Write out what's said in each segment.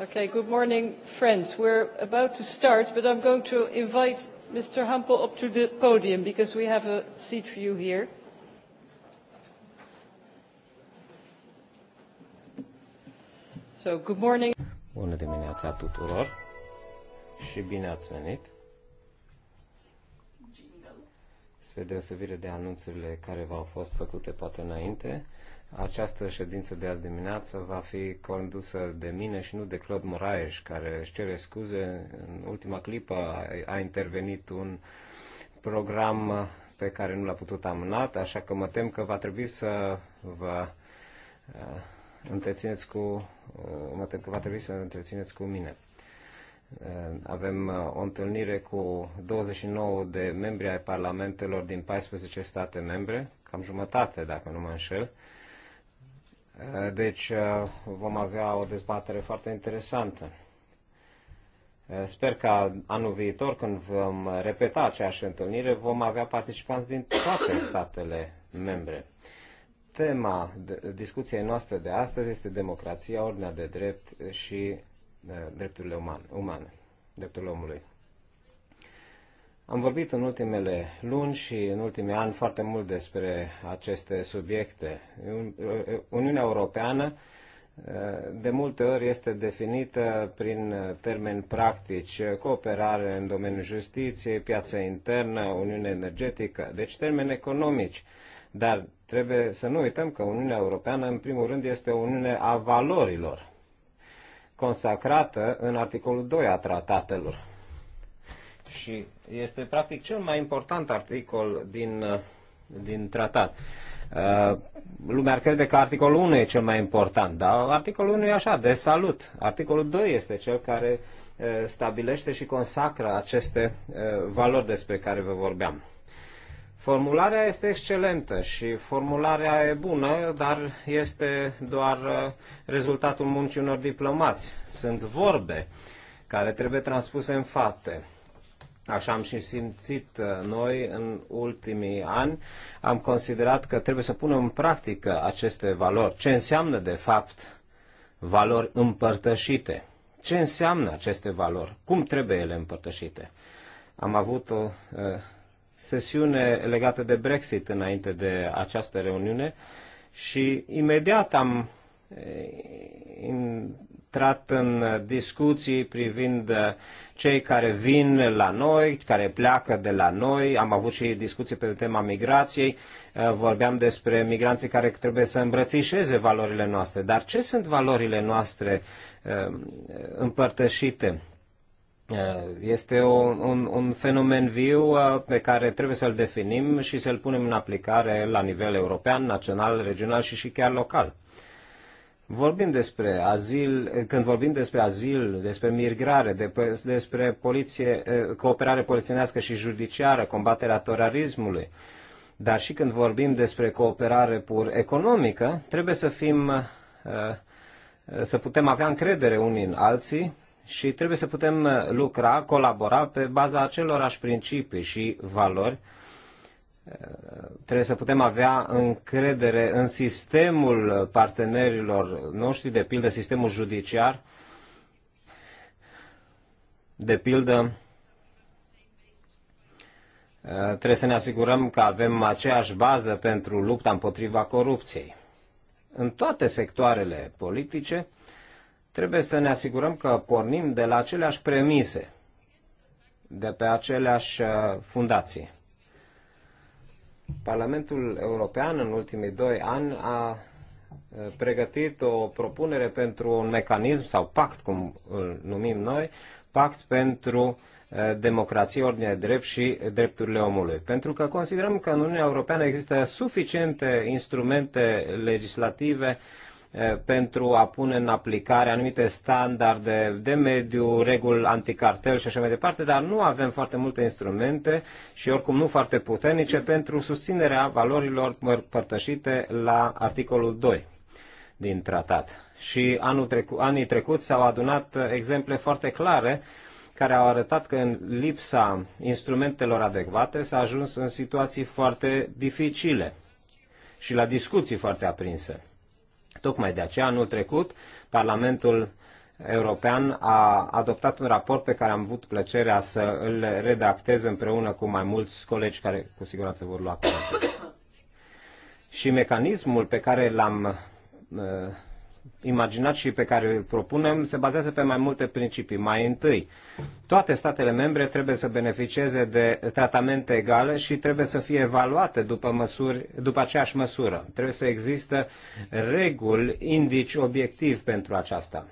Okay, good morning, friends. We're about to start, but I'm going to invite Mr. Hampel up to the podium because we have a seat for you here. So, good morning. Bună dimineața tuturor și bine ați venit. Spre deosebire de anunțurile care v-au fost făcute poate înainte, această ședință de azi dimineață va fi condusă de mine și nu de Claude Moraes, care își cere scuze. În ultima clipă a intervenit un program pe care nu l-a putut amâna, așa că mă tem că va trebui să vă uh, întrețineți cu, uh, mă tem că va trebui să întrețineți cu mine. Uh, avem o întâlnire cu 29 de membri ai parlamentelor din 14 state membre, cam jumătate, dacă nu mă înșel, Eh, deci eh, vom avea o dezbatere foarte interesantă. Eh, sper că anul viitor, când vom repeta aceeași întâlnire, vom avea participanți din toate statele membre. Tema discuției noastre de astăzi este democrația, ordinea de drept și drepturile umane, umane drepturile omului. Am vorbit în ultimele luni și în ultimii ani foarte mult despre aceste subiecte. Uniunea Europeană de multe ori este definită prin termeni practici, cooperare în domeniul justiției, piața internă, Uniune energetică, deci termeni economici. Dar trebuie să nu uităm că Uniunea Europeană, în primul rând, este o Uniune a valorilor, consacrată în articolul 2 a tratatelor și este practic cel mai important articol din, din tratat. Uh, lumea ar crede că articolul 1 e cel mai important, dar articolul 1 e așa, de salut. Articolul 2 este cel care uh, stabilește și consacră aceste uh, valori despre care vă vorbeam. Formularea este excelentă și formularea e bună, dar este doar rezultatul muncii unor diplomați. Sunt vorbe care trebuie transpuse în fapte. Așa am și simțit uh, noi în ultimii ani. Am considerat că trebuie să punem în practică aceste valori. Ce înseamnă, de fapt, valori împărtășite? Ce înseamnă aceste valori? Cum trebuie ele împărtășite? Am avut o uh, sesiune legată de Brexit înainte de această reuniune și imediat am uh, intrat în discuții privind uh, cei care vin la noi, care pleacă de la noi. Am avut și discuții pe tema migrației. Uh, vorbeam despre migranții care trebuie să îmbrățișeze valorile noastre. Dar ce sunt valorile noastre uh, împărtășite? Este un, un fenomen viu pe care trebuie să-l definim și să-l punem în aplicare la nivel european, național, regional și și chiar local. Vorbim despre azil, când vorbim despre azil, despre migrare, de, despre poliție, cooperare polițienească și judiciară, combaterea terorismului, dar și când vorbim despre cooperare pur economică, trebuie să fim, să putem avea încredere unii în alții și trebuie să putem lucra, colabora pe baza acelorași principii și valori trebuie să putem avea încredere în sistemul partenerilor noștri, de pildă sistemul judiciar, de pildă trebuie să ne asigurăm că avem aceeași bază pentru lupta împotriva corupției. În toate sectoarele politice trebuie să ne asigurăm că pornim de la aceleași premise, de pe aceleași uh, fundații. Parlamentul European în ultimii doi ani a pregătit o propunere pentru un mecanism sau pact, cum îl numim noi, pact pentru democrație, ordine drept și drepturile omului. Pentru că considerăm că în Uniunea Europeană există suficiente instrumente legislative uh, pentru a pune în aplicare anumite standarde de mediu, reguli anticartel și așa mai departe, dar nu avem foarte multe instrumente și oricum nu foarte puternice pentru susținerea valorilor părtășite la articolul 2 din tratat. Și anul trecu- anii trecuți s-au adunat exemple foarte clare care au arătat că în lipsa instrumentelor adecvate s-a ajuns în situații foarte dificile și la discuții foarte aprinse. Tocmai de aceea, anul trecut, Parlamentul European a adoptat un raport pe care am avut plăcerea să îl redactez împreună cu mai mulți colegi care cu siguranță vor lua Și mecanismul pe care l-am uh, imaginat și pe care îl propunem se bazează pe mai multe principii. Mai întâi, toate statele membre trebuie să beneficieze de tratamente egale și trebuie să fie evaluate după, măsuri, după aceeași măsură. Trebuie să există reguli, indici obiectiv pentru aceasta.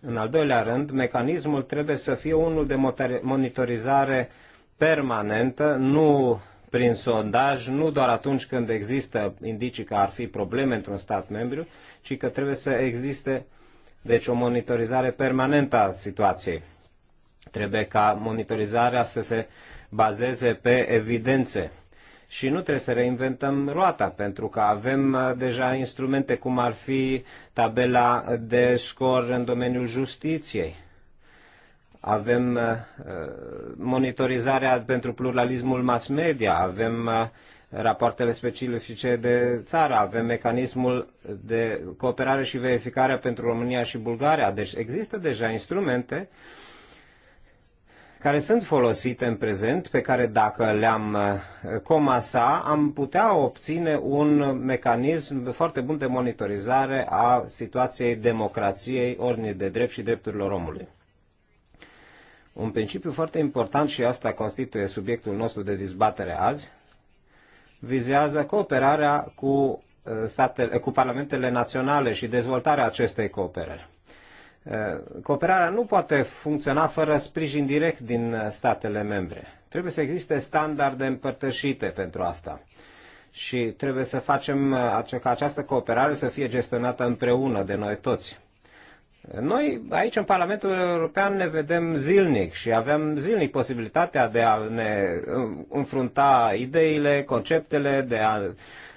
În al doilea rând, mecanismul trebuie să fie unul de monitorizare permanentă, nu prin sondaj, nu doar atunci când există indicii că ar fi probleme într-un stat membru, ci că trebuie să existe deci o monitorizare permanentă a situației. Trebuie ca monitorizarea să se bazeze pe evidențe. Și nu trebuie să reinventăm roata, pentru că avem uh, deja instrumente cum ar fi tabela de scor în domeniul justiției avem uh, monitorizarea pentru pluralismul mass media, avem uh, rapoartele specifice de țară, avem mecanismul de cooperare și verificare pentru România și Bulgaria. Deci există deja instrumente care sunt folosite în prezent, pe care dacă le-am uh, comasa, am putea obține un mecanism foarte bun de monitorizare a situației democrației, ordinii de drept și drepturilor omului. Un principiu foarte important și asta constituie subiectul nostru de dezbatere azi, vizează cooperarea cu, uh, statele, cu parlamentele naționale și dezvoltarea acestei cooperări. Uh, cooperarea nu poate funcționa fără sprijin direct din statele membre. Trebuie să existe standarde împărtășite pentru asta. Și trebuie să facem uh, ca această cooperare să fie gestionată împreună de noi toți. Noi aici în Parlamentul European ne vedem zilnic și avem zilnic posibilitatea de a ne um, înfrunta ideile, conceptele, de a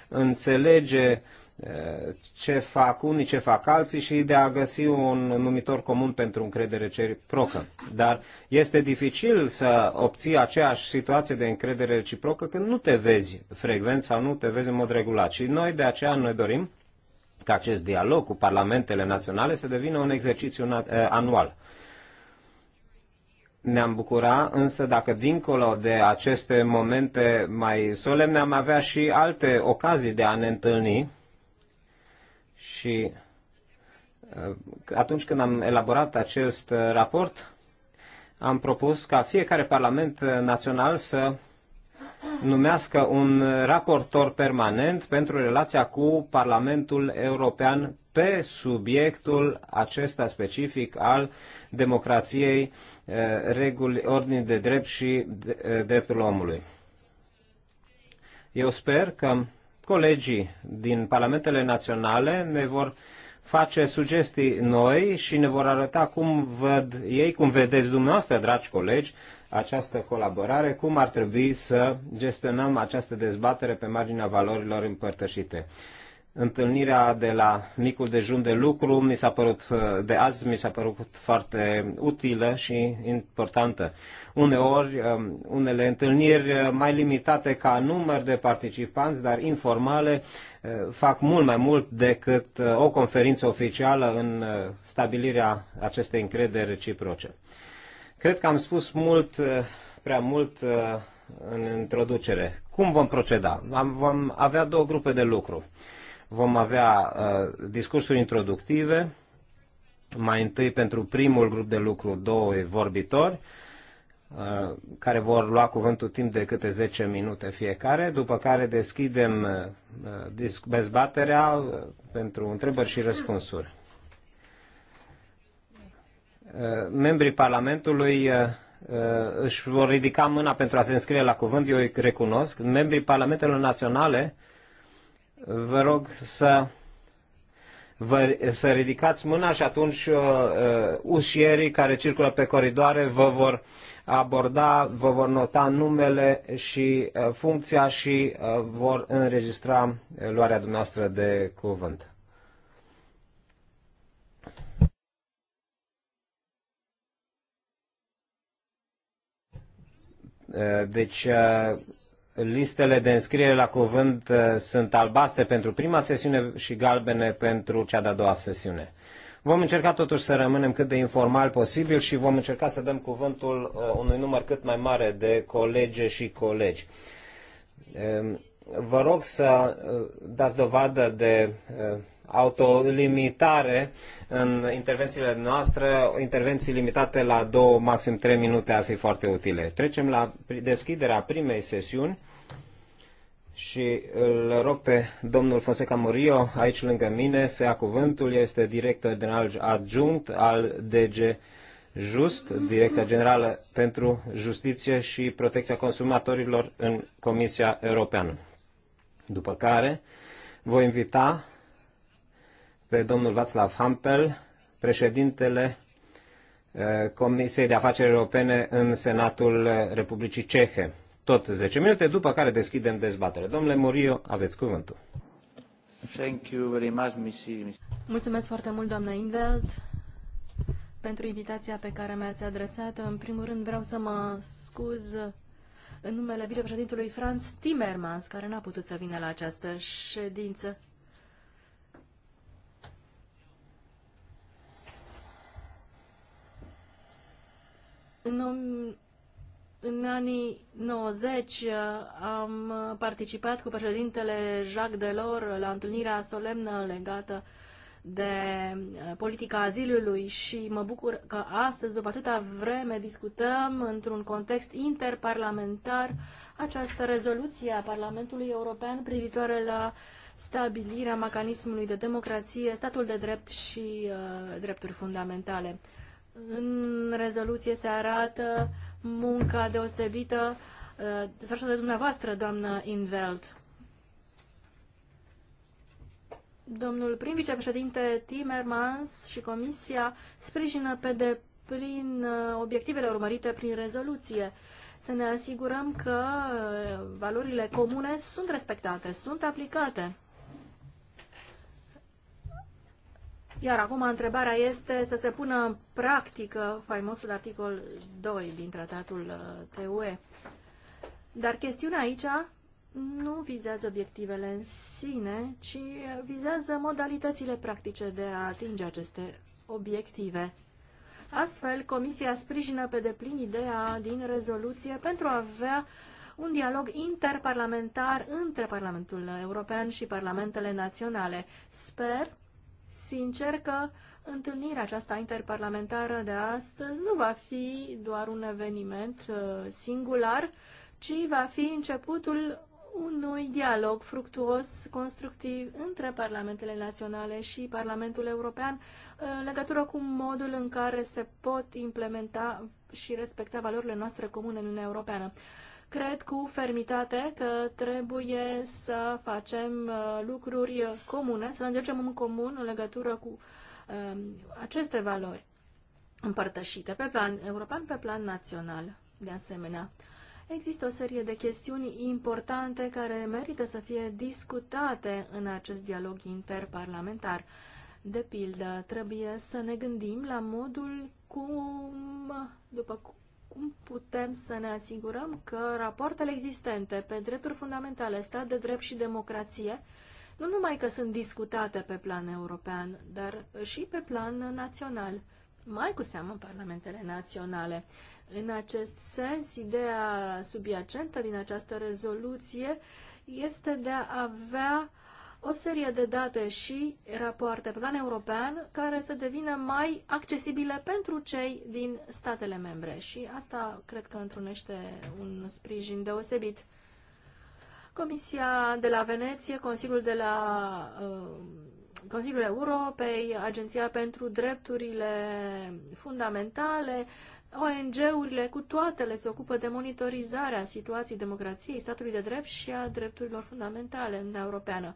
înțelege uh, ce fac unii, ce fac alții și de a găsi un numitor comun pentru încredere reciprocă. Dar este dificil să obții aceeași situație de încredere reciprocă când nu te vezi frecvent sau nu te vezi în mod regulat. Și noi de aceea ne dorim ca acest dialog cu parlamentele naționale să devină un exercițiu eh, anual. Ne-am bucura, însă dacă dincolo de aceste momente mai solemne am avea și alte ocazii de a ne întâlni și eh, atunci când am elaborat acest eh, raport, am propus ca fiecare parlament național să numească un raportor permanent pentru relația cu Parlamentul European pe subiectul acesta specific al democrației, eh, reguli, ordini de drept și eh, dreptul omului. Eu sper că colegii din Parlamentele Naționale ne vor face sugestii noi și ne vor arăta cum văd ei, cum vedeți dumneavoastră, dragi colegi, această colaborare, cum ar trebui să gestionăm această dezbatere pe marginea valorilor împărtășite. Întâlnirea de la micul dejun de lucru mi s-a părut, de azi mi s-a părut foarte utilă și importantă. Uneori, um, unele întâlniri uh, mai limitate ca număr de participanți, dar informale, uh, fac mult mai mult decât uh, o conferință oficială în stabilirea acestei încrederi reciproce. Cred că am spus mult, uh, prea mult uh, în introducere. Cum vom proceda? Am, vom avea două grupe de lucru. Vom avea uh, discursuri introductive, mai întâi pentru primul grup de lucru doi vorbitori, uh, care vor lua cuvântul timp de câte 10 minute fiecare, după care deschidem uh, dezbaterea uh, pentru întrebări și răspunsuri. Uh, membrii Parlamentului uh, uh, își vor ridica mâna pentru a se înscrie la cuvânt, eu îi recunosc. Membrii Parlamentelor Naționale, vă rog să, vă, să ridicați mâna și atunci uh, ușierii care circulă pe coridoare vă vor aborda, vă vor nota numele și uh, funcția și uh, vor înregistra luarea dumneavoastră de cuvânt. Eh, deci, eh, listele de înscriere la cuvânt eh, sunt albaste pentru prima sesiune și galbene pentru cea de-a doua sesiune. Vom încerca totuși să rămânem cât de informal posibil și vom încerca să dăm cuvântul unui număr cât mai mare de colege și colegi. Vă rog să dați dovadă de autolimitare în intervențiile noastre, intervenții limitate la două, maxim trei minute ar fi foarte utile. Trecem la deschiderea primei sesiuni și îl rog pe domnul Fonseca Murillo, aici lângă mine, să ia cuvântul. Este director general adjunct al DG Just, Direcția Generală pentru Justiție și Protecția Consumatorilor în Comisia Europeană. După care voi invita pe domnul Václav Hampel, președintele eh, Comisiei de Afaceri Europene în Senatul eh, Republicii Cehe. Tot 10 minute, după care deschidem dezbatere. Domnule Murillo, aveți cuvântul. Thank you very much, Missy. Mulțumesc foarte mult, doamna Inveld, pentru invitația pe care mi-ați adresat-o. În primul rând vreau să mă scuz în numele vicepreședintului Franz Timmermans, care n-a putut să vină la această ședință În, în anii 90 uh, am participat cu președintele Jacques Delors la întâlnirea solemnă legată de uh, politica azilului și mă bucur că astăzi, după atâta vreme, discutăm într-un context interparlamentar această rezoluție a Parlamentului European privitoare la stabilirea mecanismului de democrație, statul de drept și uh, drepturi fundamentale. În rezoluție se arată munca deosebită uh, de dumneavoastră, doamnă Inveld. Domnul prim vicepreședinte Timmermans și Comisia sprijină pe deplin uh, obiectivele urmărite prin rezoluție. Să ne asigurăm că uh, valorile comune sunt respectate, sunt aplicate. Iar acum întrebarea este să se pună în practică faimosul articol 2 din tratatul uh, TUE. Dar chestiunea aici nu vizează obiectivele în sine, ci vizează modalitățile practice de a atinge aceste obiective. Astfel, Comisia sprijină pe deplin ideea din rezoluție pentru a avea un dialog interparlamentar între Parlamentul European și Parlamentele Naționale. Sper sincer că întâlnirea aceasta interparlamentară de astăzi nu va fi doar un eveniment uh, singular, ci va fi începutul unui dialog fructuos, constructiv între parlamentele naționale și Parlamentul European uh, în legătură cu modul în care se pot implementa și respecta valorile noastre comune în Uniunea Europeană. Cred cu fermitate că trebuie să facem uh, lucruri comune, să ne înțelegem în comun în legătură cu um, aceste valori împărtășite pe plan european, pe plan național, de asemenea. Există o serie de chestiuni importante care merită să fie discutate în acest dialog interparlamentar. De pildă, trebuie să ne gândim la modul cum, după cum putem să ne asigurăm că rapoartele existente pe drepturi fundamentale, stat de drept și democrație, nu numai că sunt discutate pe plan european, dar și pe plan național, mai cu seamă în parlamentele naționale. În acest sens, ideea subiacentă din această rezoluție este de a avea o serie de date și rapoarte pe plan european care să devină mai accesibile pentru cei din statele membre și asta cred că întrunește un sprijin deosebit. Comisia de la Veneție, Consiliul de la uh, Consiliul Europei, Agenția pentru Drepturile Fundamentale, ONG-urile cu toate le se ocupă de monitorizarea situației democrației, statului de drept și a drepturilor fundamentale în Europeană.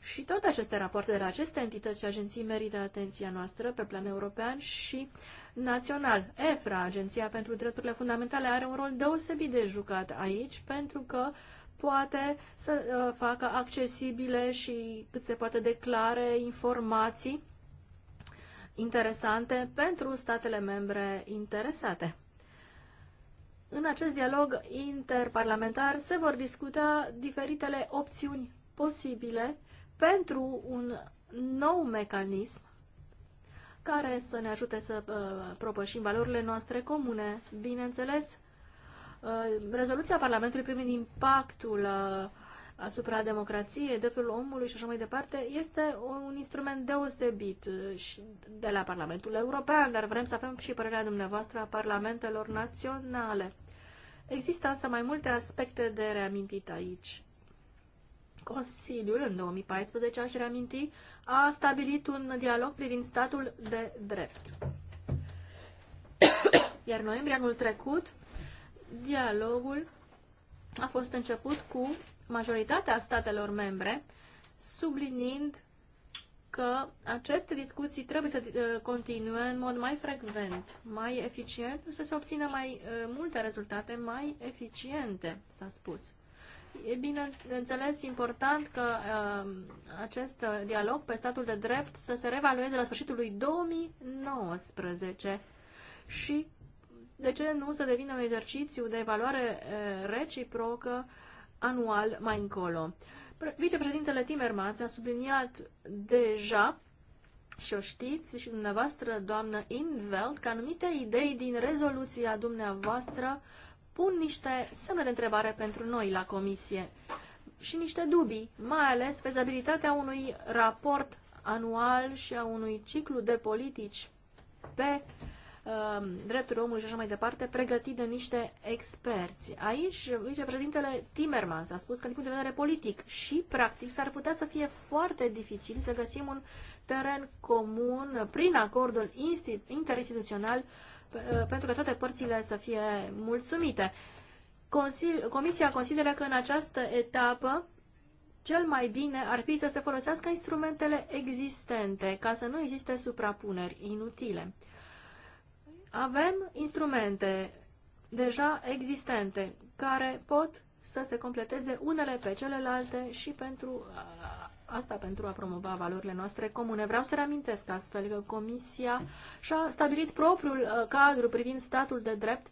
Și toate aceste rapoarte de la aceste entități și agenții merită atenția noastră pe plan european și național. EFRA, Agenția pentru Drepturile Fundamentale, are un rol deosebit de jucat aici pentru că poate să uh, facă accesibile și cât se poate declare informații interesante pentru statele membre interesate. În acest dialog interparlamentar se vor discuta diferitele opțiuni posibile pentru un nou mecanism care să ne ajute să uh, propășim valorile noastre comune. Bineînțeles, uh, rezoluția Parlamentului privind impactul uh, asupra democrației, dreptul omului și așa mai departe, este un instrument deosebit uh, și de la Parlamentul European, dar vrem să avem și părerea dumneavoastră a parlamentelor naționale. Există însă mai multe aspecte de reamintit aici. Consiliul, în 2014, aș reaminti, a stabilit un dialog privind statul de drept. Iar noiembrie anul trecut, dialogul a fost început cu majoritatea statelor membre, sublinind că aceste discuții trebuie să uh, continue în mod mai frecvent, mai eficient, să se obțină mai uh, multe rezultate mai eficiente, s-a spus. E bineînțeles important că uh, acest dialog pe statul de drept să se revalueze la sfârșitul lui 2019 și de ce nu să devină un exercițiu de evaluare uh, reciprocă anual mai încolo. Vicepreședintele Timmermans a subliniat deja și o știți și dumneavoastră, doamnă Inveld, că anumite idei din rezoluția dumneavoastră uh, pun niște semne de întrebare pentru noi la comisie și niște dubii, mai ales fezabilitatea unui raport anual și a unui ciclu de politici pe dreptul um, drepturile omului și așa mai departe, pregătit de niște experți. Aici, vicepreședintele Timmermans a spus că, din punct de vedere politic și practic, s-ar putea să fie foarte dificil să găsim un teren comun prin acordul interinstituțional pentru că toate părțile să fie mulțumite. Consil, comisia consideră că în această etapă cel mai bine ar fi să se folosească instrumentele existente, ca să nu existe suprapuneri inutile. Avem instrumente deja existente care pot să se completeze unele pe celelalte și pentru Asta pentru a promova valorile noastre comune. Vreau să reamintesc astfel că Comisia și-a stabilit propriul uh, cadru privind statul de drept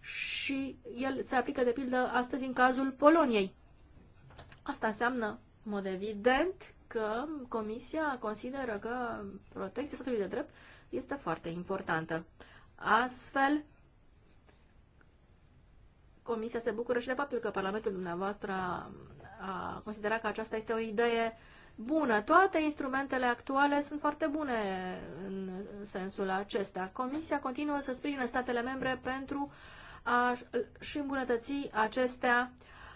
și el se aplică, de pildă, astăzi în cazul Poloniei. Asta înseamnă, în mod evident, că Comisia consideră că protecția statului de drept este foarte importantă. Astfel, Comisia se bucură și de faptul că Parlamentul dumneavoastră a considera că aceasta este o idee bună. Toate instrumentele actuale sunt foarte bune în sensul acesta. Comisia continuă să sprijine statele membre pentru a și îmbunătăți acestea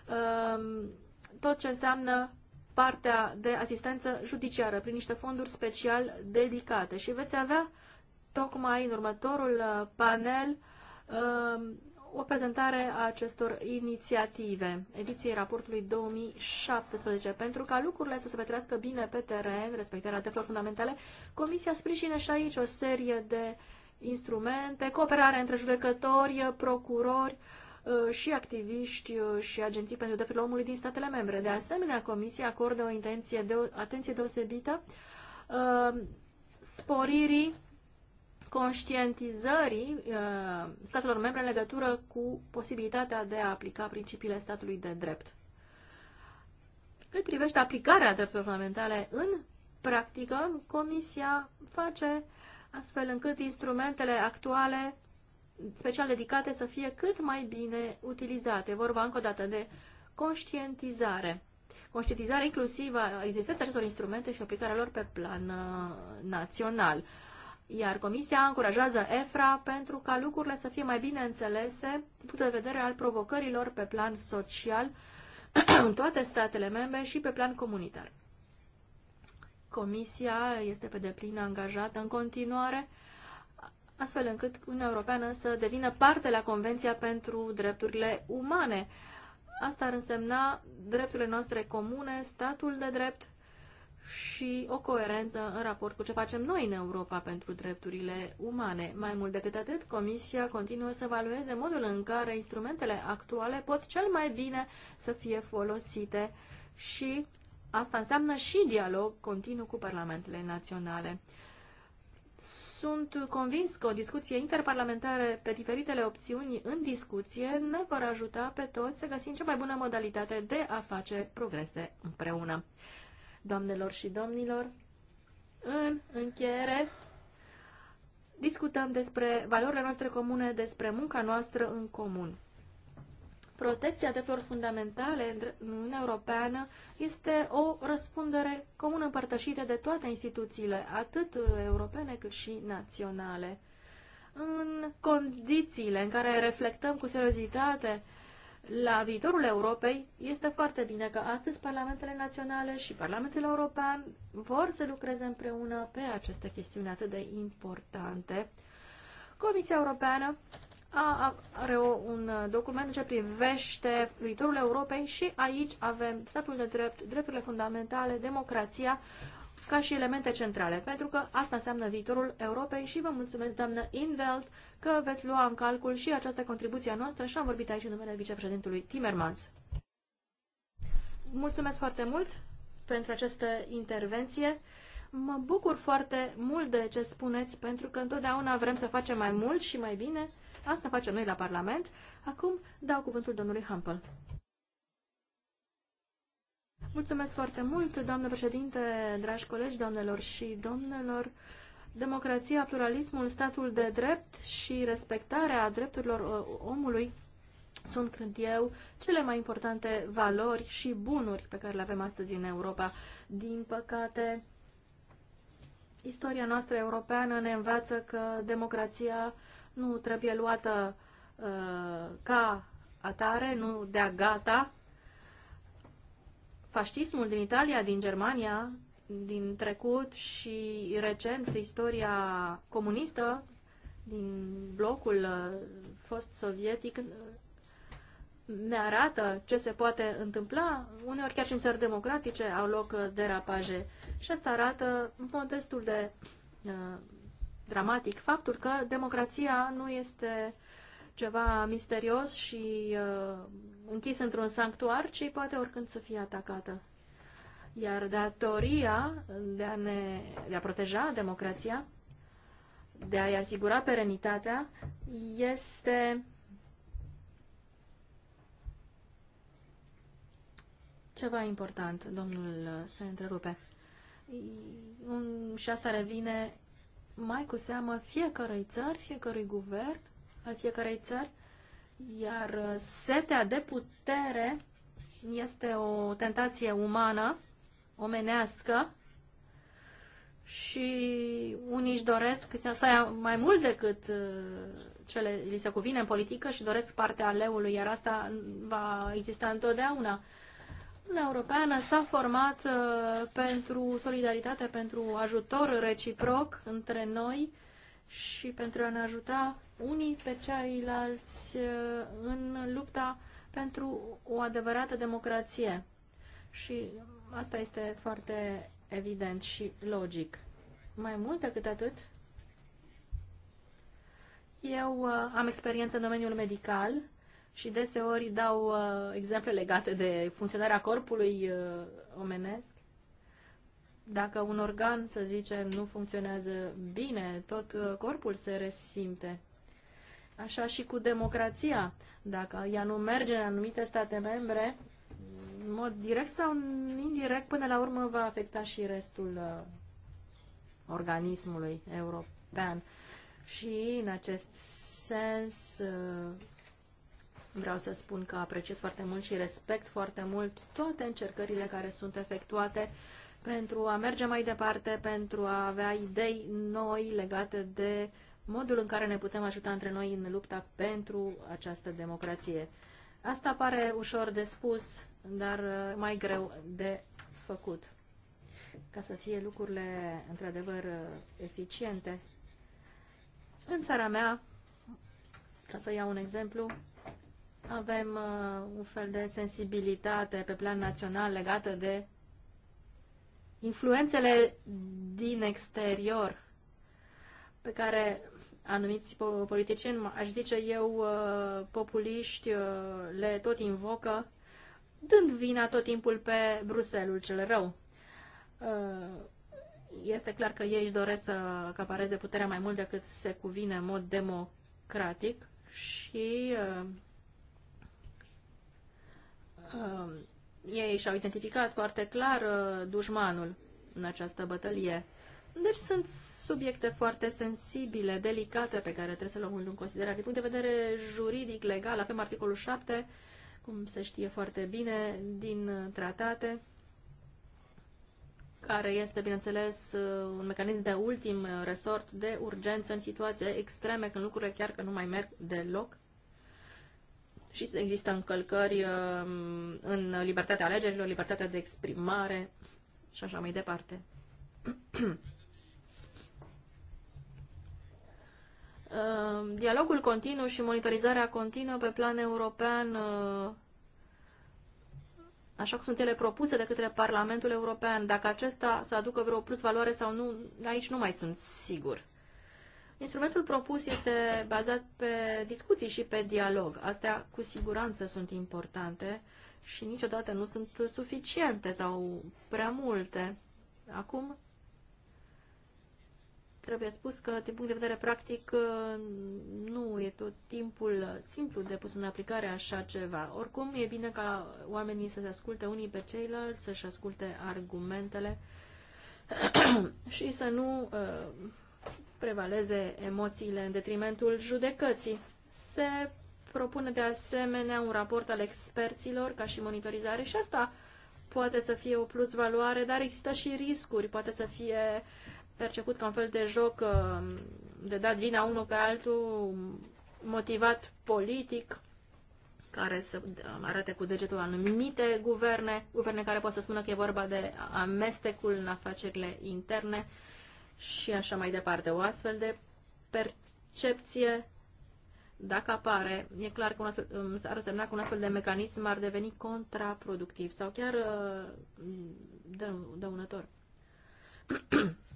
um, tot ce înseamnă partea de asistență judiciară prin niște fonduri special dedicate și veți avea tocmai în următorul uh, panel um, o prezentare a acestor inițiative, ediției raportului 2017. Pentru ca lucrurile să se petrească bine pe teren, respectarea drepturilor fundamentale, Comisia sprijină și aici o serie de instrumente, cooperare între judecători, procurori uh, și activiști uh, și agenții pentru drepturile omului din statele membre. De asemenea, Comisia acordă o intenție de, atenție deosebită uh, sporirii conștientizării uh, statelor membre în legătură cu posibilitatea de a aplica principiile statului de drept. Cât privește aplicarea drepturilor fundamentale în practică, Comisia face astfel încât instrumentele actuale special dedicate să fie cât mai bine utilizate. Vorba încă o dată de conștientizare. Conștientizare inclusiv a existenței acestor instrumente și aplicarea lor pe plan uh, național. Iar Comisia încurajează EFRA pentru ca lucrurile să fie mai bine înțelese din punct de vedere al provocărilor pe plan social în toate statele membre și pe plan comunitar. Comisia este pe deplin angajată în continuare, astfel încât Uniunea Europeană să devină parte la Convenția pentru Drepturile Umane. Asta ar însemna drepturile noastre comune, statul de drept și o coerență în raport cu ce facem noi în Europa pentru drepturile umane. Mai mult decât atât, Comisia continuă să evalueze modul în care instrumentele actuale pot cel mai bine să fie folosite și asta înseamnă și dialog continuu cu parlamentele naționale. Sunt convins că o discuție interparlamentară pe diferitele opțiuni în discuție ne vor ajuta pe toți să găsim cea mai bună modalitate de a face progrese împreună doamnelor și domnilor. În încheiere, discutăm despre valorile noastre comune, despre munca noastră în comun. Protecția drepturilor fundamentale în Uniunea Europeană este o răspundere comună împărtășită de toate instituțiile, atât europene cât și naționale. În condițiile în care reflectăm cu seriozitate la viitorul Europei, este foarte bine că astăzi Parlamentele Naționale și Parlamentul European vor să lucreze împreună pe aceste chestiuni atât de importante. Comisia Europeană a, are o, un document ce privește viitorul Europei și aici avem statul de drept, drepturile fundamentale, democrația ca și elemente centrale, pentru că asta înseamnă viitorul Europei și vă mulțumesc, doamnă Inveld, că veți lua în calcul și această contribuție a noastră și am vorbit aici în numele vicepreședintului Timmermans. Mulțumesc foarte mult pentru această intervenție. Mă bucur foarte mult de ce spuneți, pentru că întotdeauna vrem să facem mai mult și mai bine. Asta facem noi la Parlament. Acum dau cuvântul domnului Hampel. Mulțumesc foarte mult, doamnă președinte, dragi colegi, doamnelor și domnilor. Democrația, pluralismul, statul de drept și respectarea drepturilor uh, omului sunt, cred eu, cele mai importante valori și bunuri pe care le avem astăzi în Europa. Din păcate, istoria noastră europeană ne învață că democrația nu trebuie luată uh, ca atare, nu de-a gata, fascismul din Italia, din Germania, din trecut și recent istoria comunistă din blocul uh, fost sovietic uh, ne arată ce se poate întâmpla. Uneori chiar și în țări democratice au loc uh, derapaje și asta arată modestul de uh, dramatic faptul că democrația nu este ceva misterios și uh, închis într-un sanctuar, ci poate oricând să fie atacată. Iar datoria de a, ne, de a proteja democrația, de a-i asigura perenitatea, este ceva important, domnul se întrerupe. Și asta revine mai cu seamă fiecărui țări, fiecărui guvern, al fiecarei țări, iar uh, setea de putere este o tentație umană, omenească, și unii își doresc să ia mai mult decât uh, cele li se cuvine în politică și doresc partea leului, iar asta va exista întotdeauna. Uniunea Europeană s-a format uh, pentru solidaritate, pentru ajutor reciproc între noi și pentru a ne ajuta unii pe ceilalți uh, în lupta pentru o adevărată democrație. Și asta este foarte evident și logic. Mai mult decât atât, eu uh, am experiență în domeniul medical și deseori dau uh, exemple legate de funcționarea corpului omenesc dacă un organ, să zicem, nu funcționează bine, tot corpul se resimte. Așa și cu democrația. Dacă ea nu merge în anumite state membre, în mod direct sau indirect, până la urmă va afecta și restul uh, organismului european. Și în acest sens uh, vreau să spun că apreciez foarte mult și respect foarte mult toate încercările care sunt efectuate pentru a merge mai departe, pentru a avea idei noi legate de uh, modul în care ne putem ajuta între noi în lupta pentru această democrație. Asta pare ușor de spus, dar uh, mai greu de făcut. Ca să fie lucrurile într-adevăr uh, eficiente. În țara mea, ca să iau un exemplu, avem uh, un fel de sensibilitate pe plan național legată de influențele din exterior pe care anumiți politicieni, aș zice eu, uh, populiști uh, le tot invocă, dând vina tot timpul pe Bruselul cel rău. Uh, este clar că ei își doresc să capareze puterea mai mult decât se cuvine în mod democratic și ei și-au identificat foarte clar dușmanul în această bătălie deci sunt subiecte foarte sensibile, delicate, pe care trebuie să le luăm în considerare. Din punct de vedere juridic, legal, avem articolul 7, cum se știe foarte bine, din tratate, care este, bineînțeles, un mecanism de ultim resort de urgență în situații extreme, când lucrurile chiar că nu mai merg deloc și există încălcări um, în libertatea alegerilor, libertatea de exprimare și așa mai departe. Ehm, dialogul continuu și monitorizarea continuă pe plan european, ehm, așa cum sunt ele propuse de către Parlamentul European, dacă acesta să aducă vreo plus valoare sau nu, aici nu mai sunt sigur. Instrumentul propus este bazat pe discuții și pe dialog. Astea cu siguranță sunt importante și niciodată nu sunt suficiente sau prea multe. Acum Trebuie spus că, din punct de vedere practic, uh, nu e tot timpul simplu de pus în aplicare așa ceva. Oricum, e bine ca oamenii să se asculte unii pe ceilalți, să-și asculte argumentele și să nu uh, prevaleze emoțiile în detrimentul judecății. Se propune de asemenea un raport al experților ca și monitorizare și asta poate să fie o plus valoare, dar există și riscuri, poate să fie uh, perceput ca un fel de joc uh, de dat vina unul pe altul, motivat politic, care să uh, arate cu degetul anumite guverne, guverne care pot să spună că e vorba de amestecul în afacerile interne și așa mai departe. O astfel de percepție, dacă apare, e clar că un astfel, um, ar însemna că un astfel de mecanism ar deveni contraproductiv sau chiar uh, dă, dăunător.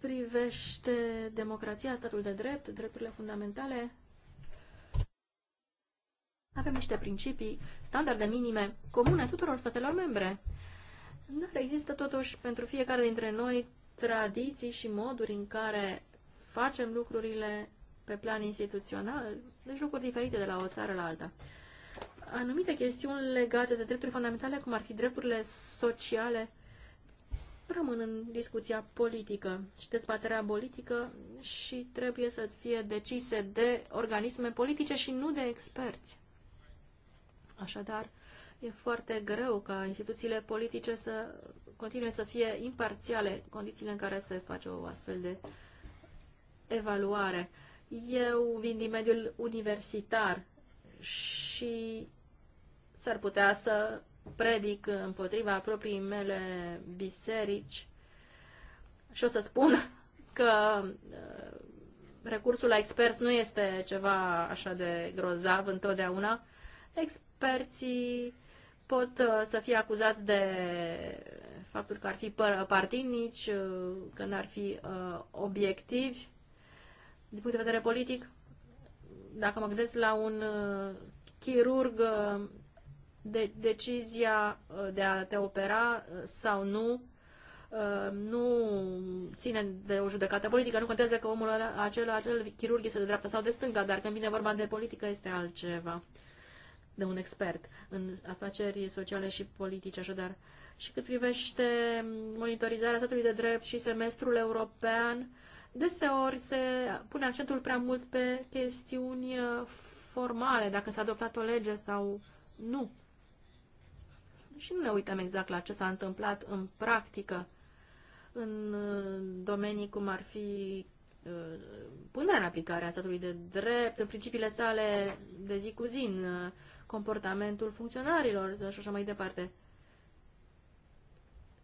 privește democrația, statul de drept, drepturile fundamentale, avem niște principii, standarde minime comune tuturor statelor membre. Dar există totuși pentru fiecare dintre noi tradiții și moduri în care facem lucrurile pe plan instituțional, deci lucruri diferite de la o țară la alta. Anumite chestiuni legate de drepturi fundamentale, cum ar fi drepturile sociale, rămân în discuția politică și dezbaterea politică și trebuie să fie decise de organisme politice și nu de experți. Așadar, e foarte greu ca instituțiile politice să continue să fie imparțiale condițiile în care se face o astfel de evaluare. Eu vin din mediul universitar și s-ar putea să predic împotriva proprii mele biserici și o să spun că uh, recursul la experți nu este ceva așa de grozav întotdeauna. Experții pot uh, să fie acuzați de faptul că ar fi partinici, uh, că n-ar fi obiectivi din punct de vedere politic. Dacă mă gândesc la un chirurg de decizia uh, de a te opera uh, sau nu uh, nu ține de o judecată politică, nu contează că omul acela, acel chirurg este de dreapta sau de stânga, dar când vine vorba de politică este altceva de un expert în afaceri sociale și politice, așadar. Și cât privește monitorizarea statului de drept și semestrul european, deseori se pune accentul prea mult pe chestiuni formale, dacă s-a adoptat o lege sau nu și nu ne uităm exact la ce s-a întâmplat în practică în uh, domenii cum ar fi uh, punerea în aplicare a statului de drept, în principiile sale de zi cu zi, în uh, comportamentul funcționarilor și așa mai departe.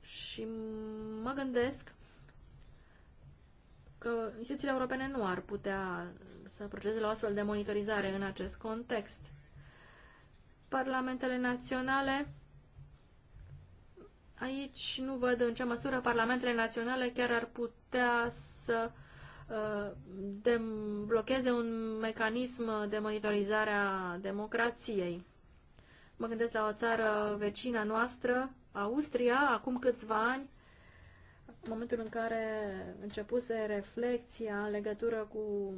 Și mă gândesc că instituțiile europene nu ar putea să procedeze la o astfel de monitorizare în acest context. Parlamentele naționale Aici nu văd în ce măsură parlamentele naționale chiar ar putea să uh, blocheze un mecanism de monitorizare a democrației. Mă gândesc la o țară vecina noastră, Austria, acum câțiva ani, în momentul în care începuse reflexia în legătură cu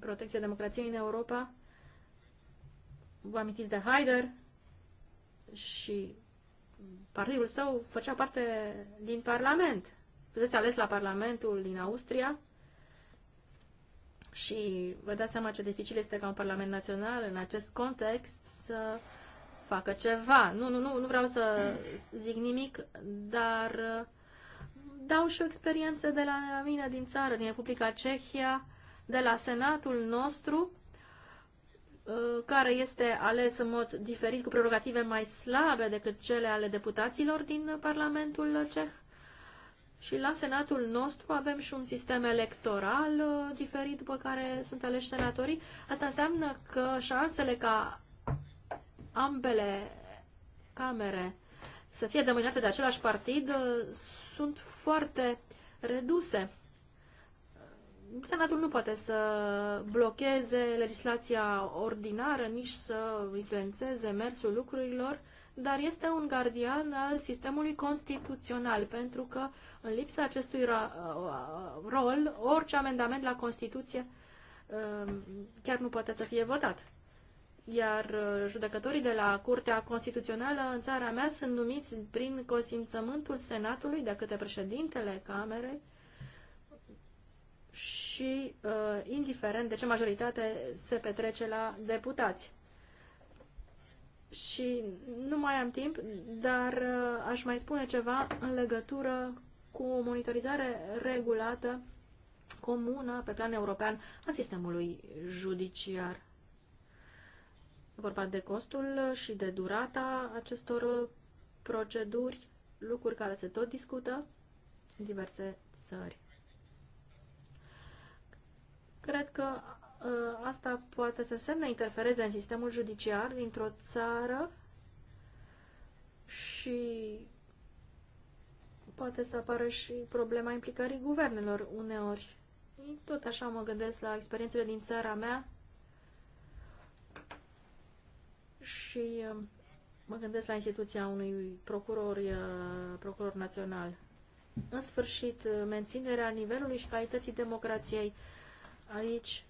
protecția democrației în Europa, vă amintiți de Haider și partidul său făcea parte din Parlament. Fusese ales la Parlamentul din Austria și vă dați seama ce dificil este ca un Parlament Național în acest context să facă ceva. Nu, nu, nu, nu vreau să zic nimic, dar uh, dau și o experiență de la mine din țară, din Republica Cehia, de la Senatul nostru, Uh, care este ales în mod diferit cu prerogative mai slabe decât cele ale deputaților din Parlamentul Ceh. Și la Senatul nostru avem și un sistem electoral uh, diferit după care sunt aleși senatorii. Asta înseamnă că șansele ca ambele camere să fie deminate de același partid uh, sunt foarte reduse. Senatul nu poate să blocheze legislația ordinară, nici să influențeze mersul lucrurilor, dar este un gardian al sistemului constituțional, pentru că în lipsa acestui uh, rol, orice amendament la Constituție um, chiar nu poate să fie votat. Iar uh, judecătorii de la Curtea Constituțională în țara mea sunt numiți prin consimțământul Senatului de către președintele Camerei, și uh, indiferent de ce majoritate se petrece la deputați. Și nu mai am timp, dar uh, aș mai spune ceva în legătură cu o monitorizare regulată comună pe plan european a sistemului judiciar. Vorba de costul și de durata acestor uh, proceduri, lucruri care se tot discută în diverse țări. Cred că uh, asta poate să semne interfereze în sistemul judiciar dintr-o țară și poate să apară și problema implicării guvernelor uneori. Tot așa mă gândesc la experiențele din țara mea și uh, mă gândesc la instituția unui procuror, uh, procuror național. În sfârșit, menținerea nivelului și calității democrației Aici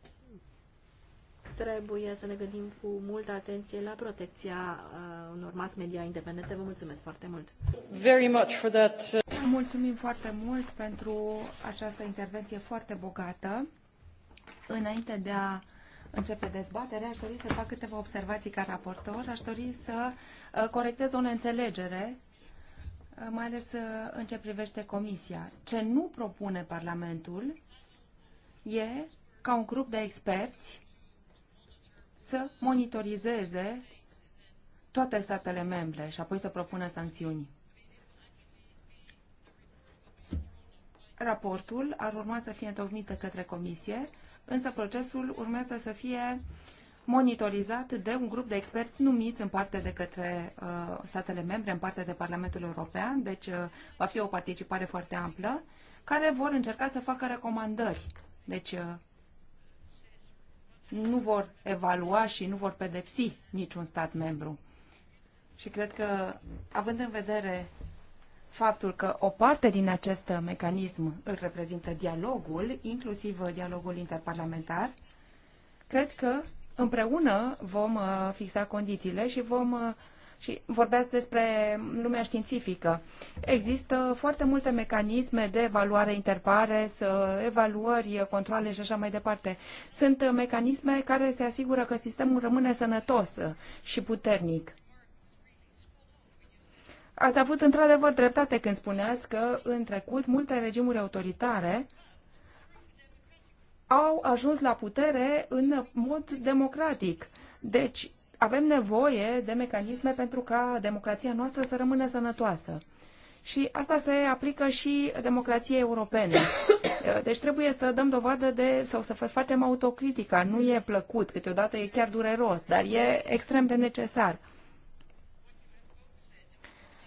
trebuie să ne gândim cu multă atenție la protecția uh, unor mass media independente. Vă mulțumesc foarte mult! Very much for that. Uh, Mulțumim foarte mult pentru această intervenție foarte bogată. Înainte de a începe dezbaterea, aș dori să fac câteva observații ca raportor. Aș dori să uh, corectez o neînțelegere, uh, mai ales în ce privește Comisia. Ce nu propune Parlamentul e ca un grup de experți să monitorizeze toate statele membre și apoi să propună sancțiuni. Raportul ar urma să fie întocmit către comisie, însă procesul urmează să fie monitorizat de un grup de experți numiți în parte de către uh, statele membre, în parte de Parlamentul European, deci uh, va fi o participare foarte amplă, care vor încerca să facă recomandări. Deci uh, nu vor evalua și nu vor pedepsi niciun stat membru. Și cred că, având în vedere faptul că o parte din acest mecanism îl reprezintă dialogul, inclusiv dialogul interparlamentar, cred că împreună vom uh, fixa condițiile și vom uh, și vorbeați despre lumea științifică. Există foarte multe mecanisme de evaluare interpares, evaluări, controle și așa mai departe. Sunt mecanisme care se asigură că sistemul rămâne sănătos și puternic. Ați avut într-adevăr dreptate când spuneați că în trecut multe regimuri autoritare au ajuns la putere în mod democratic. Deci, avem nevoie de mecanisme pentru ca democrația noastră să rămână sănătoasă. Și asta se aplică și democrației europene. Deci trebuie să dăm dovadă de, sau să facem autocritica. Nu e plăcut, câteodată e chiar dureros, dar e extrem de necesar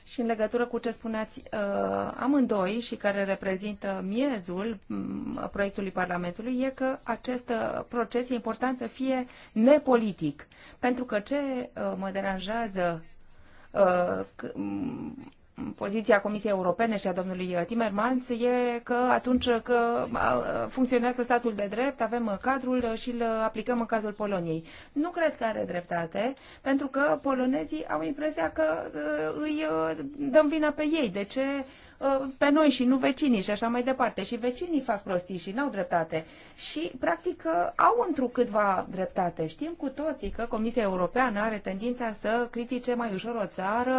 și în legătură cu ce spuneați uh, amândoi și care reprezintă miezul um, proiectului Parlamentului, e că acest uh, proces e important să fie nepolitic. Pentru că ce uh, mă deranjează uh, mm, poziția Comisiei Europene și a domnului Timmermans e că atunci că funcționează statul de drept, avem cadrul și îl aplicăm în cazul Poloniei. Nu cred că are dreptate, pentru că polonezii au impresia că îi dăm vina pe ei. De ce Uh, pe noi și nu vecinii și așa mai departe. Și vecinii fac prostii și n-au dreptate. Și, practic, uh, au întrucâtva dreptate. Știm cu toții că Comisia Europeană are tendința să critique mai ușor o țară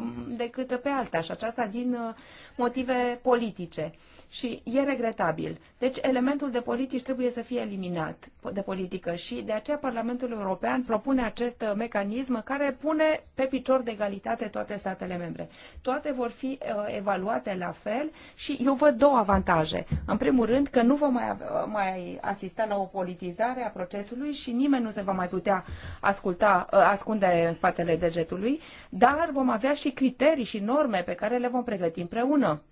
uh, decât pe alta și aceasta din motive politice și e regretabil. Deci elementul de politici trebuie să fie eliminat de politică și de aceea Parlamentul European propune acest uh, mecanism care pune pe picior de egalitate toate statele membre. Toate vor fi uh, evaluate la fel și eu văd două avantaje. În primul rând că nu vom mai, uh, mai asista la o politizare a procesului și nimeni nu se va mai putea asculta, ascunde în spatele degetului, dar vom avea și criterii și norme pe care le vom pregăti împreună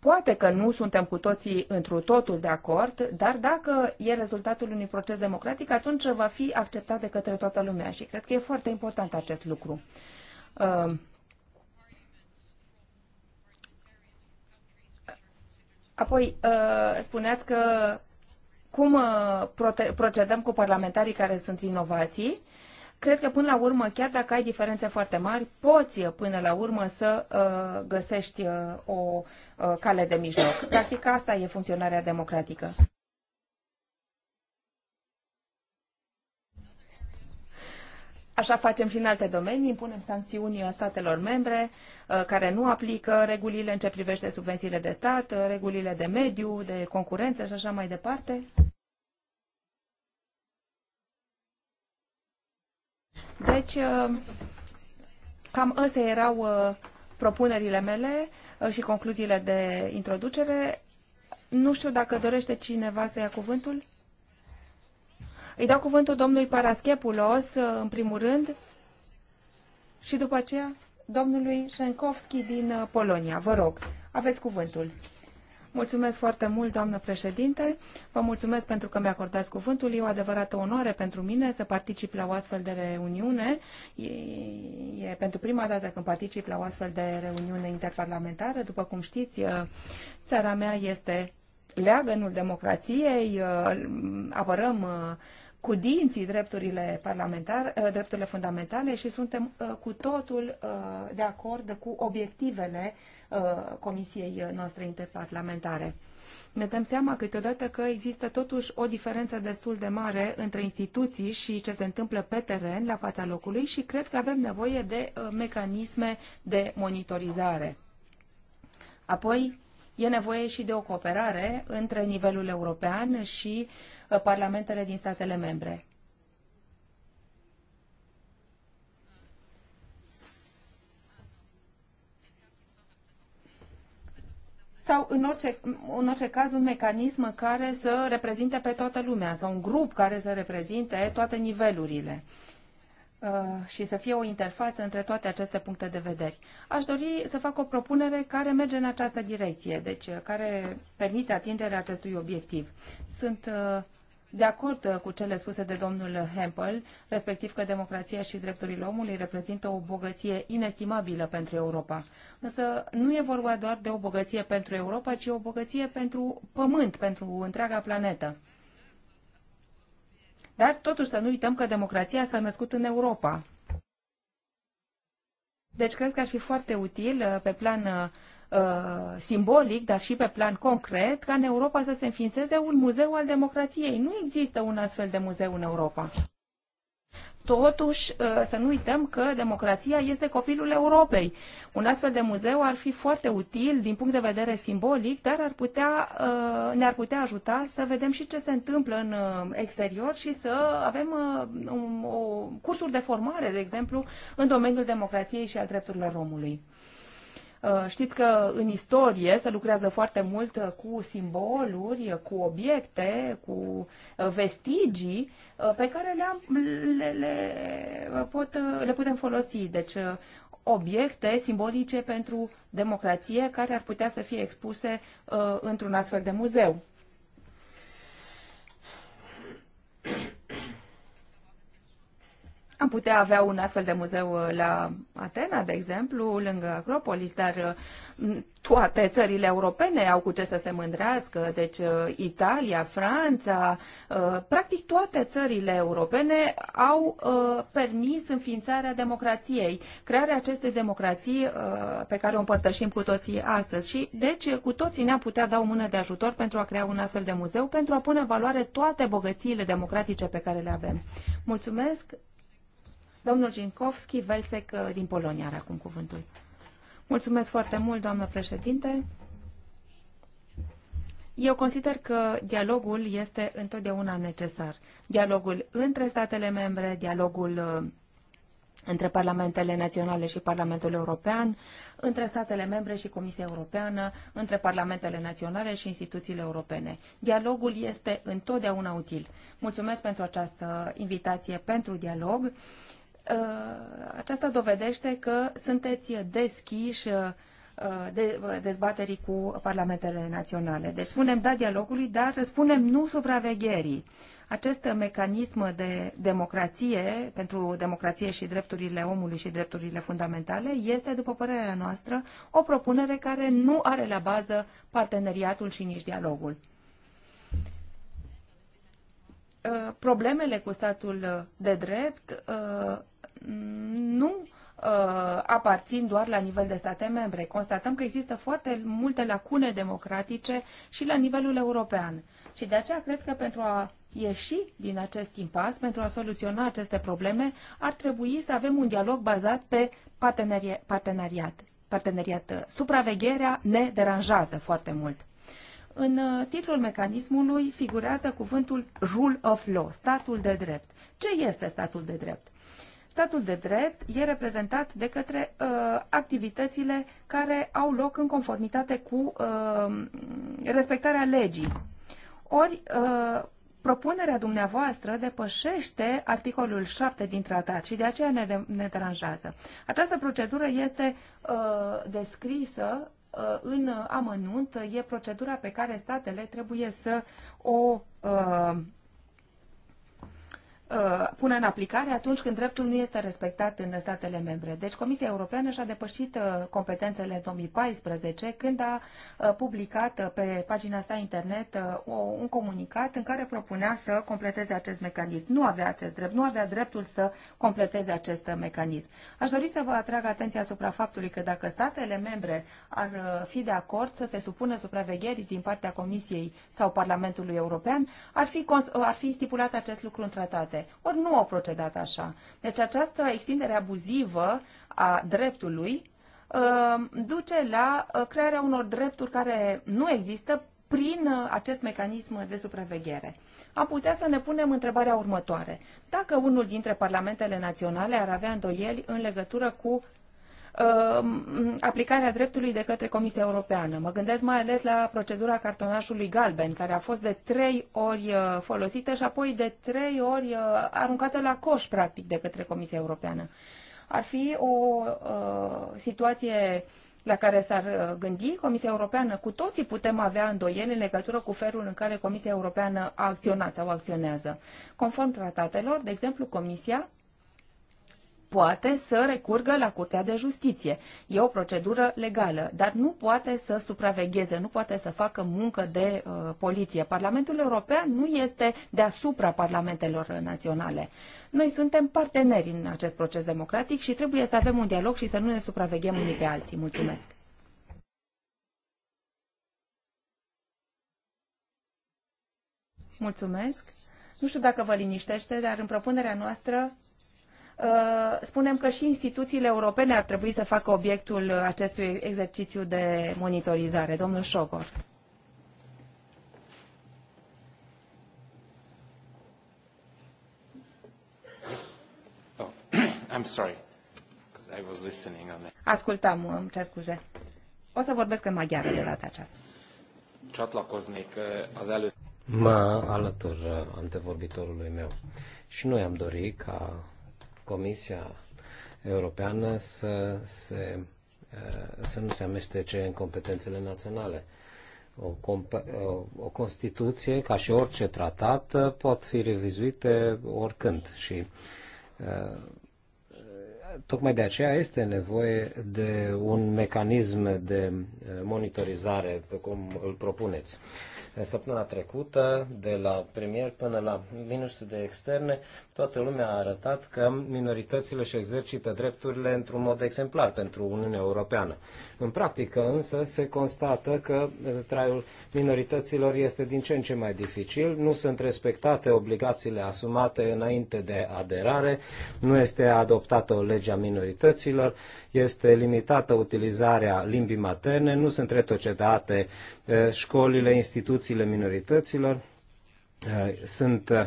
Poate că nu suntem cu toții întru totul de acord, dar dacă e rezultatul unui proces democratic, atunci va fi acceptat de către toată lumea și cred că e foarte important acest lucru. Uh, apoi, uh, spuneați că cum uh, procedăm cu parlamentarii care sunt vinovații cred că până la urmă, chiar dacă ai diferențe foarte mari, poți uh, până la urmă să uh, găsești uh, o uh, cale de mijloc. Practic asta e funcționarea democratică. Așa facem și în alte domenii, impunem sancțiuni uh, statelor membre uh, care nu aplică regulile în ce privește subvențiile de stat, regulile de mediu, de concurență și așa mai departe. Deci, uh, cam astea erau uh, propunerile mele uh, și concluziile de introducere. Nu știu dacă dorește cineva să ia cuvântul. Îi dau cuvântul domnului Paraschepulos, în primul rând, și după aceea domnului Șenkovski din Polonia. Vă rog, aveți cuvântul. Mulțumesc foarte mult, doamnă președinte. Vă mulțumesc pentru că mi-acordați cuvântul. E o adevărată onoare pentru mine să particip la o astfel de reuniune. E, e pentru prima dată când particip la o astfel de reuniune interparlamentară. După cum știți, țara mea este leagănul democrației, apărăm cu dinții drepturile, parlamentar, ă, drepturile fundamentale și suntem ă, cu totul ă, de acord cu obiectivele Comisiei noastre interparlamentare. Ne dăm seama câteodată că există totuși o diferență destul de mare între instituții și ce se întâmplă pe teren, la fața locului și cred că avem nevoie de mecanisme de monitorizare. Apoi, e nevoie și de o cooperare între nivelul european și uh, Uh, parlamentele din statele membre. sau în orice, în orice caz un mecanism care să reprezinte pe toată lumea sau un grup care să reprezinte toate nivelurile uh, și să fie o interfață între toate aceste puncte de vedere. Aș dori să fac o propunere care merge în această direcție, deci uh, care permite atingerea acestui obiectiv. Sunt de acord uh, cu cele spuse de domnul Hempel, respectiv că democrația și drepturile omului reprezintă o bogăție inestimabilă pentru Europa. Însă nu e vorba doar de o bogăție pentru Europa, ci o bogăție pentru pământ, pentru întreaga planetă. Dar totuși să nu uităm că democrația s-a născut în Europa. Deci cred că ar fi foarte util uh, pe plan uh, Uh, simbolic, dar și pe plan concret, ca în Europa să se înființeze un muzeu al democrației. Nu există un astfel de muzeu în Europa. Totuși, uh, să nu uităm că democrația este copilul Europei. Un astfel de muzeu ar fi foarte util din punct de vedere simbolic, dar ar putea, uh, ne-ar putea ajuta să vedem și ce se întâmplă în exterior și să avem o, o, cursuri de formare, de exemplu, în domeniul democrației și al drepturilor omului. Uh, știți că în istorie se lucrează foarte mult uh, cu simboluri, uh, cu obiecte, cu vestigii pe care le, am, le, le, pot, le putem folosi. Deci obiecte simbolice pentru democrație care ar putea să fie expuse într-un astfel de muzeu. Am putea avea un astfel de muzeu uh, la Atena, de exemplu, lângă Acropolis, dar uh, toate țările europene au cu ce să se mândrească, deci uh, Italia, Franța, practic toate țările europene au permis înființarea democrației, crearea acestei democrații pe care o împărtășim cu toții astăzi și deci cu toții ne-am putea da o mână de ajutor pentru a crea un astfel de muzeu, pentru a pune în valoare toate bogățiile democratice pe care le avem. Mulțumesc! Domnul Jinkowski Velsec uh, din Polonia, are acum cuvântul. Mulțumesc foarte mult, doamnă președinte. Eu consider că dialogul este întotdeauna necesar. Dialogul între statele membre, dialogul uh, între parlamentele naționale și Parlamentul European, între statele membre și Comisia Europeană, între parlamentele naționale și instituțiile europene. Dialogul este întotdeauna util. Mulțumesc pentru această invitație pentru dialog. Uh, aceasta dovedește că sunteți deschiși uh, de, uh, dezbaterii cu parlamentele naționale. Deci spunem da dialogului, dar spunem nu supravegherii. Acest mecanism de democrație, pentru democrație și drepturile omului și drepturile fundamentale, este, după părerea noastră, o propunere care nu are la bază parteneriatul și nici dialogul. Problemele cu statul de drept nu uh, aparțin doar la nivel de state membre. Constatăm că există foarte multe lacune democratice și la nivelul european. Și de aceea cred că pentru a ieși din acest impas, pentru a soluționa aceste probleme, ar trebui să avem un dialog bazat pe parteneri parteneriat. parteneriat. Uh, supravegherea ne deranjează foarte mult. În uh, titlul mecanismului figurează cuvântul rule of law, statul de drept. Ce este statul de drept? Statul de drept e reprezentat de către uh, activitățile care au loc în conformitate cu uh, respectarea legii. Ori, uh, propunerea dumneavoastră depășește articolul 7 din tratat și de aceea ne, de, ne deranjează. Această procedură este uh, descrisă uh, în amănunt, e procedura pe care statele trebuie să o uh, Uh, pune în aplicare atunci când dreptul nu este respectat în statele membre. Deci Comisia Europeană și-a depășit uh, competențele în 2014 când a uh, publicat pe pagina sa internet un comunicat în care propunea să completeze acest mecanism. Nu avea acest drept, nu avea dreptul să completeze acest mecanism. Aș dori să vă atrag atenția asupra faptului că dacă statele membre ar fi de acord să se supună supravegherii din partea Comisiei sau Parlamentului European, ar fi, ar fi stipulat acest lucru în tratate dreptate. Ori nu au procedat așa. Deci această extindere abuzivă a dreptului uh, duce la uh, crearea unor drepturi care nu există prin uh, acest mecanism de supraveghere. Am putea să ne punem întrebarea următoare. Dacă unul dintre parlamentele naționale ar avea îndoieli în legătură cu Um, aplicarea dreptului de către Comisia Europeană. Mă gândesc mai ales la procedura cartonașului galben, care a fost de trei ori uh, folosită și apoi de trei ori uh, aruncată la coș, practic, de către Comisia Europeană. Ar fi o uh, situație la care s-ar uh, gândi Comisia Europeană. Cu toții putem avea îndoieli în legătură cu felul în care Comisia Europeană a acționat sau acționează. Conform tratatelor, de exemplu, Comisia poate să recurgă la Curtea de Justiție. E o procedură legală, dar nu poate să supravegheze, nu poate să facă muncă de uh, poliție. Parlamentul European nu este deasupra parlamentelor naționale. Noi suntem parteneri în acest proces democratic și trebuie să avem un dialog și să nu ne supraveghem unii pe alții. Mulțumesc! Mulțumesc! Nu știu dacă vă liniștește, dar în propunerea noastră Uh, spunem că și instituțiile europene ar trebui să facă obiectul acestui exercițiu de monitorizare. Domnul Șogor. I'm sorry, I was listening on Ascultam, îmi cer scuze. O să vorbesc în maghiară de data aceasta. Uh, mă alătur uh, antevorbitorului meu. Și noi am dorit ca Comisia Europeană să, se, eh, să nu se amestece în competențele naționale. O, eh, o Constituție, ca și orice tratat, eh, pot fi revizuite oricând și tocmai de aceea este nevoie de un mecanism de monitorizare, pe cum îl propuneți săptămâna trecută, de la premier până la ministrul de externe, toată lumea a arătat că minoritățile își exercită drepturile într-un mod exemplar pentru Uniunea Europeană. În practică însă se constată că eh, traiul minorităților este din ce în ce mai dificil, nu sunt respectate obligațiile asumate înainte de aderare, nu este adoptată o lege a minorităților, este limitată utilizarea limbii materne, nu sunt retrocedate Eh, școlile, instituțiile minorităților. Eh, sunt eh,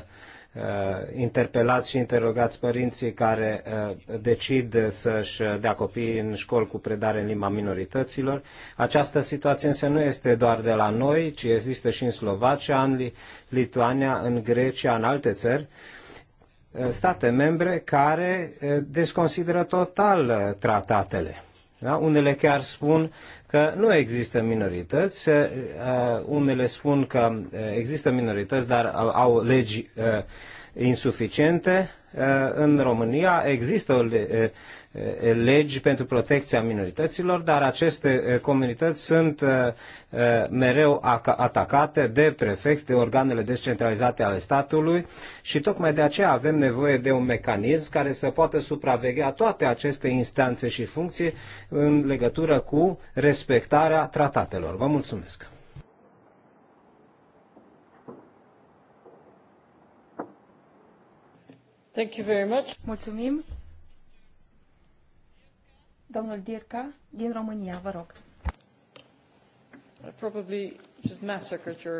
interpelați și interogați părinții care decid să-și dea copiii în școli cu predare în limba minorităților. Această situație însă nu este doar de la noi, ci există și în Slovacia, în Lituania, în Grecia, în alte țări state membre care desconsideră total tratatele. Da? Unele chiar spun că nu există minorități, eh, eh, unele spun că eh, există minorități, dar au legi insuficiente. Uh, în România există uh, uh, legi pentru protecția minorităților, dar aceste comunități sunt mereu atacate de prefecți, de organele descentralizate ale statului și tocmai de aceea avem nevoie de un mecanism care să poată supraveghea toate aceste instanțe și funcții în legătură cu respectarea tratatelor. Vă mulțumesc! Mulțumim. Domnul Dirca, din România, vă rog.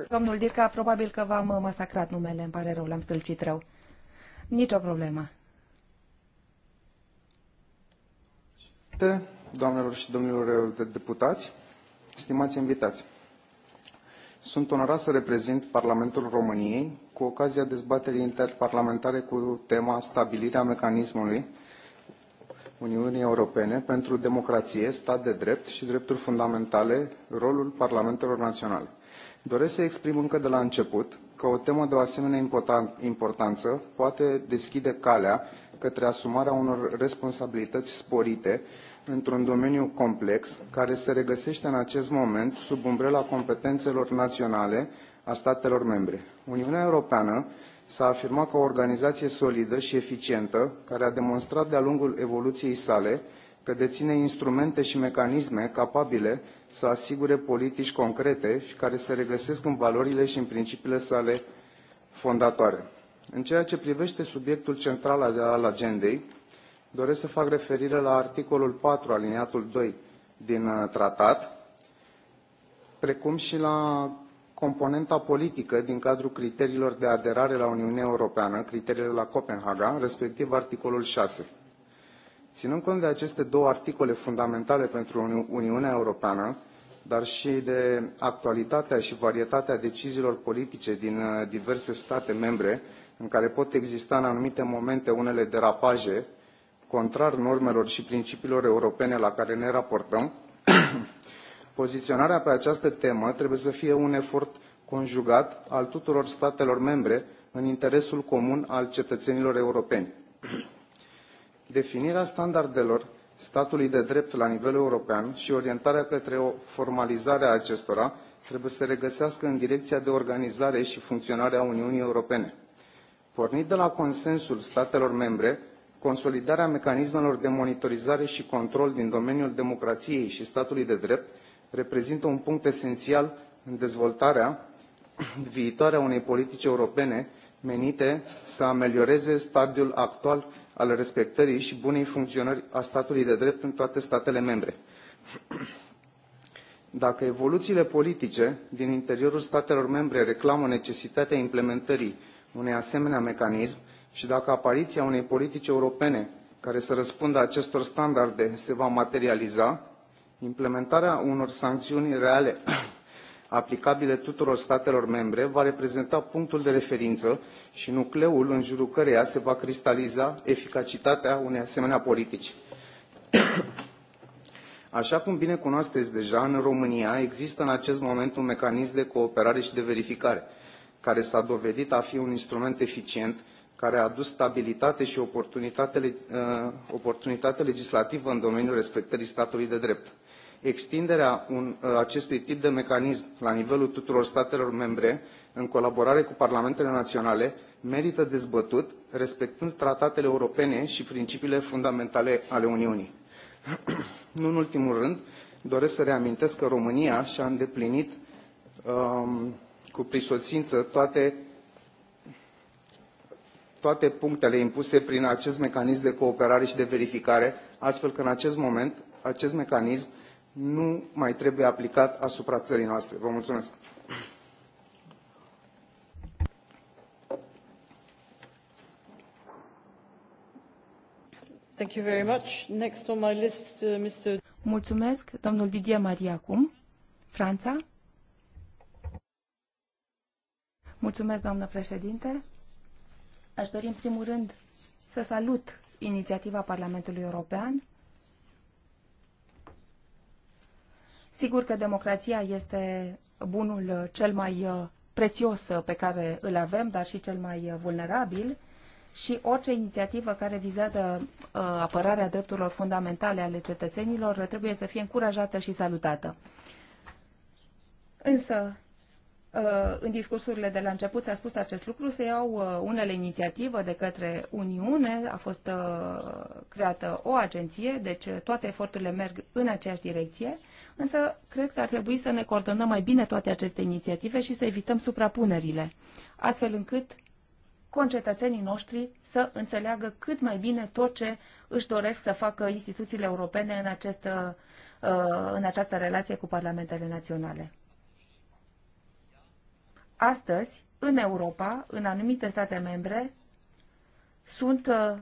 Domnul Dirca, probabil că v-am uh, masacrat numele, îmi pare rău, l-am stâlcit rău. Nicio problemă. Doamnelor și domnilor de deputați, stimați invitați, sunt onorat să reprezint Parlamentul României cu ocazia dezbaterii interparlamentare cu tema stabilirea mecanismului Uniunii Europene pentru democrație, stat de drept și drepturi fundamentale, rolul parlamentelor naționale. Doresc să exprim încă de la început că o temă de o asemenea importanță poate deschide calea către asumarea unor responsabilități sporite într-un domeniu complex care se regăsește în acest moment sub umbrela competențelor naționale a statelor membre. Uniunea Europeană s-a afirmat ca o organizație solidă și eficientă, care a demonstrat de-a lungul evoluției sale că deține instrumente și mecanisme capabile să asigure politici concrete și care se regăsesc în valorile și în principiile sale fondatoare. În ceea ce privește subiectul central al agendei, doresc să fac referire la articolul 4, aliniatul 2 din uh, tratat, precum și la componenta politică din cadrul criteriilor de aderare la Uniunea Europeană, criteriile de la Copenhaga, respectiv articolul 6. Ținând cont de aceste două articole fundamentale pentru Uni Uniunea Europeană, dar și de actualitatea și varietatea deciziilor politice din uh, diverse state membre, în care pot exista în anumite momente unele derapaje, contrar normelor și principiilor europene la care ne raportăm, Poziționarea pe această temă trebuie să fie un efort conjugat al tuturor statelor membre în interesul comun al cetățenilor europeni. Definirea standardelor statului de drept la nivel european și orientarea către o formalizare a acestora trebuie să se regăsească în direcția de organizare și funcționare a Uniunii Europene. Pornit de la consensul statelor membre, consolidarea mecanismelor de monitorizare și control din domeniul democrației și statului de drept reprezintă un punct esențial în dezvoltarea viitoare a unei politici europene menite să amelioreze stadiul actual al respectării și bunei funcționări a statului de drept în toate statele membre. Dacă evoluțiile politice din interiorul statelor membre reclamă necesitatea implementării unui asemenea mecanism și dacă apariția unei politici europene care să răspundă acestor standarde se va materializa, Implementarea unor sancțiuni reale aplicabile tuturor statelor membre va reprezenta punctul de referință și nucleul în jurul căreia se va cristaliza eficacitatea unei asemenea politici. Așa cum bine cunoașteți deja, în România există în acest moment un mecanism de cooperare și de verificare, care s-a dovedit a fi un instrument eficient care a adus stabilitate și oportunitate, uh, oportunitate legislativă în domeniul respectării statului de drept extinderea un, ă, acestui tip de mecanism la nivelul tuturor statelor membre, în colaborare cu parlamentele naționale, merită dezbătut, respectând tratatele europene și principiile fundamentale ale Uniunii. nu în ultimul rând, doresc să reamintesc că România și-a îndeplinit um, cu prisosință toate, toate punctele impuse prin acest mecanism de cooperare și de verificare, astfel că în acest moment acest mecanism nu mai trebuie aplicat asupra țării noastre. Vă mulțumesc! Thank you very much. Next on my list, uh, Mr. Mulțumesc, domnul Didier Maria acum, Franța. Mulțumesc, doamnă președinte. Aș dori în primul rând să salut inițiativa Parlamentului European Sigur că democrația este bunul cel mai uh, prețios uh, pe care îl avem, dar și cel mai uh, vulnerabil și orice inițiativă care vizează apărarea drepturilor fundamentale ale cetățenilor trebuie să fie încurajată și salutată. Însă, în discursurile de la început s-a spus acest lucru, se iau unele inițiative de către Uniune, a fost creată o agenție, deci toate eforturile merg în aceeași direcție, însă cred că ar trebui să ne coordonăm mai bine toate aceste inițiative și să evităm suprapunerile, astfel încât concetățenii noștri să înțeleagă cât mai bine tot ce își doresc să facă instituțiile europene în, această uh, în această relație cu parlamentele naționale. Astăzi, în Europa, în anumite state membre, sunt uh,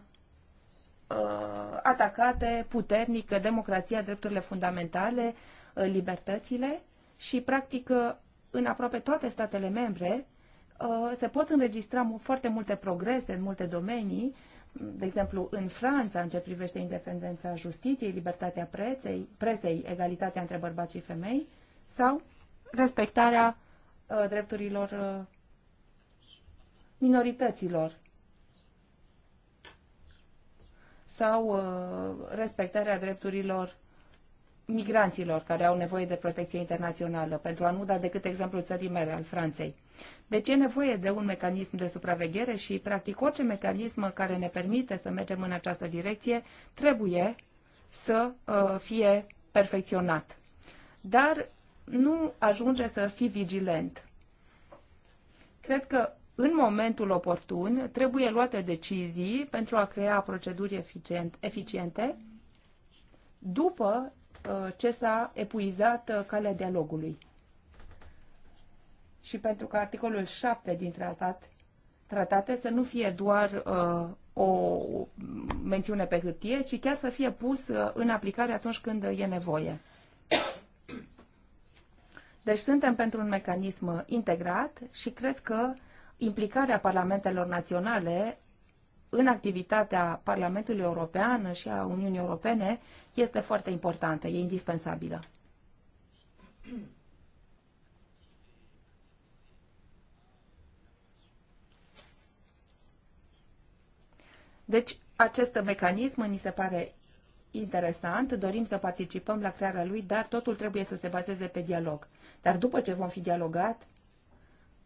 uh atacate puternic democrația, drepturile fundamentale, Uh, libertățile și, practic, uh, în aproape toate statele membre uh, se pot înregistra foarte multe progrese în multe domenii, de exemplu, în Franța, în ce privește independența justiției, libertatea preței, presei, egalitatea între bărbați și femei, sau respectarea drepturilor minorităților, sau uh, respectarea drepturilor migranților care au nevoie de protecție internațională, pentru a nu da decât exemplul țării mele, al Franței. Deci e nevoie de un mecanism de supraveghere și, practic, orice mecanism care ne permite să mergem în această direcție trebuie să uh, fie perfecționat. Dar nu ajunge să fii vigilent. Cred că în momentul oportun trebuie luate decizii pentru a crea proceduri eficient, eficiente după Uh, ce s-a epuizat uh, calea dialogului. Și pentru că articolul 7 din tratat, tratate să nu fie doar uh, o mențiune pe hârtie, ci chiar să fie pus uh, în aplicare atunci când e nevoie. Deci suntem pentru un mecanism integrat și cred că implicarea parlamentelor naționale în activitatea Parlamentului European și a Uniunii Europene este foarte importantă, e indispensabilă. Deci, acest mecanism ni se pare interesant, dorim să participăm la crearea lui, dar totul trebuie să se bazeze pe dialog. Dar după ce vom fi dialogat,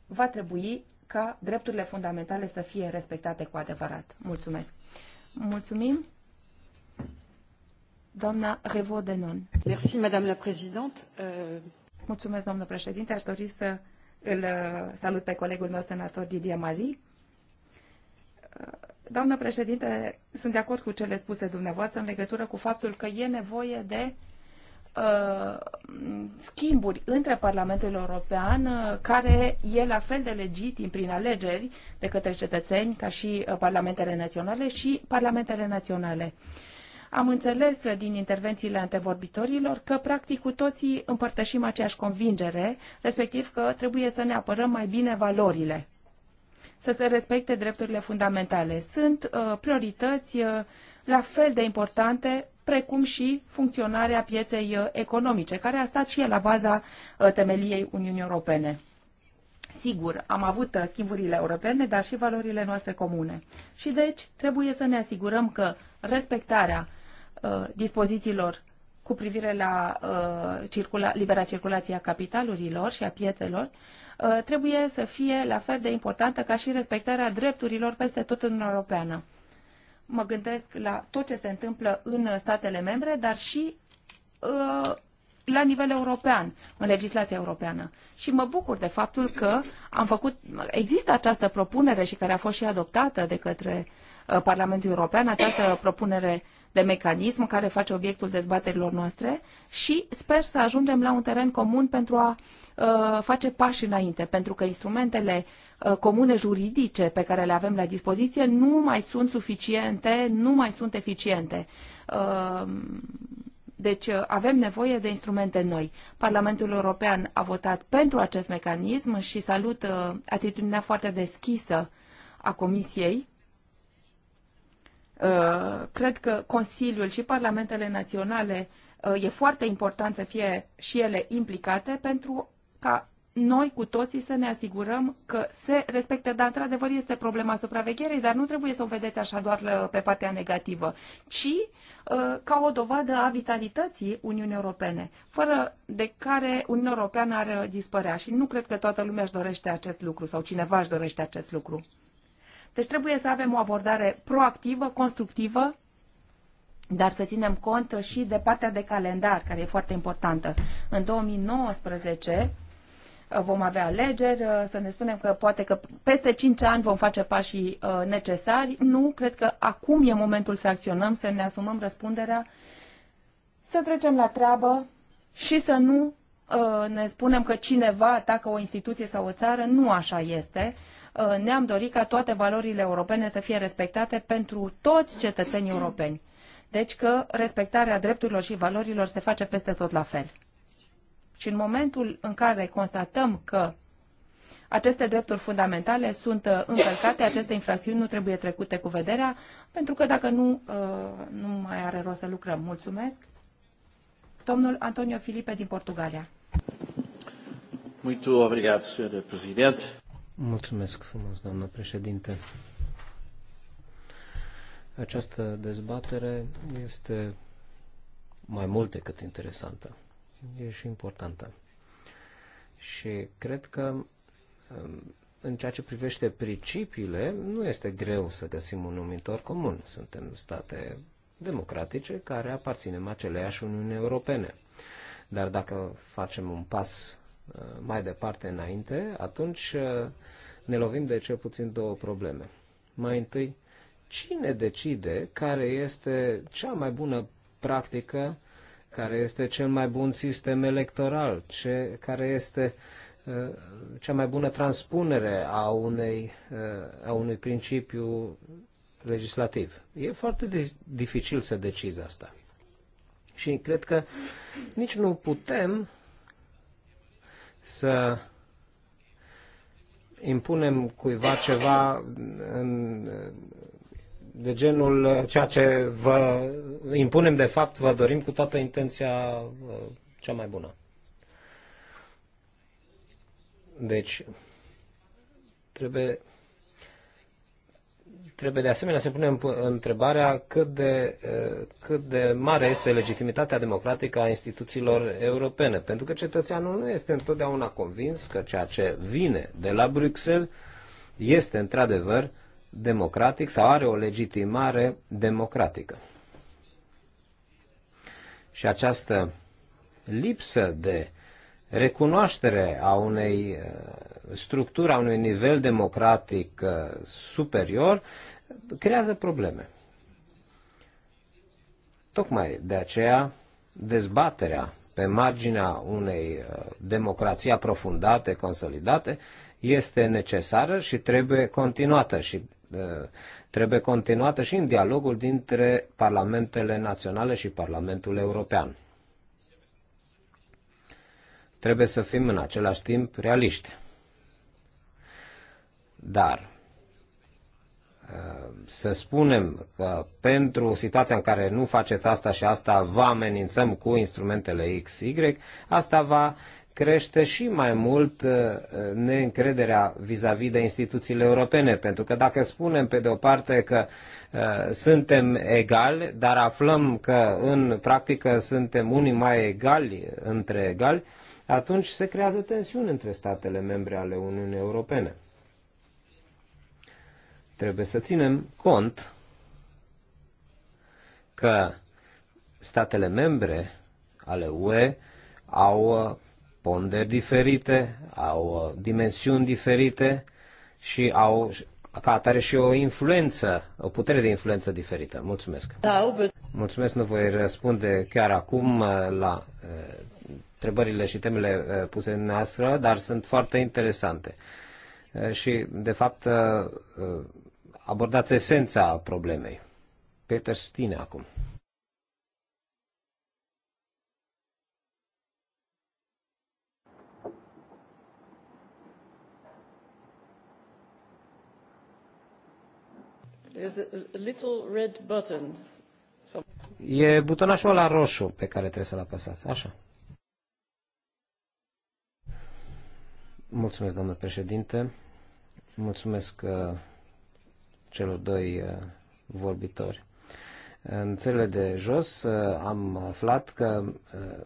va trebui ca drepturile fundamentale să fie respectate cu adevărat. Mulțumesc. Mulțumim. Doamna Revodenon. Merci, Madame la Présidente. Euh, Mulțumesc, domnul președinte. Aș dori să îl uh, salut pe colegul meu senator Didier Mali. Uh, doamnă președinte, sunt de acord cu cele spuse dumneavoastră în legătură cu faptul că e nevoie de uh, Uh, schimburi între Parlamentul European, uh, care e la fel de legitim prin alegeri de către cetățeni ca și uh, parlamentele naționale și parlamentele naționale. Am înțeles din intervențiile antevorbitorilor că practic cu toții împărtășim aceeași convingere, respectiv că trebuie să ne apărăm mai bine valorile, să se respecte drepturile fundamentale. Sunt uh, priorități uh, la fel de importante precum și funcționarea pieței uh, economice, care a stat și el la baza uh, temeliei Uniunii Europene. Sigur, am avut uh, schimburile europene, dar și valorile noastre comune. Și deci trebuie să ne asigurăm că respectarea uh, dispozițiilor cu privire la uh, circula, libera circulație a capitalurilor și a piețelor uh, trebuie să fie la fel de importantă ca și respectarea drepturilor peste tot în Europeană mă gândesc la tot ce se întâmplă în statele membre, dar și uh, la nivel european, în legislația europeană. Și mă bucur de faptul că am făcut, există această propunere și care a fost și adoptată de către uh, Parlamentul European, această propunere de mecanism care face obiectul dezbaterilor noastre și sper să ajungem la un teren comun pentru a uh, face pași înainte, pentru că instrumentele uh, Uh, comune juridice pe care le avem la dispoziție nu mai sunt suficiente, nu mai sunt eficiente. Uh, deci uh, avem nevoie de instrumente noi. Parlamentul European a votat pentru acest mecanism și salut atitudinea foarte deschisă a Comisiei. Cred că Consiliul și Parlamentele Naționale e foarte important să fie și ele implicate pentru ca noi cu toții să ne asigurăm că se respectă, dar într-adevăr este problema supravegherii, dar nu trebuie să o vedeți așa doar uh, pe partea negativă, ci uh, ca o dovadă a vitalității Uniunii Europene, fără de care Uniunea Europeană ar uh, dispărea și nu cred că toată lumea își dorește acest lucru sau cineva își dorește acest lucru. Deci trebuie să avem o abordare proactivă, constructivă, dar să ținem cont și de partea de calendar, care e foarte importantă. În 2019, vom avea alegeri, uh, să ne spunem că poate că peste 5 ani vom face pașii uh, necesari. Nu, cred că acum e momentul să acționăm, să ne asumăm răspunderea, să trecem la treabă și să nu uh, ne spunem că cineva atacă o instituție sau o țară. Nu așa este ne-am dorit ca toate valorile europene să fie respectate pentru toți cetățenii europeni. Deci că respectarea drepturilor și valorilor se face peste tot la fel. Și în momentul în care constatăm că aceste drepturi fundamentale sunt uh, încălcate, aceste infracțiuni nu trebuie trecute cu vederea, pentru că dacă nu, uh, nu mai are rost să lucrăm. Mulțumesc. Domnul Antonio Filipe din Portugalia. Muito obrigado, senhor presidente. Mulțumesc frumos, doamnă președinte. Această dezbatere este mai mult decât interesantă e și importantă. Și cred că um, în ceea ce privește principiile, nu este greu să găsim un numitor comun. Suntem state democratice care aparținem aceleiași Uniune Europene. Dar dacă facem un pas uh, mai departe înainte, atunci uh, ne lovim de cel puțin două probleme. Mai întâi, cine decide care este cea mai bună practică care este cel mai bun sistem electoral, ce, care este uh, cea mai bună transpunere a, unei, uh, a unui principiu legislativ. E foarte dificil să decizi asta. Și cred că nici nu putem să impunem cuiva ceva în de genul uh, ceea ce vă impunem de fapt, vă dorim cu toată intenția uh, cea mai bună. Deci, trebuie, trebuie de asemenea să punem întrebarea cât de, uh, cât de mare este legitimitatea democratică a instituțiilor europene. Pentru că cetățeanul nu este întotdeauna convins că ceea ce vine de la Bruxelles este într-adevăr democratic sau are o legitimare democratică. Și această lipsă de recunoaștere a unei uh, structuri, a unui nivel democratic uh, superior, creează probleme. Tocmai de aceea dezbaterea pe marginea unei uh, democrații aprofundate, consolidate, este necesară și trebuie continuată și Eh, trebuie continuată și în dialogul dintre parlamentele naționale și Parlamentul European. Trebuie să fim în același timp realiști. Dar eh, să spunem că pentru situația în care nu faceți asta și asta, vă amenințăm cu instrumentele XY, asta va crește și mai mult uh, neîncrederea vis-a-vis -vis de instituțiile europene. Pentru că dacă spunem pe de o parte că uh, suntem egali, dar aflăm că în practică suntem unii mai egali între egali, atunci se creează tensiuni între statele membre ale Uniunii Europene. Trebuie să ținem cont că statele membre ale UE au uh, ponderi diferite, au uh, dimensiuni diferite și au ca atare și o influență, o putere de influență diferită. Mulțumesc. Da, Mulțumesc, nu voi răspunde chiar acum uh, la uh, întrebările și temele puse în noastră, dar sunt foarte interesante. Și, de fapt, abordați esența problemei. Peter Stine acum. E butonașul ăla roșu pe care trebuie să-l apăsați. Așa. Mulțumesc, doamnă președinte. Mulțumesc uh, celor doi uh, vorbitori. În țările de jos uh, am aflat că uh,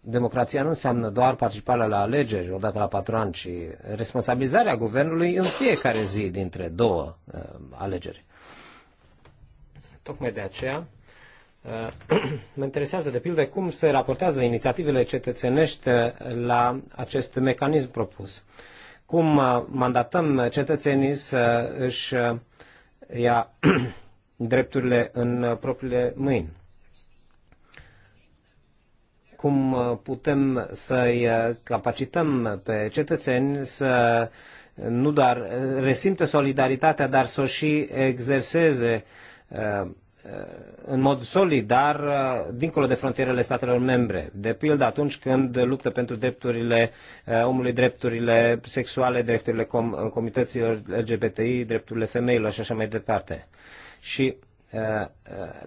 democrația nu înseamnă doar participarea la alegeri odată la patru ani, ci responsabilizarea guvernului în fiecare zi dintre două uh, alegeri. Tocmai de aceea uh, mă interesează de pildă cum se raportează inițiativele cetățenești uh, la acest mecanism propus. Cum uh, mandatăm cetățenii să își ia drepturile în propriile mâini. Cum putem să-i capacităm pe cetățeni să nu doar resimte solidaritatea, dar să o și exerseze uh, în mod solidar uh, dincolo de frontierele statelor membre. De pildă atunci când luptă pentru drepturile uh, omului, drepturile sexuale, drepturile com- comităților LGBTI, drepturile femeilor și așa mai departe. Și uh,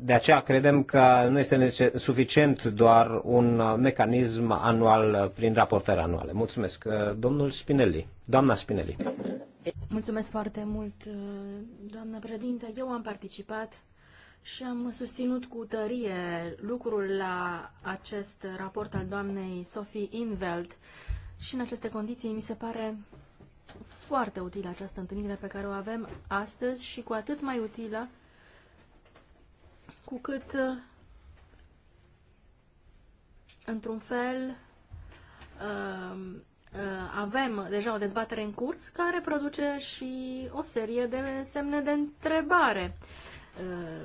de aceea credem că nu este suficient doar un mecanism anual prin raportări anuale. Mulțumesc. Domnul Spinelli. Doamna Spinelli. Mulțumesc foarte mult, doamnă președinte. Eu am participat și am susținut cu tărie lucrul la acest raport al doamnei Sophie Inveld și în aceste condiții mi se pare foarte utilă această întâlnire pe care o avem astăzi și cu atât mai utilă cu cât într-un fel um, Uh, avem deja o dezbatere în curs care produce și o serie de semne de întrebare. Uh,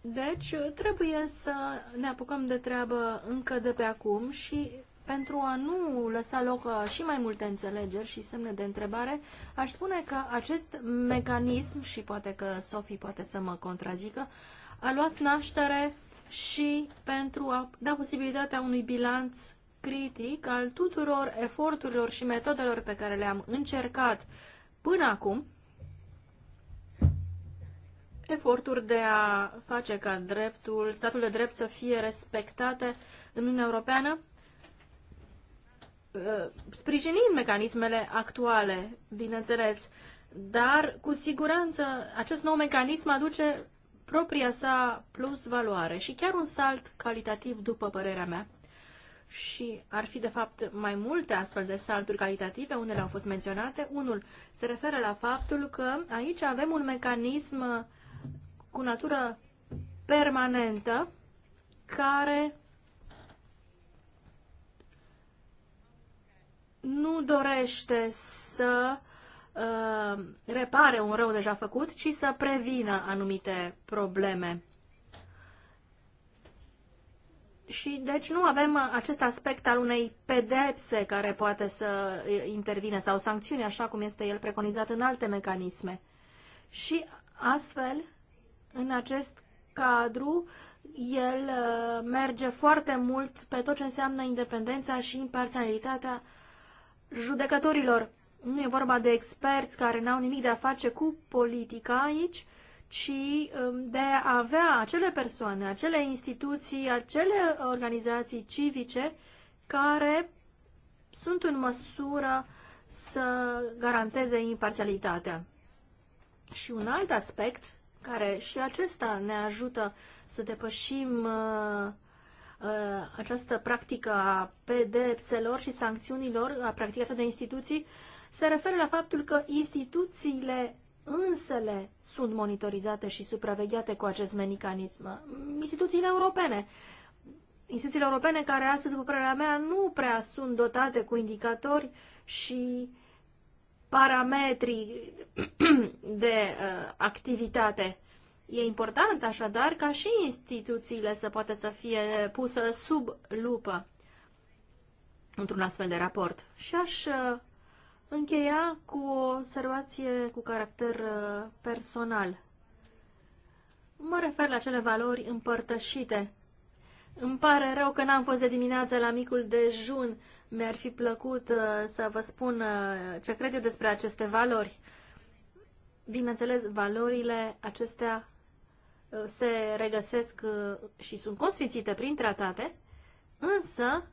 deci, trebuie să ne apucăm de treabă încă de pe acum și pentru a nu lăsa loc uh, și mai multe înțelegeri și semne de întrebare, aș spune că acest mecanism, și poate că Sofie poate să mă contrazică, a luat naștere și pentru a da posibilitatea unui bilanț critic al tuturor eforturilor și metodelor pe care le-am încercat până acum, eforturi de a face ca dreptul, statul de drept să fie respectate în Uniunea Europeană, ă, sprijinind mecanismele actuale, bineînțeles, dar cu siguranță acest nou mecanism aduce propria sa plus valoare și chiar un salt calitativ, după părerea mea și ar fi, de fapt, mai multe astfel de salturi calitative, unele au fost menționate. Unul se referă la faptul că aici avem un mecanism uh, cu natură permanentă care nu dorește să uh, repare un rău deja făcut, ci să prevină anumite probleme și deci nu avem uh, acest aspect al unei pedepse care poate să uh, intervine sau sancțiuni așa cum este el preconizat în alte mecanisme. Și astfel, în acest cadru, el uh, merge foarte mult pe tot ce înseamnă independența și imparțialitatea judecătorilor. Nu e vorba de experți care n-au nimic de a face cu politica aici, ci um, de a avea acele persoane, acele instituții, acele organizații civice care sunt în măsură să garanteze imparțialitatea. Și un alt aspect care și acesta ne ajută să depășim uh, uh, această practică a pedepselor și sancțiunilor, a practicată de instituții, se referă la faptul că instituțiile însele sunt monitorizate și supravegheate cu acest mecanism. Instituțiile europene, instituțiile europene care astăzi, după părerea mea, nu prea sunt dotate cu indicatori și parametri de uh, activitate. E important, așadar, ca și instituțiile să poată să fie pusă sub lupă într-un astfel de raport. Și aș uh, încheia cu o observație cu caracter uh, personal. Mă refer la cele valori împărtășite. Îmi pare rău că n-am fost de dimineață la micul dejun. Mi-ar fi plăcut uh, să vă spun uh, ce cred eu despre aceste valori. Bineînțeles, valorile acestea se regăsesc și sunt consfințite prin tratate, însă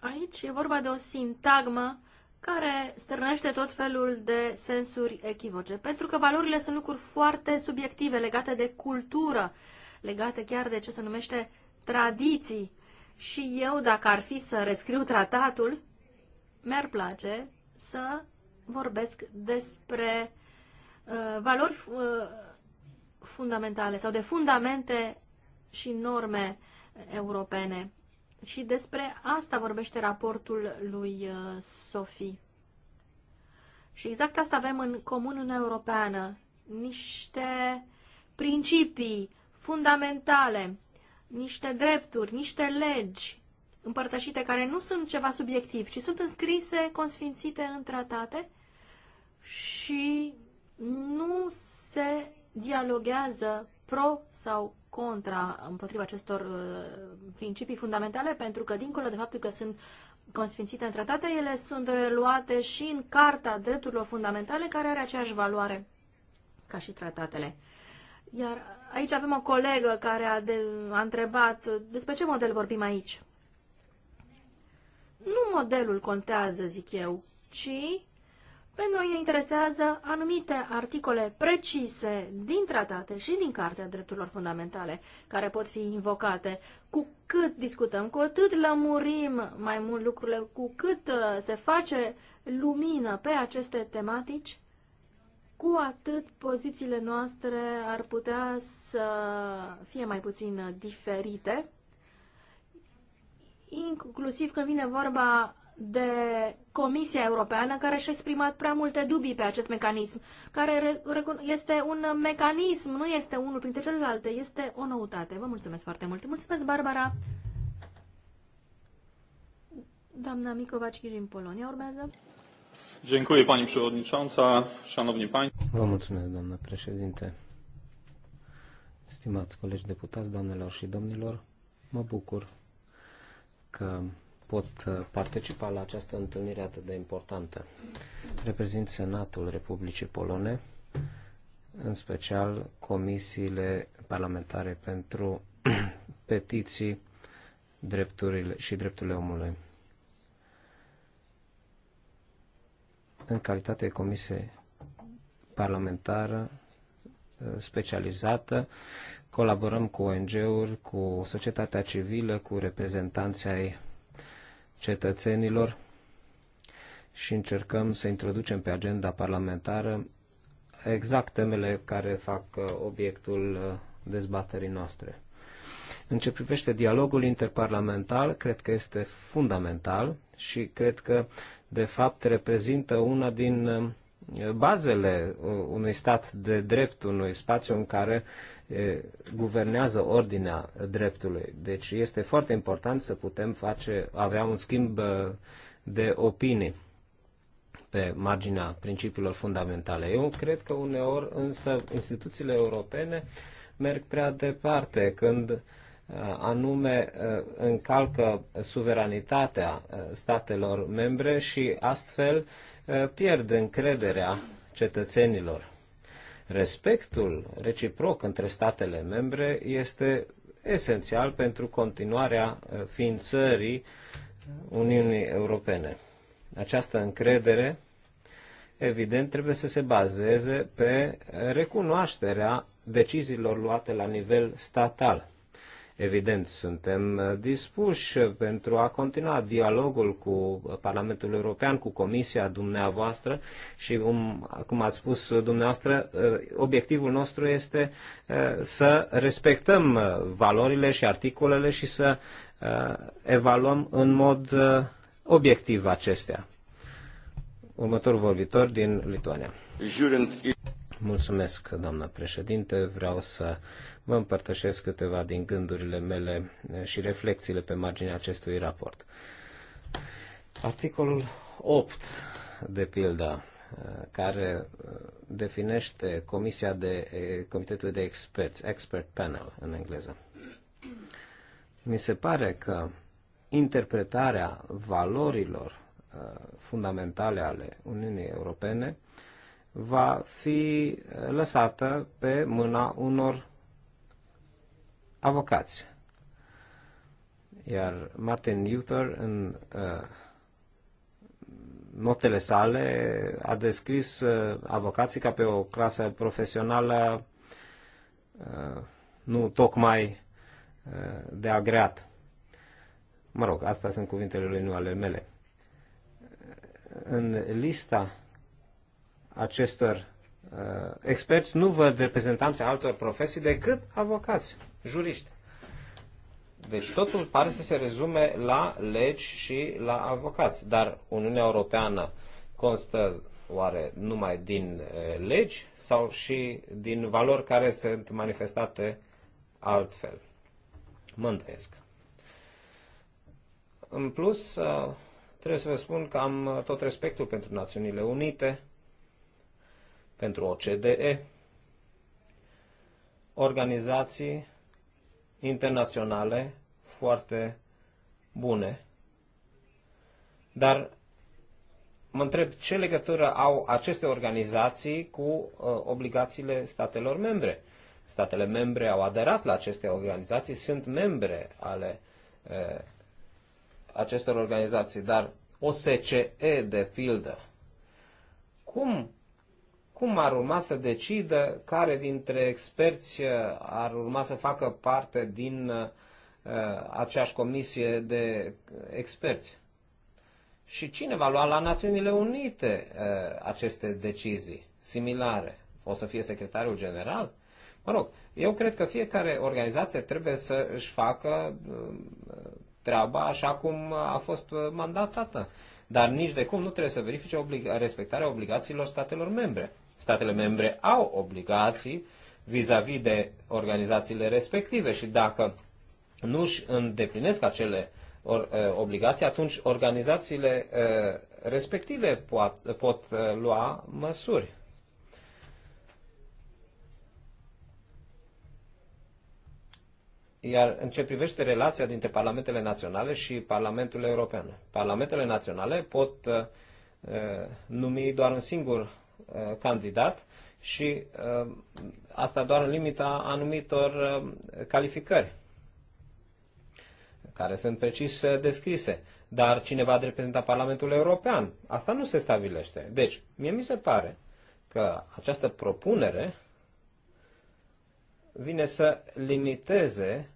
aici e vorba de o sintagmă care stârnește tot felul de sensuri echivoce. Pentru că valorile sunt lucruri foarte subiective, legate de cultură, legate chiar de ce se numește tradiții. Și eu, dacă ar fi să rescriu tratatul, mi-ar place să vorbesc despre uh, valori uh, fundamentale sau de fundamente și norme europene. Și despre asta vorbește raportul lui uh, Sophie. Și exact asta avem în comun în Europeană. Niște principii fundamentale, niște drepturi, niște legi împărtășite care nu sunt ceva subiectiv, ci sunt înscrise, consfințite în tratate și nu se dialoguează pro sau contra, împotriva acestor uh, principii fundamentale, pentru că, dincolo de faptul că sunt consfințite în tratate, ele sunt reluate și în Carta Drepturilor Fundamentale, care are aceeași valoare ca și tratatele. Iar aici avem o colegă care a, de, a întrebat despre ce model vorbim aici. Nu modelul contează, zic eu, ci pe noi ne interesează anumite articole precise din tratate și din Cartea Drepturilor Fundamentale care pot fi invocate. Cu cât discutăm, cu atât lămurim mai mult lucrurile, cu cât uh, se face lumină pe aceste tematici, cu atât pozițiile noastre ar putea să fie mai puțin diferite, inclusiv când vine vorba de Comisia Europeană care și-a exprimat prea multe dubii pe acest mecanism, care este un mecanism, nu este unul printre celelalte, este o noutate. Vă mulțumesc foarte mult. Mulțumesc, Barbara. Doamna Micovaci din Polonia urmează. Dziękuję Pani Przewodnicząca, Szanowni Państwo. Vă mulțumesc, doamna președinte. Stimați colegi deputați, doamnelor și domnilor, mă bucur că pot uh, participa la această întâlnire atât de importantă. Reprezint Senatul Republicii Polone, în special comisiile parlamentare pentru petiții drepturile și drepturile omului. În calitate de comisie parlamentară uh, specializată, colaborăm cu ONG-uri, cu societatea civilă, cu reprezentanții ai cetățenilor și încercăm să introducem pe agenda parlamentară exact temele care fac uh, obiectul uh, dezbaterii noastre. În ce privește dialogul interparlamentar, cred că este fundamental și cred că, de fapt, reprezintă una din uh, bazele unui stat de drept, unui spațiu în care guvernează ordinea dreptului. Deci este foarte important să putem face, avea un schimb de opinii pe marginea principiilor fundamentale. Eu cred că uneori însă instituțiile europene merg prea departe când anume încalcă suveranitatea statelor membre și astfel pierd încrederea cetățenilor. Respectul reciproc între statele membre este esențial pentru continuarea uh, ființării Uniunii Europene. Această încredere, evident, trebuie să se bazeze pe recunoașterea deciziilor luate la nivel statal. Evident, suntem uh, dispuși pentru a continua dialogul cu Parlamentul European, cu Comisia dumneavoastră și, um, cum ați spus dumneavoastră, uh, obiectivul nostru este uh, să respectăm valorile și articolele și să evaluăm în mod obiectiv acestea. Următorul vorbitor din Lituania. Mulțumesc, doamnă președinte. Vreau să vă împărtășesc câteva din gândurile mele și reflexiile pe marginea acestui raport. Articolul 8, de pildă, care uh, definește Comisia de uh, Comitetul de Experți, Expert Panel în engleză. Mi se pare că interpretarea valorilor uh, fundamentale ale Uniunii Europene uh, va fi lăsată pe mâna unor avocați. Iar Martin Luther în uh, notele sale a descris uh, avocații ca pe o clasă profesională uh, nu tocmai uh, de agreat. Mă rog, astea sunt cuvintele lui, nu ale mele. În lista acestor uh, experți nu văd reprezentanții altor profesii decât avocați, juriști. Deci totul pare să se rezume la legi și la avocați. Dar Uniunea Europeană constă oare numai din uh, legi sau și din valori care sunt manifestate altfel? Mă îndoiesc. În plus, uh, trebuie să vă spun că am uh, tot respectul pentru Națiunile Unite, pentru OCDE, organizații internaționale foarte bune. Dar mă întreb ce legătură au aceste organizații cu uh, obligațiile statelor membre. Statele membre au aderat la aceste organizații, sunt membre ale uh, acestor organizații, dar OSCE, de pildă, cum cum ar urma să decidă care dintre experți uh, ar urma să facă parte din uh, uh, aceeași comisie de experți? Și cine va lua la Națiunile Unite uh, aceste decizii similare? O să fie secretarul general? Mă rog, eu cred că fiecare organizație trebuie să își facă uh, treaba așa cum a fost mandatată, dar nici de cum nu trebuie să verifice obliga- respectarea obligațiilor statelor membre statele membre au obligații vis-a-vis -vis de organizațiile respective și dacă nu își îndeplinesc acele uh, obligații, atunci organizațiile uh, respective pot, pot uh, lua măsuri. Iar în ce privește relația dintre parlamentele naționale și Parlamentul European, parlamentele naționale pot uh, numi doar un singur Uh, candidat și uh, asta doar în limita anumitor uh, calificări care sunt precis descrise. Dar cine va reprezenta Parlamentul European? Asta nu se stabilește. Deci, mie mi se pare că această propunere vine să limiteze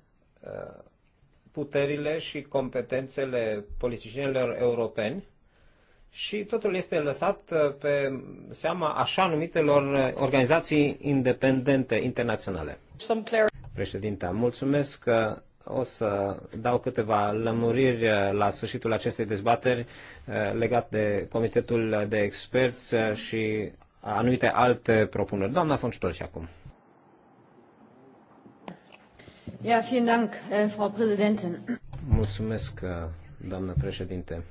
puterile și competențele politicienilor europeni și totul este lăsat uh, pe seama așa numitelor uh, organizații independente internaționale. Președinte, mulțumesc că o să dau câteva lămuriri uh, la sfârșitul acestei dezbateri legat de Comitetul de Experți și anumite alte propuneri. Doamna Foncitor și acum. Ja, vielen Dank, äh, Frau Präsidentin. Mulțumesc, doamnă președinte.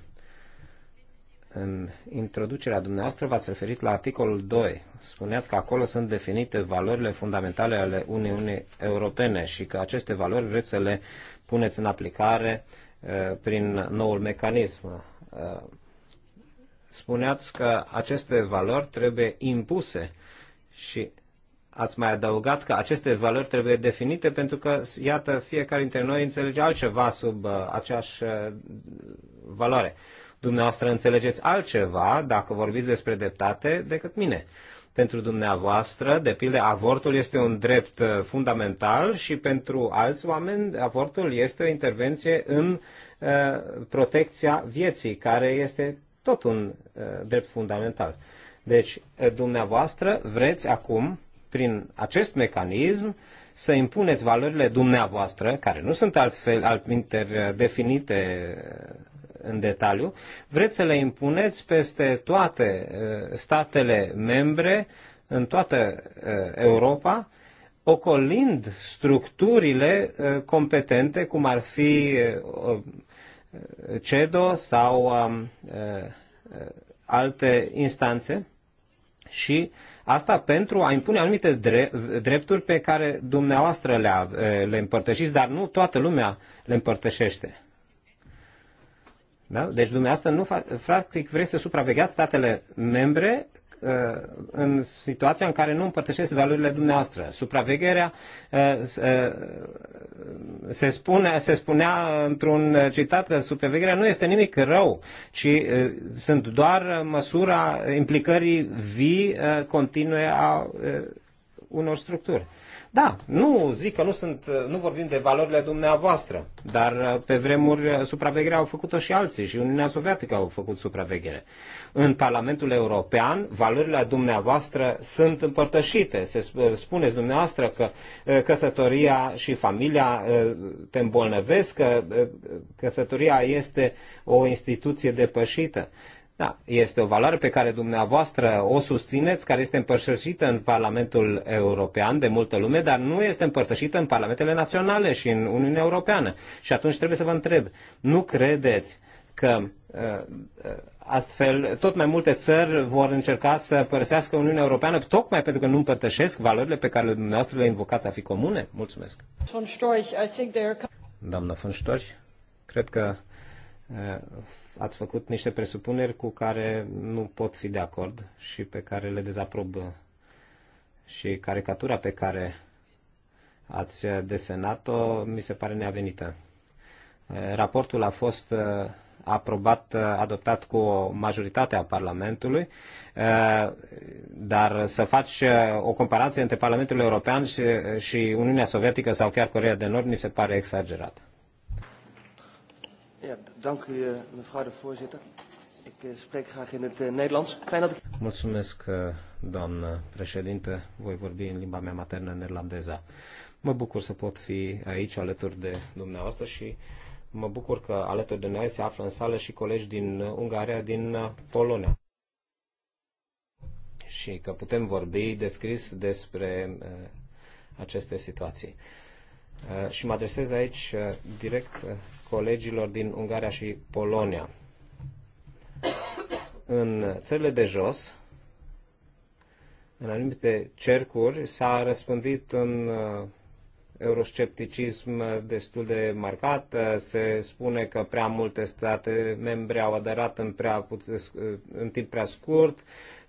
În introducerea dumneavoastră v-ați referit la articolul 2. Spuneați că acolo sunt definite valorile fundamentale ale Uniunii Europene și că aceste valori vreți să le puneți în aplicare uh, prin noul mecanism. Uh, spuneați că aceste valori trebuie impuse și ați mai adăugat că aceste valori trebuie definite pentru că, iată, fiecare dintre noi înțelege altceva sub uh, aceeași valoare. Dumneavoastră înțelegeți altceva dacă vorbiți despre dreptate decât mine. Pentru dumneavoastră, de pildă, avortul este un drept uh, fundamental și pentru alți oameni avortul este o intervenție în uh, protecția vieții, care este tot un uh, drept fundamental. Deci, uh, dumneavoastră vreți acum, prin acest mecanism, să impuneți valorile dumneavoastră, care nu sunt altfel, altminteri definite uh, în detaliu, vreți să le impuneți peste toate uh, statele membre, în toată uh, Europa, ocolind structurile uh, competente, cum ar fi CEDO sau um, alte instanțe și asta pentru a impune anumite drepturi pe care dumneavoastră le, le împărtășiți, dar nu toată lumea le împărtășește. Da? Deci dumneavoastră nu fa- practic vreți să supravegheați statele membre uh, în situația în care nu împărtășesc valorile dumneavoastră. Supravegherea uh, uh, se, spune, se spunea într-un citat că supravegherea nu este nimic rău, ci sunt doar măsura implicării vii continue a unor structuri. Da, nu zic că nu, sunt, nu vorbim de valorile dumneavoastră, dar uh, pe vremuri uh, supravegherea au făcut-o și alții și Uniunea Sovietică au făcut supraveghere. În Parlamentul European, valorile dumneavoastră sunt împărtășite. Se uh, spuneți dumneavoastră că căsătoria și familia te îmbolnăvesc, că căsătoria este o instituție depășită. Da, este o valoare pe care dumneavoastră o susțineți, care este împărtășită în Parlamentul European de multă lume, dar nu este împărtășită în Parlamentele naționale și în Uniunea Europeană. Și atunci trebuie să vă întreb, nu credeți că uh, uh, astfel tot mai multe țări vor încerca să părăsească Uniunea Europeană tocmai pentru că nu împărtășesc valorile pe care dumneavoastră le invocați a fi comune? Mulțumesc. Doamna cred că uh, ați făcut niște presupuneri cu care nu pot fi de acord și pe care le dezaprob. Și caricatura pe care ați desenat-o mi se pare neavenită. Raportul a fost uh, aprobat, uh, adoptat cu o majoritate a Parlamentului, uh, dar să faci o comparație între Parlamentul European și, și Uniunea Sovietică sau chiar Coreea de Nord mi se pare exagerat. Ja, dank u eh, mevrouw de voorzitter. Ik eh, spreek graag in het eh, Nederlands. Fijn dat ik... Mulțumesc, doamnă președinte. Voi vorbi în limba mea maternă neerlandeză. Mă bucur să pot fi aici alături de dumneavoastră și mă bucur că alături de noi se află în sală și colegi din Ungaria, din Polonia. Și că putem vorbi descris despre aceste situații. Uh, și mă adresez aici uh, direct uh, colegilor din Ungaria și Polonia. În țările de jos, în anumite cercuri, s-a răspândit în euroscepticism destul de marcat. Se spune că prea multe state membre au aderat în, prea puțin, în timp prea scurt,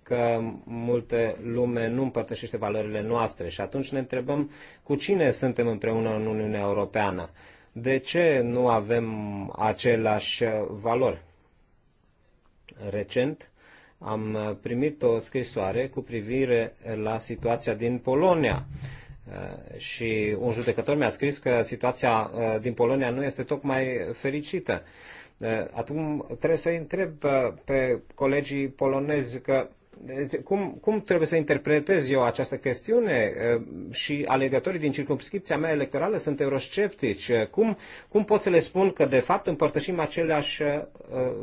că multe lume nu împărtășește valorile noastre și atunci ne întrebăm cu cine suntem împreună în Uniunea Europeană. De ce nu avem același valori? Recent am primit o scrisoare cu privire la situația din Polonia uh, și un judecător mi-a scris că situația uh, din Polonia nu este tocmai fericită. Uh, atunci trebuie să-i întreb pe colegii polonezi că deci, cum, cum trebuie să interpretez eu această chestiune și alegătorii din circunscripția mea electorală sunt eurosceptici? Cum, cum pot să le spun că de fapt împărtășim aceleași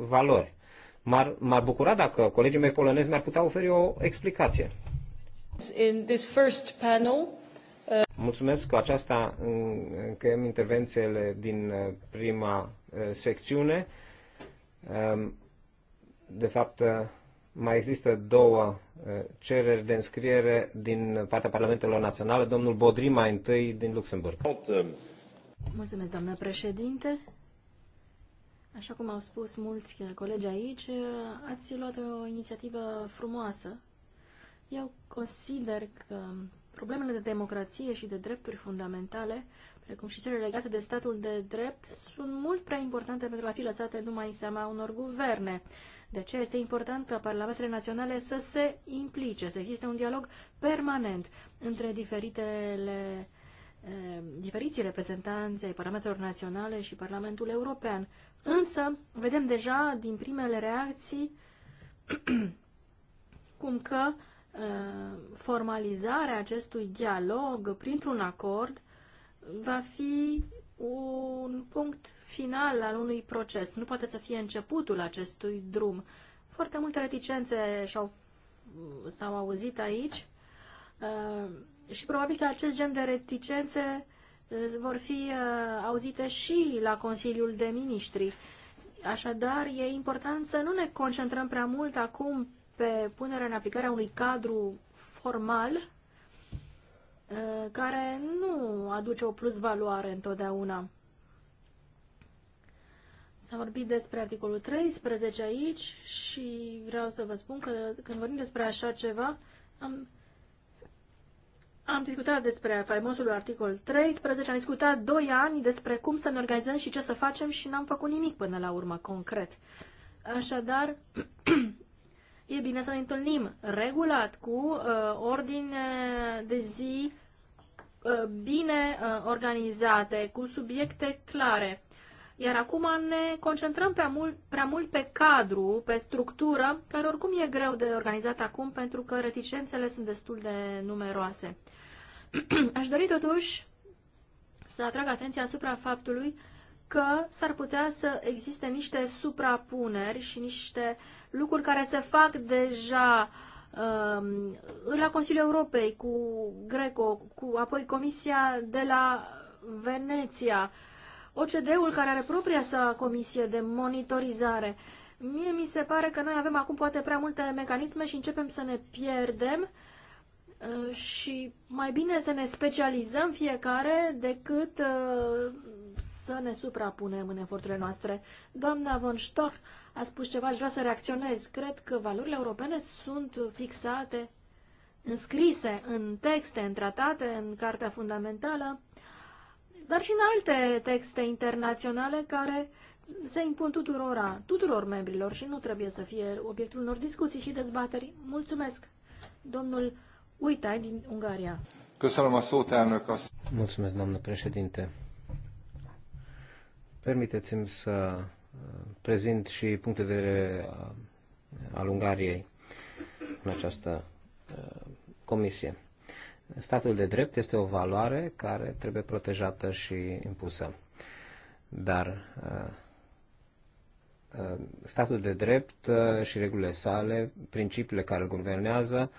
valori? M-ar, m-ar bucura dacă colegii mei polonezi mi-ar putea oferi o explicație. In this first panel, uh... Mulțumesc cu aceasta încheiem intervențiile din uh, prima uh, secțiune. Um, de fapt, uh, mai există două eh, cereri de înscriere din partea Parlamentelor Naționale. Domnul Bodri mai întâi din Luxemburg. Mulțumesc, doamnă președinte. Așa cum au spus mulți colegi aici, ați luat o inițiativă frumoasă. Eu consider că problemele de democrație și de drepturi fundamentale, precum și cele legate de statul de drept, sunt mult prea importante pentru a fi lăsate numai în seama unor guverne. De ce este important ca parlamentele naționale să se implice, să existe un dialog permanent între diferitele eh, diferiții reprezentanți ai Parlamentelor Naționale și Parlamentul European. Însă, vedem deja din primele reacții cum că eh, formalizarea acestui dialog printr-un acord va fi un punct final al unui proces. Nu poate să fie începutul acestui drum. Foarte multe reticențe s-au, s-au auzit aici uh, și probabil că acest gen de reticențe uh, vor fi uh, auzite și la Consiliul de Ministri. Așadar, e important să nu ne concentrăm prea mult acum pe punerea în aplicare a unui cadru formal, Uh, care nu aduce o plus valoare întotdeauna. S-a vorbit despre articolul 13 aici și vreau să vă spun că când vorbim despre așa ceva, am, am discutat despre faimosul articol 13, am discutat 2 ani despre cum să ne organizăm și ce să facem și n-am făcut nimic până la urmă, concret. Așadar, e bine să ne întâlnim regulat cu uh, ordine de zi Uh, bine uh, organizate, cu subiecte clare. Iar acum ne concentrăm prea mult, prea mult pe cadru, pe structură, care oricum e greu de organizat acum pentru că reticențele sunt destul de numeroase. Aș dori totuși să atrag atenția asupra faptului că s-ar putea să existe niște suprapuneri și niște lucruri care se fac deja uh, Um, la Consiliul Europei cu Greco, cu apoi Comisia de la Veneția, OCD-ul care are propria sa comisie de monitorizare. Mie mi se pare că noi avem acum poate prea multe mecanisme și începem să ne pierdem uh, Uh, și mai bine să ne specializăm fiecare decât uh, să ne suprapunem în eforturile noastre. Doamna von Stoch a spus ceva, aș vrea să reacționez. Cred că valorile europene sunt fixate, înscrise în texte, în tratate, în Cartea Fundamentală, dar și în alte texte internaționale care se impun tuturora, tuturor membrilor și nu trebuie să fie obiectul unor discuții și dezbateri. Mulțumesc, domnul Uitai din Ungaria. Mulțumesc, doamnă președinte. Permiteți-mi să uh, prezint și punctul de vedere uh, al Ungariei în această uh, comisie. Statul de drept este o valoare care trebuie protejată și impusă. Dar statul de drept și regulile sale, principiile care îl guvernează,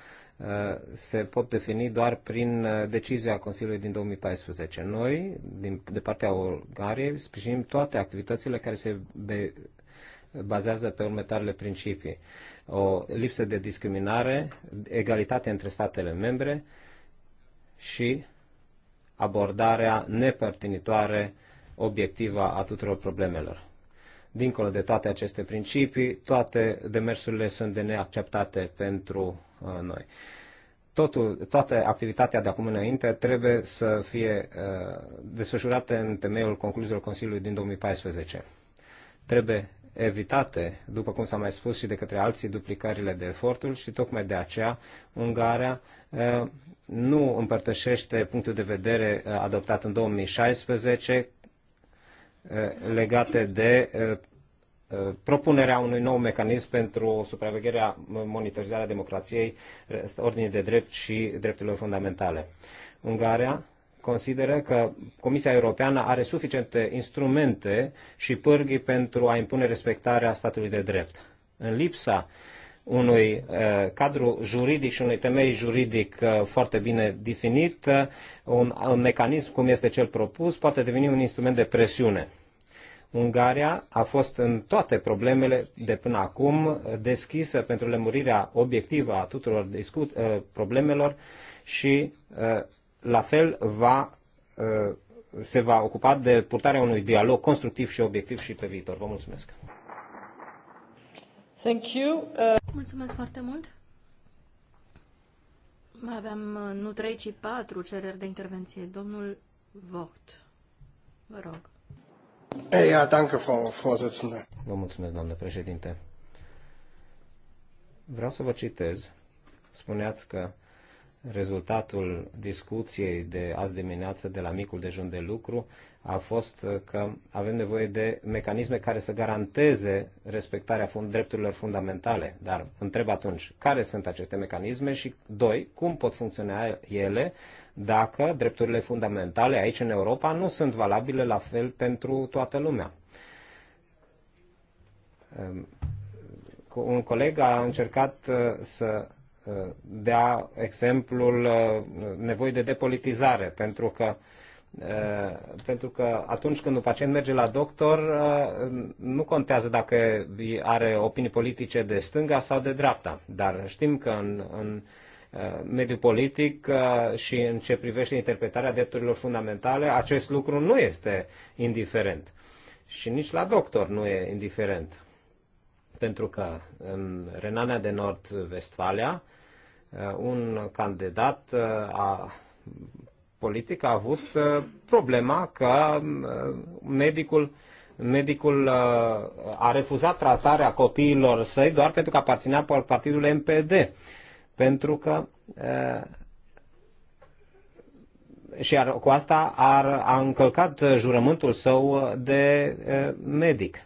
se pot defini doar prin uh, decizia Consiliului din 2014. Noi, din, de partea Ungariei, sprijinim toate activitățile care se be, bazează pe următoarele principii. O lipsă de discriminare, egalitate între statele membre și abordarea nepărtinitoare obiectivă a tuturor problemelor. Dincolo de toate aceste principii, toate demersurile sunt de neacceptate pentru noi. Totul, toată activitatea de acum înainte trebuie să fie uh, desfășurată în temeiul concluziilor Consiliului din 2014. Trebuie evitate, după cum s-a mai spus și de către alții, duplicările de eforturi și tocmai de aceea Ungaria uh, nu împărtășește punctul de vedere uh, adoptat în 2016 uh, legate de Uh, propunerea unui nou mecanism pentru supravegherea, uh, monitorizarea democrației, uh, ordinii de drept și drepturilor fundamentale. Ungaria consideră că Comisia Europeană are suficiente instrumente și pârghii pentru a impune respectarea statului de drept. În lipsa unui uh, cadru juridic și unui temei juridic uh, foarte bine definit, uh, un, un mecanism cum este cel propus poate deveni un instrument de presiune Ungaria a fost în toate problemele de până acum deschisă pentru lămurirea obiectivă a tuturor discut, uh, problemelor și uh, la fel va, uh, se va ocupa de purtarea unui dialog constructiv și obiectiv și pe viitor. Vă mulțumesc! Thank you. Uh... Mulțumesc foarte mult! Mai aveam nu trei, ci patru cereri de intervenție. Domnul Vogt, vă rog. Ja, danke, Frau Vorsitzende. Vă mulțumesc, doamnă președinte. Vreau să vă citez. Spuneați că rezultatul discuției de azi dimineață de la micul dejun de lucru a fost că avem nevoie de mecanisme care să garanteze respectarea fund, drepturilor fundamentale. Dar întreb atunci, care sunt aceste mecanisme și, doi, cum pot funcționa ele dacă drepturile fundamentale aici în Europa nu sunt valabile la fel pentru toată lumea? Un coleg a încercat uh, să dea exemplul uh, nevoii de depolitizare, pentru că uh, pentru că atunci când un pacient merge la doctor, uh, nu contează dacă are opinii politice de stânga sau de dreapta, dar știm că în, în mediul politic și în ce privește interpretarea drepturilor fundamentale, acest lucru nu este indiferent. Și nici la doctor nu e indiferent. Pentru că în Renania de Nord-Vestfalia, Uh, un candidat uh, a politic a avut uh, problema că medicul medicul a refuzat tratarea copiilor săi doar pentru că aparținea partidului MPD. Pentru că și ar, cu asta ar, a încălcat jurământul său de medic.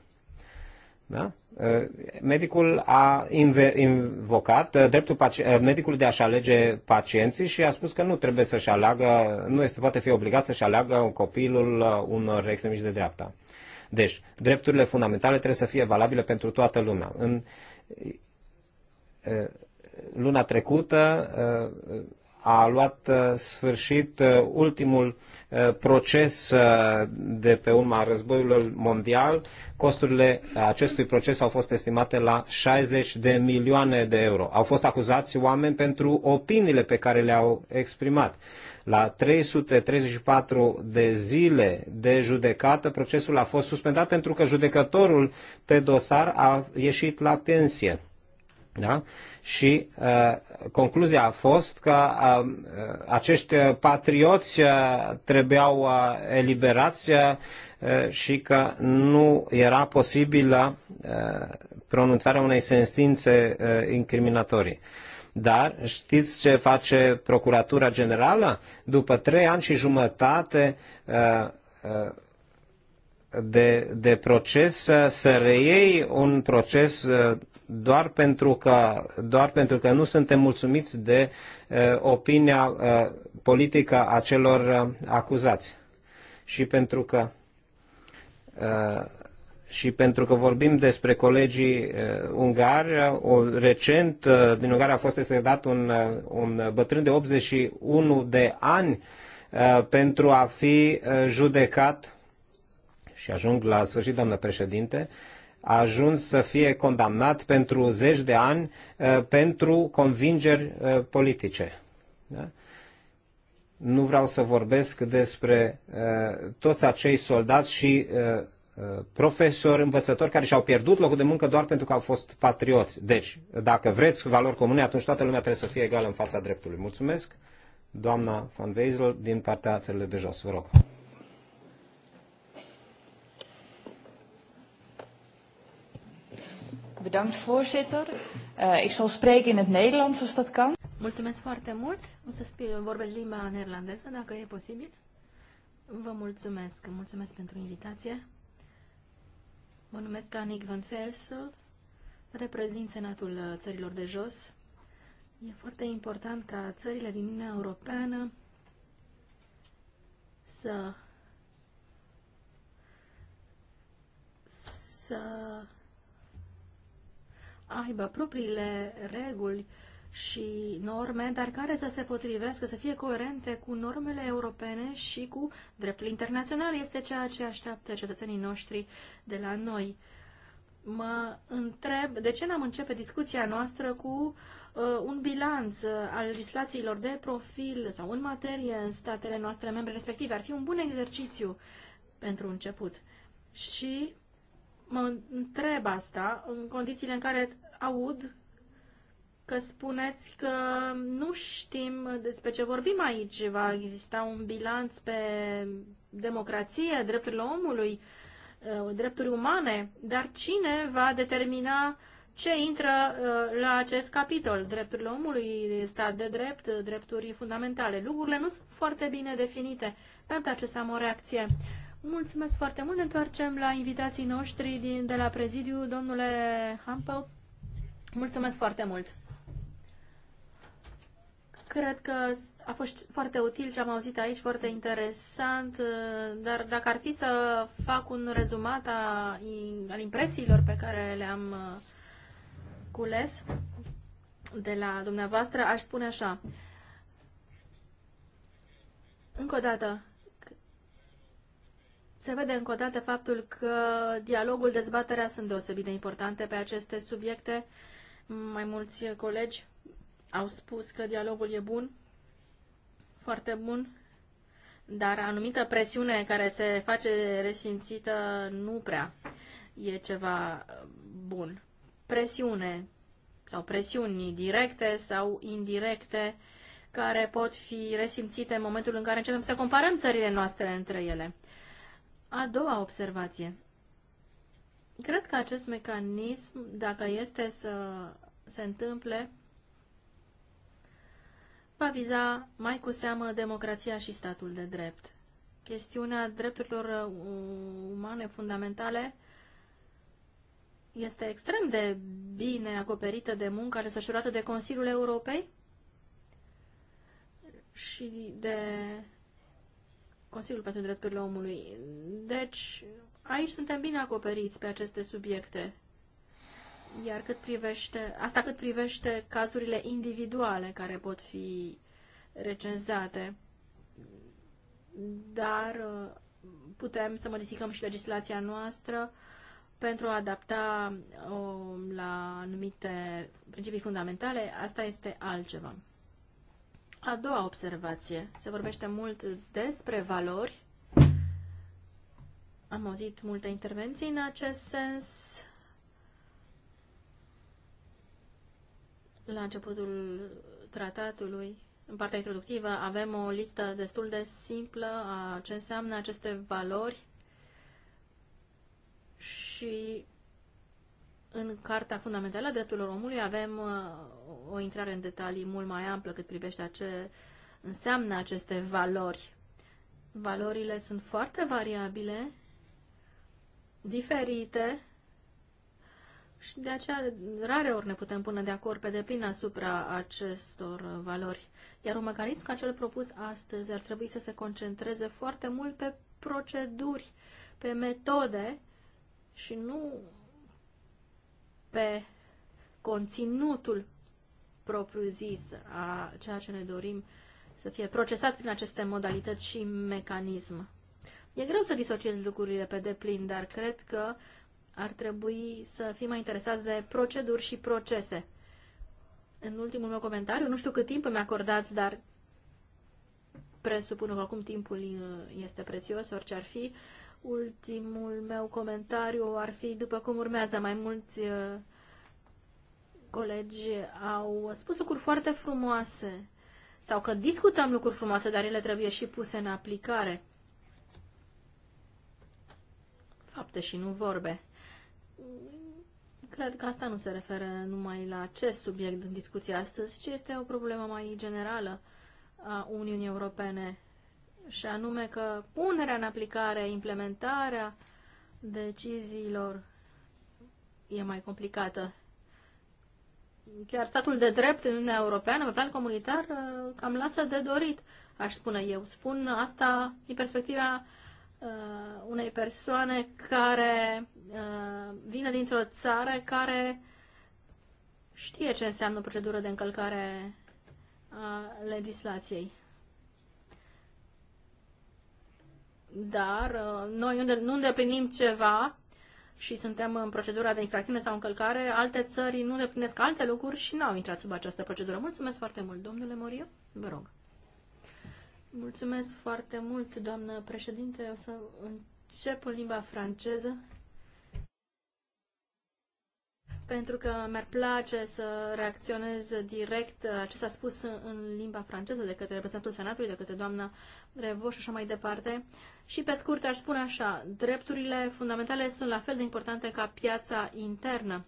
Da? Eh, medicul a invocat eh, dreptul eh, Medicul de a-și alege pacienții și a spus că nu trebuie să-și aleagă, nu este, poate fi obligat să-și aleagă copilul unor extremiști de dreapta. Deci, drepturile fundamentale trebuie să fie valabile pentru toată lumea. În luna trecută, a luat uh, sfârșit uh, ultimul uh, proces de pe urma războiului mondial. Costurile acestui proces au fost estimate la 60 de milioane de euro. Au fost acuzați oameni pentru opiniile pe care le-au exprimat. La 334 de zile de judecată, procesul a fost suspendat pentru că judecătorul pe dosar a ieșit la pensie da? Și uh, concluzia a fost că uh, acești uh, patrioți uh, trebuiau uh, eliberați uh, uh, și că nu era posibilă uh, pronunțarea unei sentințe uh, incriminatorii. Dar știți ce face Procuratura Generală? După trei ani și jumătate uh, uh, de, de proces, uh, să reiei un proces doar pentru că, doar pentru că nu suntem mulțumiți de opinia politică a celor acuzați. Și pentru că și pentru că vorbim despre colegii uh, ungari, o, recent uh, din Ungaria a fost dat un, uh, un bătrân de 81 de ani uh, pentru a fi uh, judecat și ajung la sfârșit, doamnă președinte, uh, a ajuns să fie condamnat pentru zeci de ani uh, pentru convingeri uh, politice. Da? Nu vreau să vorbesc despre uh, toți acei soldați și profesori, învățători care și-au pierdut locul de muncă doar pentru că au fost patrioți. Deci, dacă vreți valori comune, atunci toată lumea trebuie să fie egală în fața dreptului. Mulțumesc, doamna Van Wezel, din partea țările de jos. Vă rog. Bedankt, voorzitter. Uh, ik zal spreken in het Nederlands, als dat kan. Mulțumesc foarte mult. O să vorbesc limba neerlandeză, dacă e posibil. Vă mulțumesc. Mulțumesc pentru invitație. Mă numesc Anic Van Velsel, reprezint Senatul eh, Țărilor de Jos. E foarte important ca țările din Uniunea Europeană să să aibă propriile reguli și norme, dar care să se potrivească, să fie coerente cu normele europene și cu dreptul internațional. Este ceea ce așteaptă cetățenii noștri de la noi. Mă întreb de ce n-am începe discuția noastră cu uh, un bilanț uh, al legislațiilor de profil sau în materie în statele noastre membre respective. Ar fi un bun exercițiu pentru început. Și mă întreb asta în condițiile în care aud că spuneți că nu știm despre ce vorbim aici. Va exista un bilanț pe democrație, drepturile omului, uh, drepturi umane, dar cine va determina ce intră uh, la acest capitol? Drepturile omului, stat de drept, drepturi fundamentale. Lucrurile nu sunt foarte bine definite. mi place să am o reacție Mulțumesc foarte mult. Ne întoarcem la invitații noștri din, de la prezidiu. Domnule Hampel, mulțumesc foarte mult. Cred că a fost foarte util ce am auzit aici, foarte interesant, uh, dar dacă ar fi să fac un rezumat a, al impresiilor pe care le-am uh, cules de la dumneavoastră, aș spune așa. Încă o dată, se vede încă o dată faptul că dialogul, dezbaterea sunt deosebit de importante pe aceste subiecte. Mai mulți colegi au spus că dialogul e bun, foarte bun, dar anumită presiune care se face resimțită nu prea e ceva bun. Presiune sau presiuni directe sau indirecte care pot fi resimțite în momentul în care începem să comparăm țările noastre între ele. A doua observație. Cred că acest mecanism, dacă este să se întâmple, va viza mai cu seamă democrația și statul de drept. Chestiunea drepturilor uh, umane fundamentale este extrem de bine acoperită de munca desfășurată de Consiliul Europei și de Consiliul pentru Drepturile Omului. Deci, aici suntem bine acoperiți pe aceste subiecte. Iar cât privește, asta cât privește cazurile individuale care pot fi recenzate. Dar uh, putem să modificăm și legislația noastră pentru a adapta o, um, la anumite principii fundamentale. Asta este altceva. A doua observație. Se vorbește mult despre valori. Am auzit multe intervenții în acest sens. La începutul tratatului, în partea introductivă, avem o listă destul de simplă a ce înseamnă aceste valori și în Carta Fundamentală a Drepturilor Omului avem uh, o intrare în detalii mult mai amplă cât privește ce înseamnă aceste valori. Valorile sunt foarte variabile, diferite și de aceea rare ori ne putem pune de acord pe deplin asupra acestor uh, valori. Iar un mecanism ca cel propus astăzi ar trebui să se concentreze foarte mult pe proceduri, pe metode și nu pe conținutul propriu-zis a ceea ce ne dorim să fie procesat prin aceste modalități și mecanism. E greu să disociezi lucrurile pe deplin, dar cred că ar trebui să fim mai interesați de proceduri și procese. În ultimul meu comentariu, nu știu cât timp îmi acordați, dar presupun că acum timpul uh, este prețios, orice ar fi. Ultimul meu comentariu ar fi după cum urmează mai mulți uh, colegi au spus lucruri foarte frumoase sau că discutăm lucruri frumoase, dar ele trebuie și puse în aplicare. Fapte și nu vorbe. Cred că asta nu se referă numai la acest subiect în discuția astăzi, ci este o problemă mai generală a Uniunii Europene și anume că punerea în aplicare, implementarea deciziilor e mai complicată. Chiar statul de drept în Uniunea Europeană, pe plan comunitar, ă, cam lasă de dorit, aș spune eu. Spun asta din perspectiva uh, unei persoane care uh, vine dintr-o țară care știe ce înseamnă procedură de încălcare a legislației. dar uh, noi nu îndeplinim ceva și suntem în procedura de infracțiune sau încălcare, alte țări nu îndeplinesc alte lucruri și n-au intrat sub această procedură. Mulțumesc foarte mult, domnule Morio. Vă rog. Mulțumesc foarte mult, doamnă președinte. O să încep în limba franceză pentru că mi-ar place să reacționez direct ce s-a spus în limba franceză de către reprezentantul Senatului, de către doamna Revoș și așa mai departe. Și pe scurt aș spune așa, drepturile fundamentale sunt la fel de importante ca piața internă.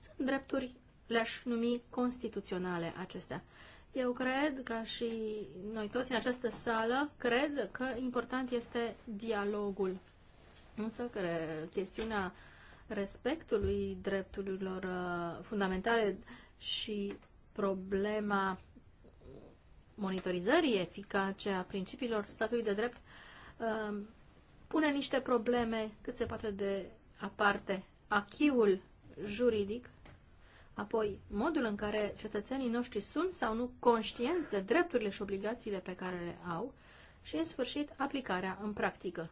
Sunt drepturi, le-aș numi constituționale acestea. Eu cred, ca și noi toți în această sală, cred că important este dialogul. Însă, că chestiunea uh, respectului drepturilor uh, fundamentale și problema monitorizării eficace a principiilor statului de drept uh, pune niște probleme cât se poate de aparte. Achiul juridic, apoi modul în care cetățenii noștri sunt sau nu conștienți de drepturile și obligațiile pe care le au și, în sfârșit, aplicarea în practică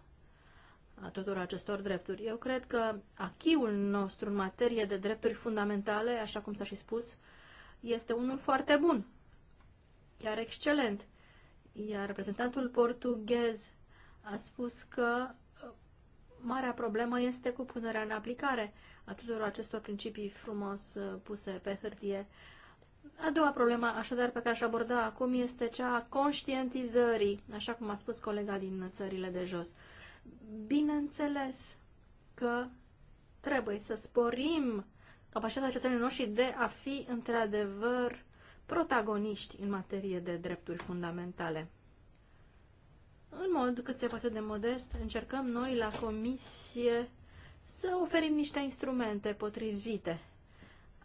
a tuturor acestor drepturi. Eu cred că achiul nostru în materie de drepturi fundamentale, așa cum s-a și spus, este unul foarte bun, chiar excelent. Iar reprezentantul portughez a spus că uh, marea problemă este cu punerea în aplicare a tuturor acestor principii frumos uh, puse pe hârtie. A doua problemă, așadar, pe care aș aborda acum este cea a conștientizării, așa cum a spus colega din țările de jos. Bineînțeles că trebuie să sporim capacitatea cetățenilor noștri de a fi într-adevăr protagoniști în materie de drepturi fundamentale. În mod cât se poate de modest, încercăm noi la comisie să oferim niște instrumente potrivite.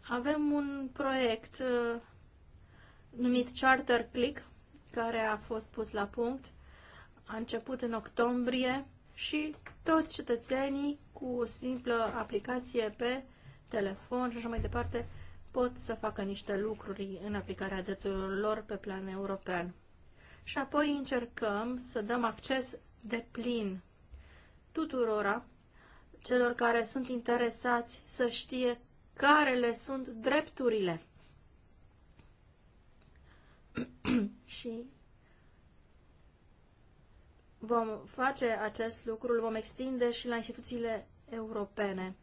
Avem un proiect uh, numit Charter Click, care a fost pus la punct. A început în octombrie și toți cetățenii cu o simplă aplicație pe telefon și așa mai departe pot să facă niște lucruri în aplicarea drepturilor lor pe plan european. Și apoi încercăm să dăm acces de plin tuturora celor care sunt interesați să știe care le sunt drepturile. și vom face acest lucru, îl vom extinde și la instituțiile europene,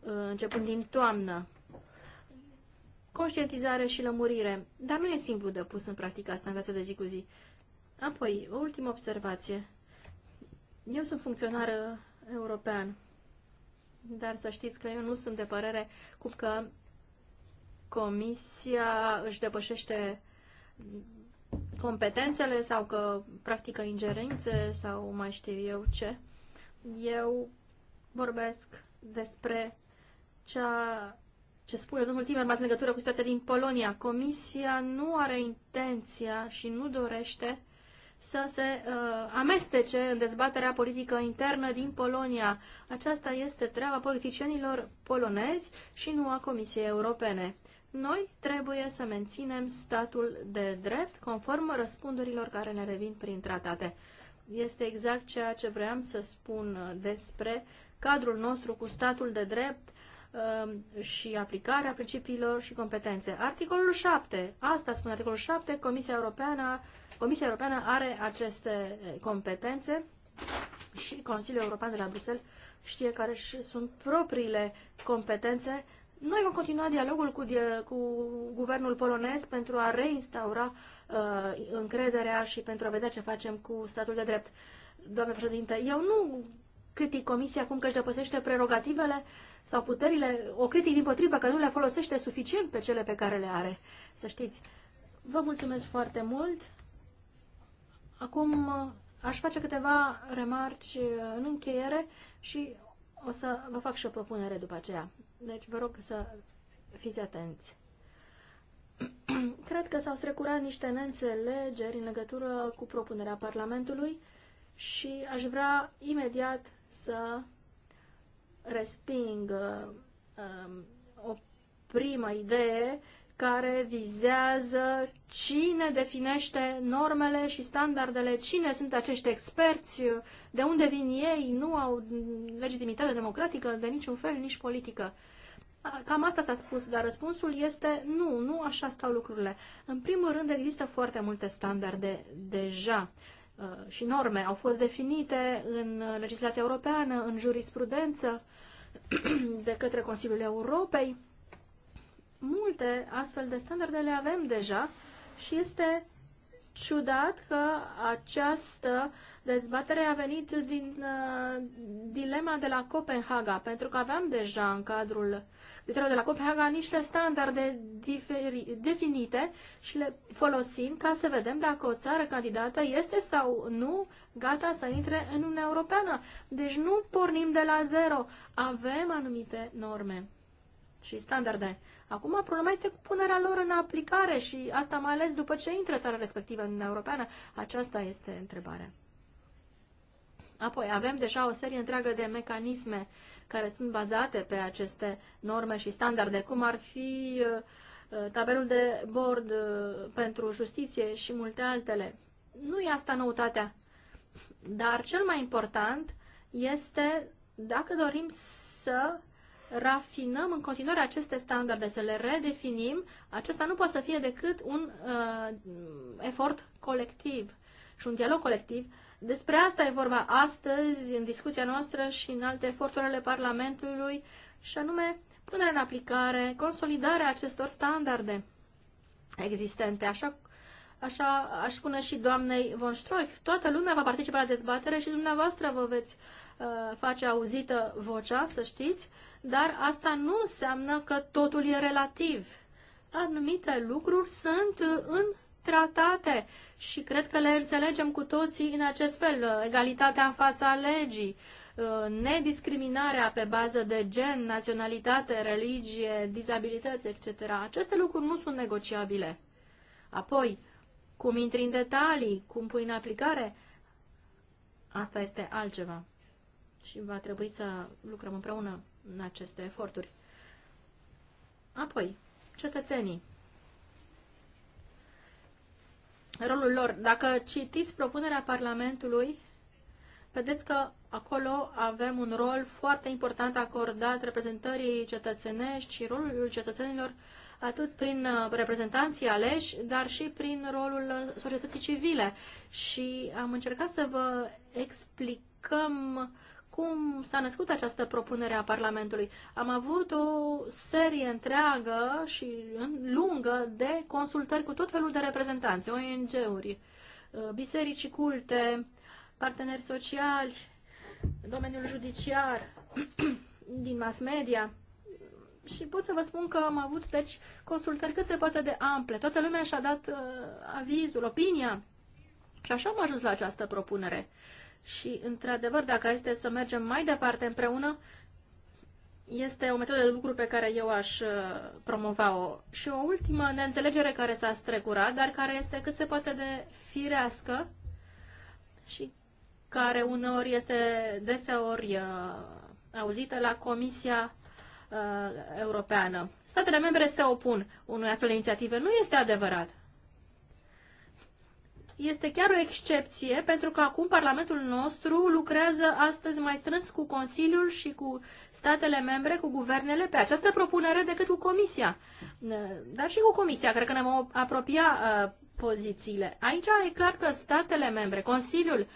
uh, începând din toamnă. Conștientizare și lămurire. Dar nu e simplu de pus în practică asta în viața de zi cu zi. Apoi, o ultimă observație. Eu sunt funcționar uh, european, dar să știți că eu nu sunt de părere cum că Comisia își depășește competențele sau că practică ingerințe sau mai știu eu ce. Eu vorbesc despre cea ce spune domnul Timmermans în legătură cu situația din Polonia. Comisia nu are intenția și nu dorește să se uh, amestece în dezbaterea politică internă din Polonia. Aceasta este treaba politicienilor polonezi și nu a Comisiei Europene. Noi trebuie să menținem statul de drept conform răspundurilor care ne revin prin tratate. Este exact ceea ce vreau să spun despre cadrul nostru cu statul de drept um, și aplicarea principiilor și competențe. Articolul 7, asta spune articolul 7, Comisia Europeană, Comisia Europeană are aceste eh, competențe și Consiliul European de la Bruxelles știe care sunt propriile competențe noi vom continua dialogul cu, cu guvernul polonez pentru a reinstaura uh, încrederea și pentru a vedea ce facem cu statul de drept. Doamne președinte, eu nu critic Comisia acum că își depăsește prerogativele sau puterile, o critic din potriva că nu le folosește suficient pe cele pe care le are, să știți. Vă mulțumesc foarte mult. Acum uh, aș face câteva remarci uh, în încheiere și o să vă fac și o propunere după aceea. Deci vă rog să fiți atenți. Cred că s-au strecurat niște neînțelegeri în legătură cu propunerea Parlamentului și aș vrea imediat să resping um, o primă idee care vizează cine definește normele și standardele, cine sunt acești experți, de unde vin ei, nu au legitimitate democratică de niciun fel, nici politică. Uh, Cam asta s-a spus, dar răspunsul este nu, nu așa stau lucrurile. În primul rând există foarte multe standarde deja uh, și norme au fost definite în legislația europeană, în jurisprudență, de către Consiliul Europei. Multe astfel de standarde le avem deja și este ciudat că această dezbatere a venit din uh, dilema de la Copenhaga, pentru că aveam deja în cadrul criteriilor de la Copenhaga niște standarde diferi, definite și le folosim ca să vedem dacă o țară candidată este sau nu gata să intre în Uniunea Europeană. Deci nu pornim de la zero, avem anumite norme și standarde. Acum problema este cu punerea lor în aplicare și asta mai ales după ce intră țara respectivă în Uniunea Europeană. Aceasta este întrebarea. Apoi avem deja o serie întreagă de mecanisme care sunt bazate pe aceste norme și standarde, cum ar fi uh, uh, tabelul de bord uh, pentru justiție și multe altele. Nu e asta noutatea, dar cel mai important este dacă dorim să rafinăm în continuare aceste standarde, să le redefinim, acesta nu poate să fie decât un uh, efort colectiv și un dialog colectiv. Despre asta e vorba astăzi, în discuția noastră și în alte eforturi ale Parlamentului, și anume punerea în aplicare, consolidarea acestor standarde existente, așa așa aș spune și doamnei von Stroich, toată lumea va participa la dezbatere și dumneavoastră vă veți uh, face auzită vocea, să știți, dar asta nu înseamnă că totul e relativ. Anumite lucruri sunt uh, în tratate și cred că le înțelegem cu toții în acest fel. Uh, egalitatea în fața legii, uh, nediscriminarea pe bază de gen, naționalitate, religie, dizabilități, etc. Aceste lucruri nu sunt negociabile. Apoi, cum intri în detalii, cum pui în aplicare, asta este altceva. Și va trebui să lucrăm împreună în aceste eforturi. Apoi, cetățenii. Rolul lor. Dacă citiți propunerea Parlamentului, vedeți că acolo avem un rol foarte important acordat reprezentării cetățenești și rolul cetățenilor uh, atât prin uh, reprezentanții aleși, dar și prin rolul uh, societății civile. Și am încercat să vă explicăm cum s-a născut această propunere a Parlamentului. Am avut o serie întreagă și lungă de consultări cu tot felul de reprezentanți, ONG-uri, uh, biserici culte, parteneri sociali, domeniul judiciar, din mass media și pot să vă spun că am avut, deci, consultări cât se poate de ample. Toată lumea și-a dat uh, avizul, opinia. Și așa am ajuns la această propunere. Și, într-adevăr, dacă este să mergem mai departe împreună, este o metodă de lucru pe care eu aș uh, promova-o. Și o ultimă neînțelegere care s-a strecurat, dar care este cât se poate de firească și care uneori este deseori uh, auzită la Comisia uh, Europeană. Statele membre se opun unui astfel de inițiative. Nu este adevărat. Este chiar o excepție, pentru că acum Parlamentul nostru lucrează astăzi mai strâns cu Consiliul și cu statele membre, cu guvernele, pe această propunere decât cu Comisia. Uh, dar și cu Comisia, cred că ne vom apropia uh, pozițiile. Aici e clar că statele membre, Consiliul,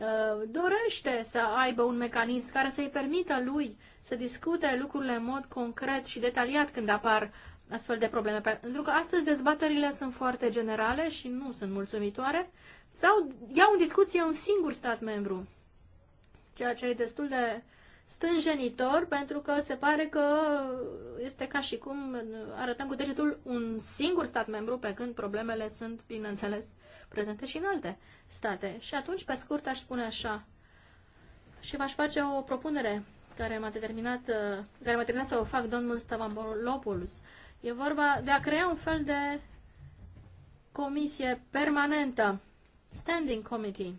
Uh, dorește să aibă un mecanism care să-i permită lui să discute lucrurile în mod concret și detaliat când apar astfel de probleme. Pentru că astăzi dezbaterile sunt foarte generale și nu sunt mulțumitoare sau iau în discuție un singur stat membru, ceea ce e destul de stânjenitor pentru că se pare că este ca și cum arătăm cu degetul un singur stat membru pe când problemele sunt, bineînțeles, uh, prezente și în alte state. Și atunci, pe scurt, aș spune așa, și v-aș face o propunere care m-a determinat, uh, care m-a determinat să o fac domnul Stavambolopoulos. E vorba de a crea un fel de comisie permanentă, standing committee,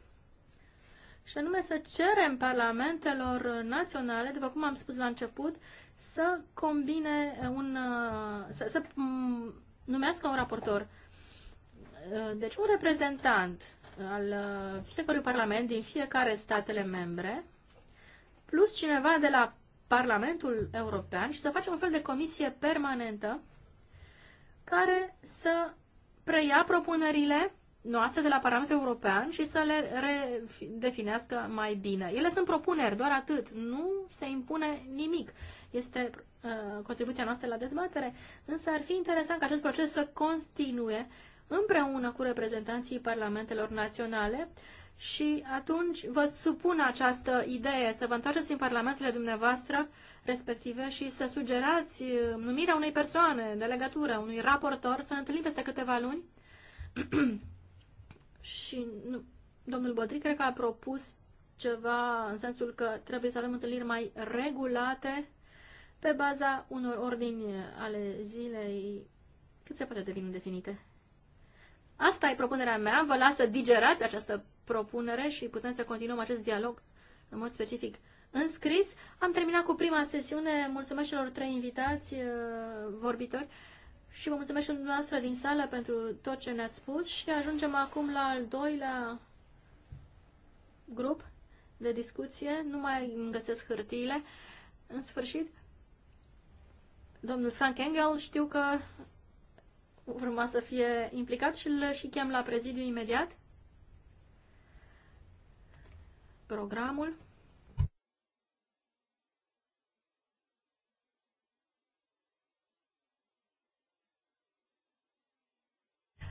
și anume să cerem parlamentelor naționale, după cum am spus la început, să combine un, uh, să, să numească un raportor Uh, deci un reprezentant al uh, fiecărui parlament din fiecare statele membre, plus cineva de la Parlamentul European și să facem un fel de comisie permanentă care să preia propunerile noastre de la Parlamentul European și să le redefinească mai bine. Ele sunt propuneri, doar atât. Nu se impune nimic. Este uh, contribuția noastră la dezbatere. Însă ar fi interesant ca acest proces să continue împreună cu reprezentanții parlamentelor naționale și atunci vă supun această idee să vă întoarceți în parlamentele dumneavoastră respective și să sugerați numirea unei persoane de legătură, unui raportor, să ne întâlnim peste câteva luni. și nu, domnul Bodric cred că a propus ceva în sensul că trebuie să avem întâlniri mai regulate pe baza unor ordini ale zilei cât se poate de bine definite. Asta e propunerea mea, vă las să digerați această propunere și putem să continuăm acest dialog în mod specific înscris. Am terminat cu prima sesiune, mulțumesc celor trei invitați, uh, vorbitori, și vă mulțumesc și dumneavoastră din sală pentru tot ce ne-ați spus și ajungem acum la al doilea grup de discuție, nu mai găsesc hârtiile. În sfârșit, domnul Frank Engel știu că urma să fie implicat și îl și chem la prezidiu imediat. Programul.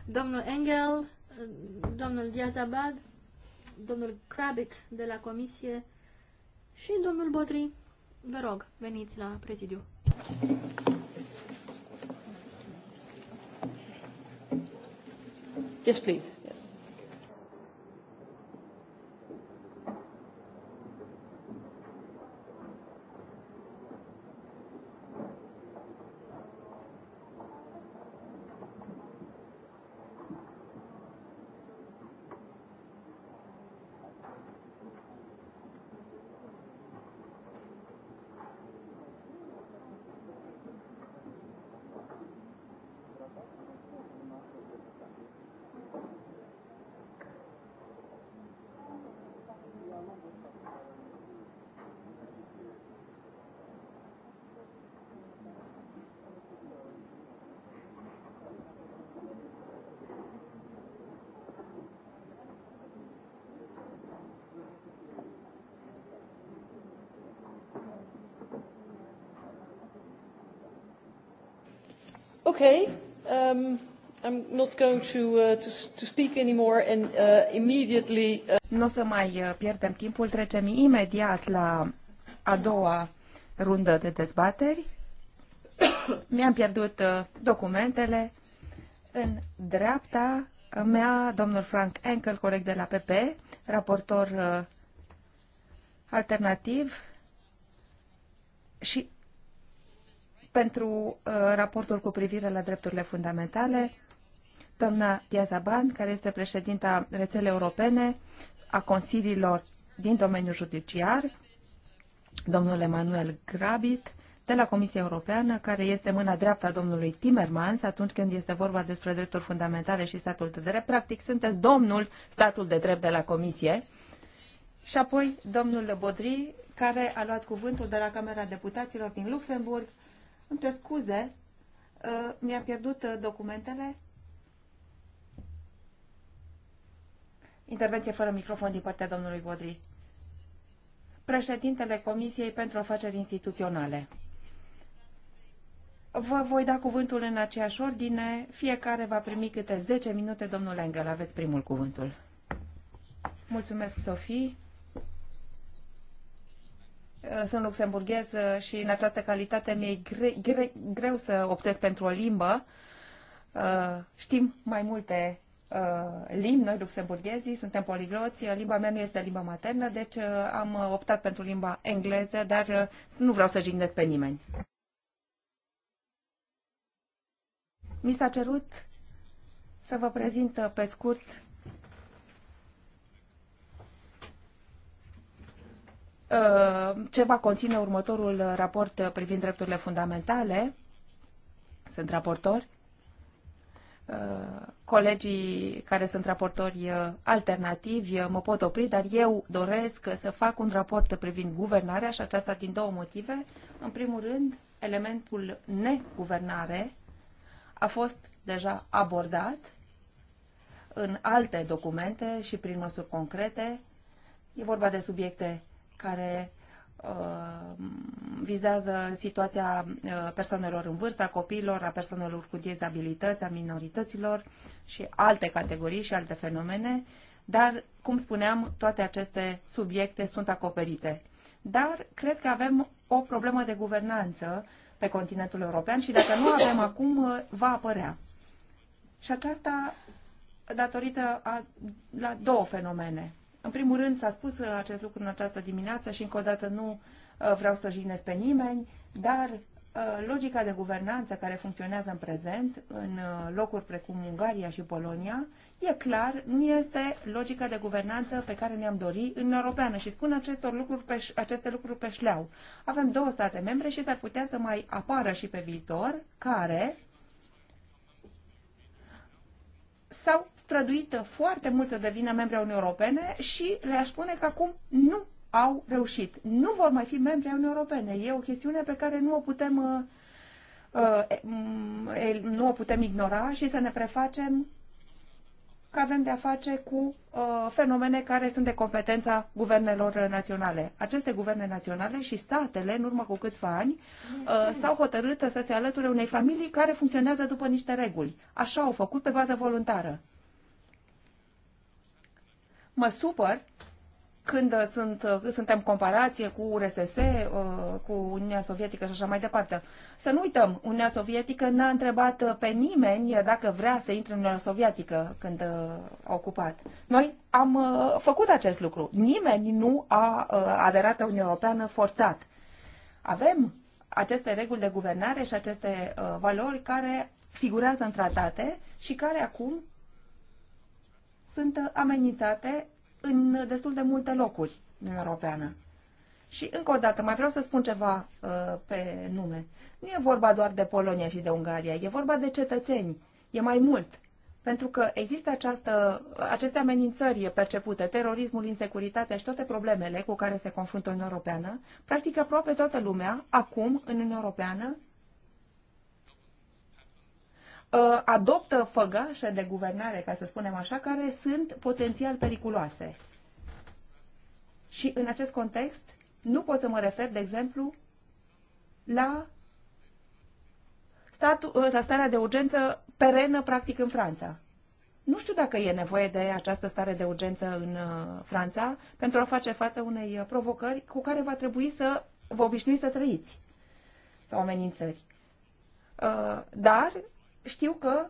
Domnul Engel, domnul Diazabad, domnul Krabit de la comisie și domnul Botri. Vă rog, veniți la prezidiu. yes please. Okay. Um, I'm not going to, uh, to, to speak anymore and uh, immediately... Uh... Nu o să mai uh, pierdem timpul, trecem imediat la a doua rundă de dezbateri. Mi-am pierdut uh, documentele. În dreapta mea, domnul Frank Enkel, coleg de la PP, raportor uh, alternativ și pentru uh, raportul cu privire la drepturile fundamentale, doamna Diazaban, care este președinta rețelei europene a consiliilor din domeniul judiciar, domnul Emanuel Grabit, de la Comisia Europeană, care este mâna dreaptă a domnului Timmermans atunci când este vorba despre drepturi fundamentale și statul de drept. Practic, sunteți domnul statul de drept de la Comisie. Și apoi domnul Bodri, care a luat cuvântul de la Camera Deputaților din Luxemburg îmi cer scuze, ă, mi a pierdut ă, documentele. Intervenție fără microfon din partea domnului Bodri. Președintele Comisiei pentru Afaceri Instituționale. Vă voi da cuvântul în aceeași ordine. Fiecare va primi câte 10 minute. Domnul Engel, aveți primul cuvântul. Mulțumesc, Sofie. Uh, sunt luxemburghez uh, și în această calitate mi-e gre, gre, greu să optez pentru o limbă. Uh, știm mai multe limbi, noi luxemburghezii, suntem poligloți, limba mea nu este limba maternă, deci am optat pentru limba engleză, dar nu vreau să jignesc pe nimeni. Mi s-a cerut să vă prezint pe scurt Uh, ce va conține următorul raport privind drepturile fundamentale. Sunt raportori. Uh, colegii care sunt raportori uh, alternativi mă pot opri, dar eu doresc să fac un raport privind guvernarea și aceasta din două motive. În primul rând, elementul neguvernare a fost deja abordat în alte documente și prin măsuri concrete. E vorba de subiecte care uh, vizează situația uh, persoanelor în vârstă, a copiilor, a persoanelor cu dizabilități, a minorităților și alte categorii și alte fenomene, dar, cum spuneam, toate aceste subiecte sunt acoperite. Dar cred că avem o problemă de guvernanță pe continentul european și dacă nu avem acum, uh, va apărea. Și aceasta datorită a, la două fenomene în primul rând s-a spus acest lucru în această dimineață și încă o dată nu uh, vreau să jignesc pe nimeni, dar uh, logica de guvernanță care funcționează în prezent în uh, locuri precum Ungaria și Polonia, e clar, nu este logica de guvernanță pe care ne-am dori în Europeană și spun acestor lucruri pe, aceste lucruri pe șleau. Avem două state membre și s-ar putea să mai apară și pe viitor care s-au străduit foarte mult să devină membri a Uniunii Europene și le-aș spune că acum nu au reușit. Nu vor mai fi membri a Uniunii Europene. E o chestiune pe care nu o putem, uh, uh, nu o putem ignora și să ne prefacem că avem de-a face cu uh, fenomene care sunt de competența guvernelor naționale. Aceste guverne naționale și statele, în urmă cu câțiva ani, uh, s-au hotărât să se alăture unei familii care funcționează după niște reguli. Așa au făcut pe bază voluntară. Mă supăr când sunt, suntem comparație cu URSS, uh, cu Uniunea Sovietică și așa mai departe. Să nu uităm, Uniunea Sovietică n-a întrebat uh, pe nimeni dacă vrea să intre în Uniunea Sovietică când uh, a ocupat. Noi am făcut acest lucru. Nimeni nu a aderat la Uniunea Europeană forțat. Avem aceste reguli de guvernare și aceste valori care figurează în tratate și care acum sunt amenințate în destul de multe locuri în Europeană. Și încă o dată, mai vreau să spun ceva uh, pe nume. Nu e vorba doar de Polonia și de Ungaria, e vorba de cetățeni. E mai mult. Pentru că există această, aceste amenințări percepute, terorismul, insecuritatea și toate problemele cu care se confruntă Uniunea Europeană. Practic aproape toată lumea, acum, în Uniunea Europeană, Uh, adoptă făgașe de guvernare, ca să spunem așa, care sunt potențial periculoase. Și în acest context nu pot să mă refer, de exemplu, la, statu- uh, la starea de urgență perenă, practic, în Franța. Nu știu dacă e nevoie de această stare de urgență în uh, Franța pentru a face față unei provocări cu care va trebui să vă obișnuiți să trăiți sau amenințări. Dar știu că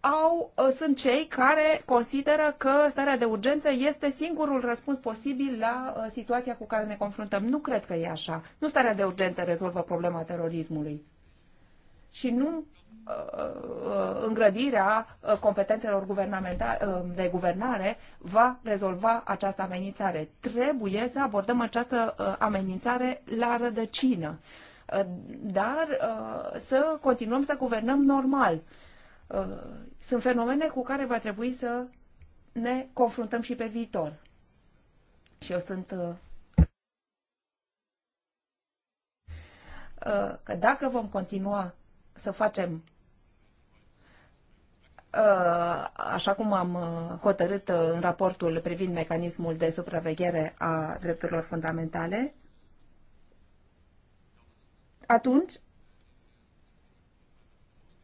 au, ă, sunt cei care consideră că starea de urgență este singurul răspuns posibil la ă, situația cu care ne confruntăm. Nu cred că e așa. Nu starea de urgență rezolvă problema terorismului. Și nu ă, îngrădirea competențelor de guvernare va rezolva această amenințare. Trebuie să abordăm această amenințare la rădăcină. Uh, dar uh, să continuăm să guvernăm normal. Uh, sunt fenomene cu care va trebui să ne confruntăm și pe viitor. Și eu sunt că dacă vom continua să facem așa cum am hotărât în raportul privind mecanismul de supraveghere a drepturilor fundamentale, atunci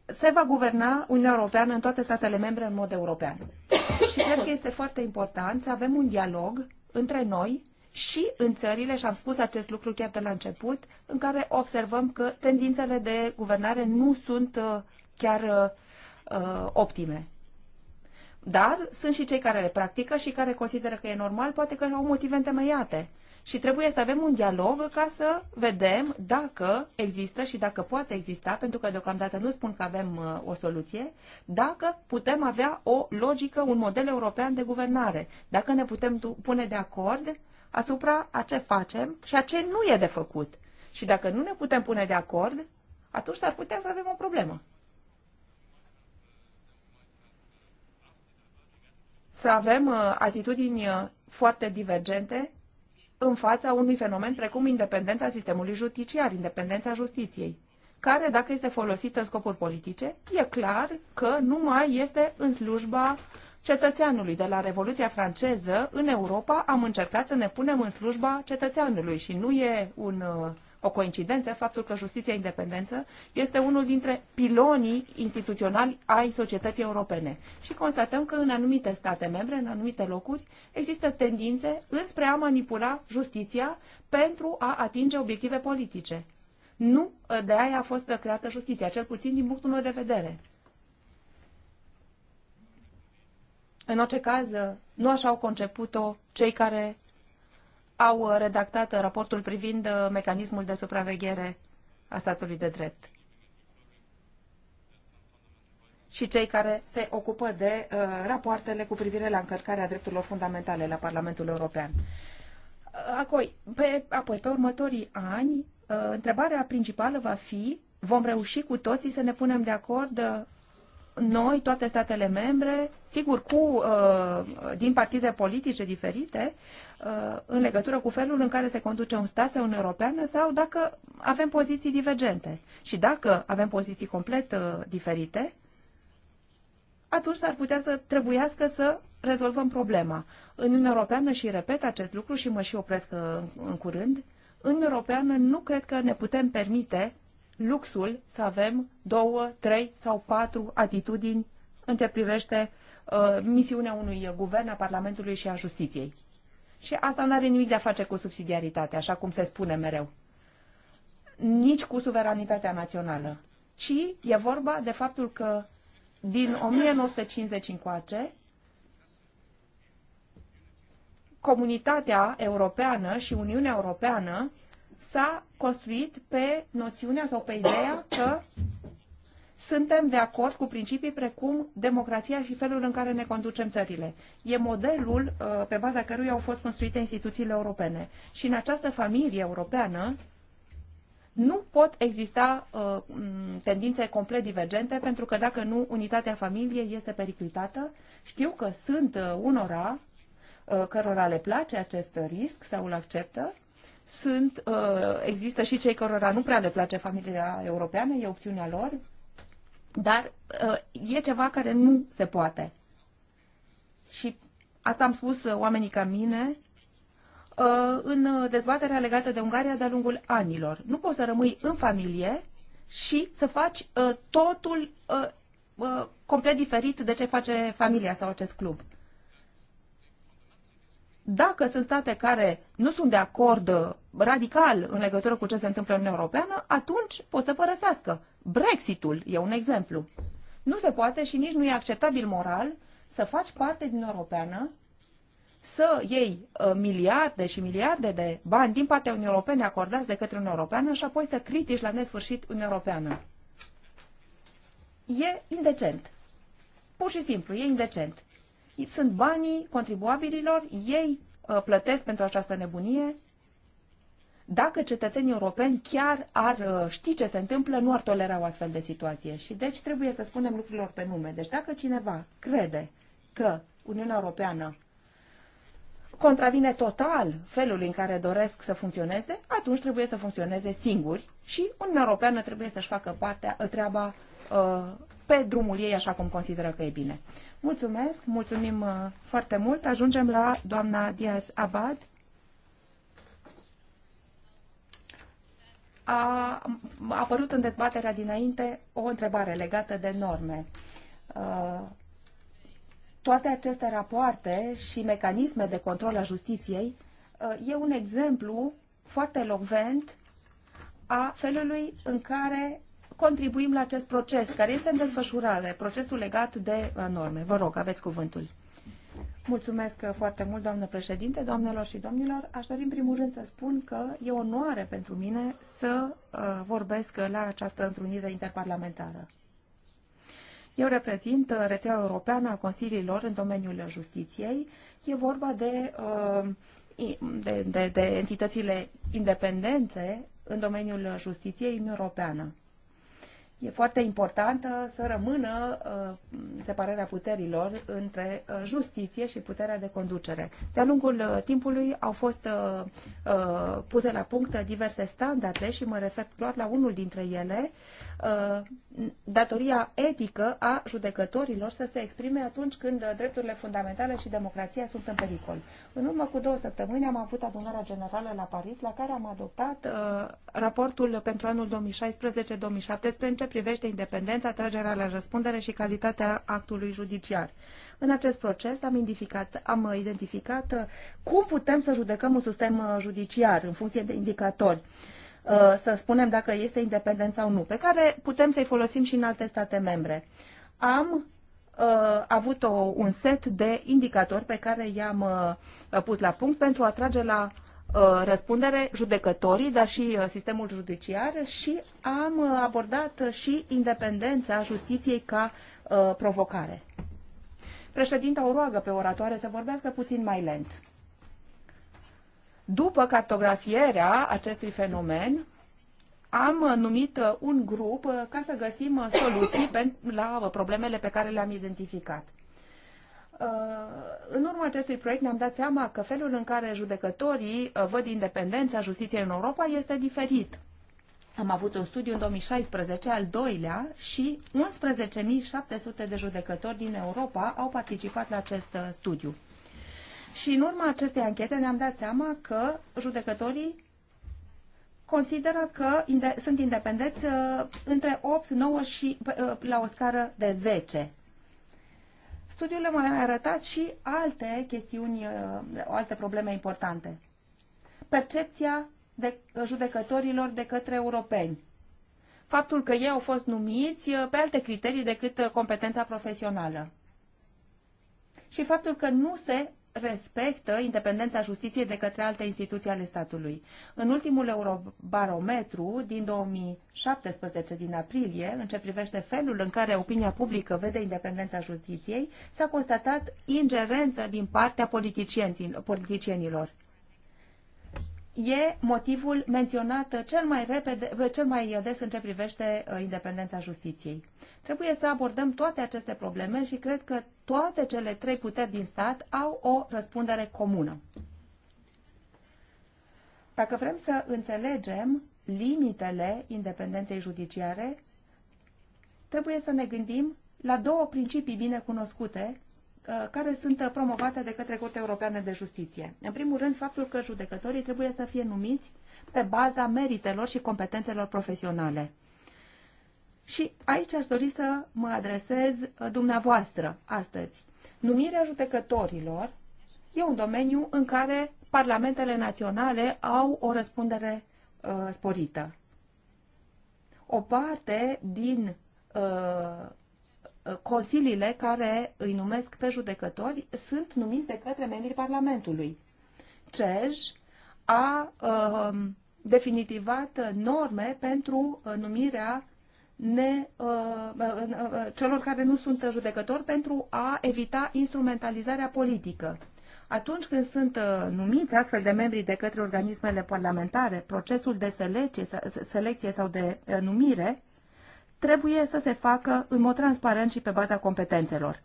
se va guverna Uniunea Europeană în toate statele membre în mod european. Și cred că este foarte important să avem un dialog între noi și în țările, și am spus acest lucru chiar de la început, în care observăm că tendințele de guvernare nu sunt uh, chiar uh, uh, optime. Dar sunt și cei care le practică și care consideră că e normal, poate că au motive întemeiate. Uh, și trebuie să avem un dialog ca să vedem dacă există și dacă poate exista, pentru că deocamdată nu spun că avem uh, o soluție, dacă putem avea o logică, un model european de guvernare, dacă ne putem pune de acord asupra a ce facem și a ce nu e de făcut. Și dacă nu ne putem pune de acord, atunci s-ar putea să avem o problemă. Să avem uh, atitudini uh, foarte divergente în fața unui fenomen precum independența sistemului judiciar, independența justiției, care, dacă este folosită în scopuri politice, e clar că nu mai este în slujba cetățeanului. De la Revoluția franceză, în Europa, am încercat să ne punem în slujba cetățeanului și nu e un uh, o coincidență faptul că justiția independență este unul dintre pilonii instituționali ai societății europene și constatăm că în anumite state membre, în anumite locuri, există tendințe înspre a manipula justiția pentru a atinge obiective politice. Nu de aia a fost creată justiția, cel puțin din punctul meu de vedere. În orice caz, nu așa au conceput-o cei care au uh, redactat uh, raportul privind uh, mecanismul de supraveghere a statului de drept. Și cei care se ocupă de rapoartele cu privire la încărcarea drepturilor fundamentale la Parlamentul European. Apoi, pe, apoi, pe următorii ani, întrebarea principală va fi vom reuși cu toții să ne punem de acord noi, toate statele membre, sigur cu uh, din partide politice diferite, uh, în legătură cu felul în care se conduce un stat sau un european sau dacă avem poziții divergente. Și dacă avem poziții complet uh, diferite, atunci s-ar putea să trebuiască să rezolvăm problema. În Uniunea Europeană, și repet acest lucru și mă și opresc în, în curând, în Europeană nu cred că ne putem permite luxul să avem două, trei sau patru atitudini în ce privește uh, misiunea unui guvern, a Parlamentului și a Justiției. Și asta nu are nimic de a face cu subsidiaritatea, așa cum se spune mereu. Nici cu suveranitatea națională. Ci e vorba de faptul că din 1950 încoace, comunitatea europeană și Uniunea Europeană s-a construit pe noțiunea sau pe ideea că suntem de acord cu principii precum democrația și felul în care ne conducem țările. E modelul uh, pe baza căruia au fost construite instituțiile europene. Și în această familie europeană nu pot exista uh, tendințe complet divergente, pentru că dacă nu, unitatea familiei este periclitată. Știu că sunt uh, unora cărora le place acest risc sau îl acceptă, sunt, uh, există și cei cărora nu prea le place familia europeană, e opțiunea lor, dar uh, e ceva care nu se poate. Și asta am spus uh, oamenii ca mine în dezbaterea legată de Ungaria de-a lungul anilor. Nu poți să rămâi în familie și să faci totul complet diferit de ce face familia sau acest club. Dacă sunt state care nu sunt de acord uh, radical în legătură cu ce se întâmplă în Uniunea Europeană, atunci pot să părăsească. Brexitul e un exemplu. Nu se poate și nici nu e acceptabil moral să faci parte din Europeană, să iei uh, miliarde și miliarde de bani din partea Uniunii Europene acordați de către Uniunea Europeană și apoi să critici la nesfârșit Uniunea Europeană. E indecent. Pur și simplu, e indecent sunt banii contribuabililor, ei uh, plătesc pentru această nebunie. Dacă cetățenii europeni chiar ar uh, ști ce se întâmplă, nu ar tolera o astfel de situație. Și deci trebuie să spunem lucrurilor pe nume. Deci dacă cineva crede că Uniunea Europeană contravine total felul în care doresc să funcționeze, atunci trebuie să funcționeze singuri și Uniunea Europeană trebuie să-și facă partea, treaba uh, pe drumul ei așa cum consideră că e bine. Mulțumesc, mulțumim uh, foarte mult. Ajungem la doamna Diaz Abad. A apărut în dezbaterea dinainte o întrebare legată de norme. Uh, toate aceste rapoarte și mecanisme de control a justiției uh, e un exemplu foarte locvent a felului în care contribuim la acest proces care este în desfășurare, procesul legat de uh, norme. Vă rog, aveți cuvântul. Mulțumesc uh, foarte mult, doamnă președinte, doamnelor și domnilor. Aș dori în primul rând să spun că e onoare pentru mine să uh, vorbesc la această întrunire interparlamentară. Eu reprezint rețeaua europeană a consiliilor în domeniul justiției. E vorba de, de, de, de entitățile independente în domeniul justiției în europeană. E foarte importantă să rămână uh, separarea puterilor între uh, justiție și puterea de conducere. De-a lungul uh, timpului au fost puse la punct diverse standarde și mă refer doar la unul dintre ele, datoria etică a judecătorilor să se exprime atunci când drepturile fundamentale și democrația sunt în pericol. În urmă cu două săptămâni am avut adunarea generală la Paris, la care am adoptat raportul pentru anul 2016-2017 ce privește independența, tragerea la răspundere și calitatea actului judiciar. În acest proces am, indificat, am identificat uh, cum putem să judecăm un sistem uh, judiciar în funcție de indicatori uh, să spunem dacă este independent sau nu, pe care putem să-i folosim și în alte state membre. Am uh, avut o, un set de indicatori pe care i-am uh, pus la punct pentru a trage la Uh, răspundere judecătorii, dar și uh, sistemul judiciar și am uh, abordat și independența justiției ca provocare. Președinta o roagă pe oratoare să vorbească puțin mai lent. După cartografierea acestui fenomen, am numit un grup ca să găsim soluții la problemele pe care le-am identificat. Uh, în urma acestui proiect ne-am dat seama că felul în care judecătorii uh, văd independența justiției în Europa este diferit. Am avut un studiu în 2016, al doilea, și 11.700 de judecători din Europa au participat la acest uh, studiu. Și în urma acestei anchete ne-am dat seama că judecătorii consideră că inde- sunt independenți uh, între 8, 9 și uh, la o scară de 10 studiul mai arătat și alte chestiuni, uh, alte probleme importante. Percepția de judecătorilor de către europeni. Faptul că ei au fost numiți uh, pe alte criterii decât uh, competența profesională. Și faptul că nu se respectă independența justiției de către alte instituții ale statului. În ultimul eurobarometru din 2017, din aprilie, în ce privește felul în care opinia publică vede independența justiției, s-a constatat ingerență din partea politicienilor e motivul menționat cel mai, repede, cel mai des în ce privește uh, independența justiției. Trebuie să abordăm toate aceste probleme și cred că toate cele trei puteri din stat au o răspundere comună. Dacă vrem să înțelegem limitele independenței judiciare, trebuie să ne gândim la două principii bine cunoscute Uh, care sunt promovate de către Curtea Europeană de Justiție. În primul rând, faptul că judecătorii trebuie să fie numiți pe baza meritelor și competențelor profesionale. Și aici aș dori să mă adresez uh, dumneavoastră astăzi. Numirea judecătorilor e un domeniu în care parlamentele naționale au o răspundere uh, sporită. O parte din uh, Uh, consiliile care îi numesc pe judecători sunt numiți de către membrii Parlamentului. CEJ a uh, definitivat norme pentru uh, numirea ne, uh, uh, celor care nu sunt judecători pentru a evita instrumentalizarea politică. Atunci când sunt uh, numiți astfel de membri de către organismele parlamentare, procesul de selecție, selecție sau de uh, numire trebuie să se facă în mod transparent și pe baza competențelor.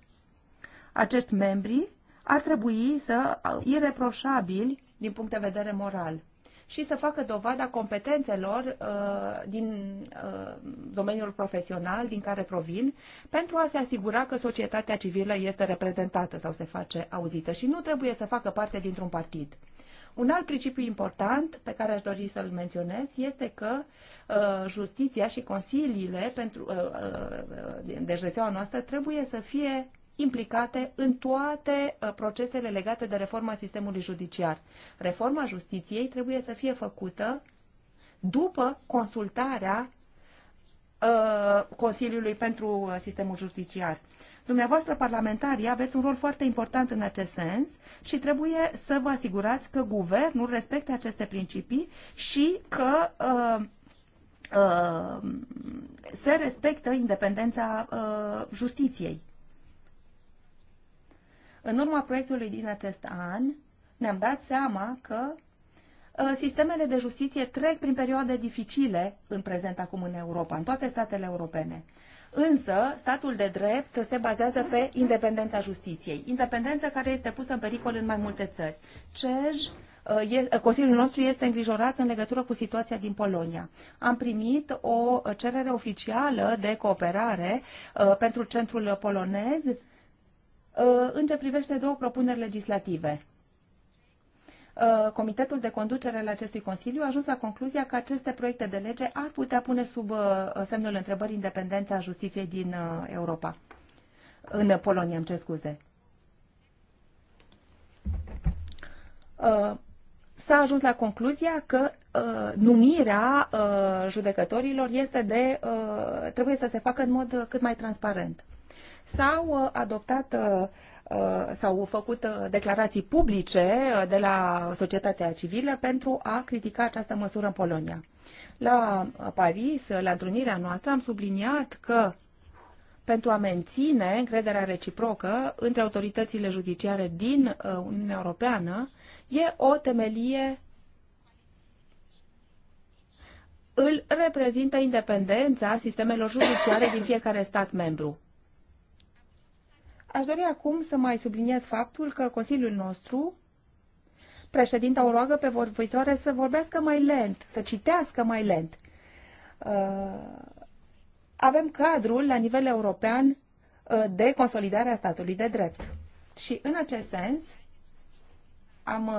Acești membri ar trebui să uh, ireproșabili din punct de vedere moral și să facă dovada competențelor uh, din uh, domeniul profesional din care provin pentru a se asigura că societatea civilă este reprezentată sau se face auzită și nu trebuie să facă parte dintr-un partid. Un alt principiu important pe care aș dori să-l menționez este că uh, justiția și consiliile pentru, uh, uh, uh deci rețeaua noastră trebuie să fie implicate în toate uh, procesele legate de reforma sistemului judiciar. Reforma justiției trebuie să fie făcută după consultarea uh, Consiliului pentru Sistemul Judiciar. Dumneavoastră, parlamentarii, aveți un rol foarte important în acest sens și trebuie să vă asigurați că guvernul respecte aceste principii și că uh, uh, se respectă independența uh, justiției. În urma proiectului din acest an, ne-am dat seama că uh, sistemele de justiție trec prin perioade dificile în prezent acum în Europa, în toate statele europene. Însă, statul de drept se bazează pe independența justiției, independență care este pusă în pericol în mai multe țări. CEJ uh, Consiliul nostru este îngrijorat în legătură cu situația din Polonia. Am primit o cerere oficială de cooperare uh, pentru centrul polonez uh, în ce privește două propuneri legislative. Uh, comitetul de Conducere al acestui Consiliu a ajuns la concluzia că aceste proiecte de lege ar putea pune sub uh, semnul întrebării independența justiției din uh, Europa. În Polonia, îmi cer scuze. S-a ajuns la concluzia că numirea judecătorilor este de, trebuie să se facă în mod cât mai transparent. S-au adoptat Uh, s-au făcut uh, declarații publice uh, de la societatea civilă pentru a critica această măsură în Polonia. La Paris, la întrunirea noastră, am subliniat că pentru a menține încrederea reciprocă între autoritățile judiciare din Uniunea Europeană e o temelie îl reprezintă independența sistemelor judiciare din fiecare stat membru. Aș dori acum să mai subliniez faptul că Consiliul nostru, președinta o roagă pe vorbitoare să vorbească mai lent, să citească mai lent. Uh, avem cadrul la nivel european uh, de consolidare a statului de drept. Și în acest sens, am uh,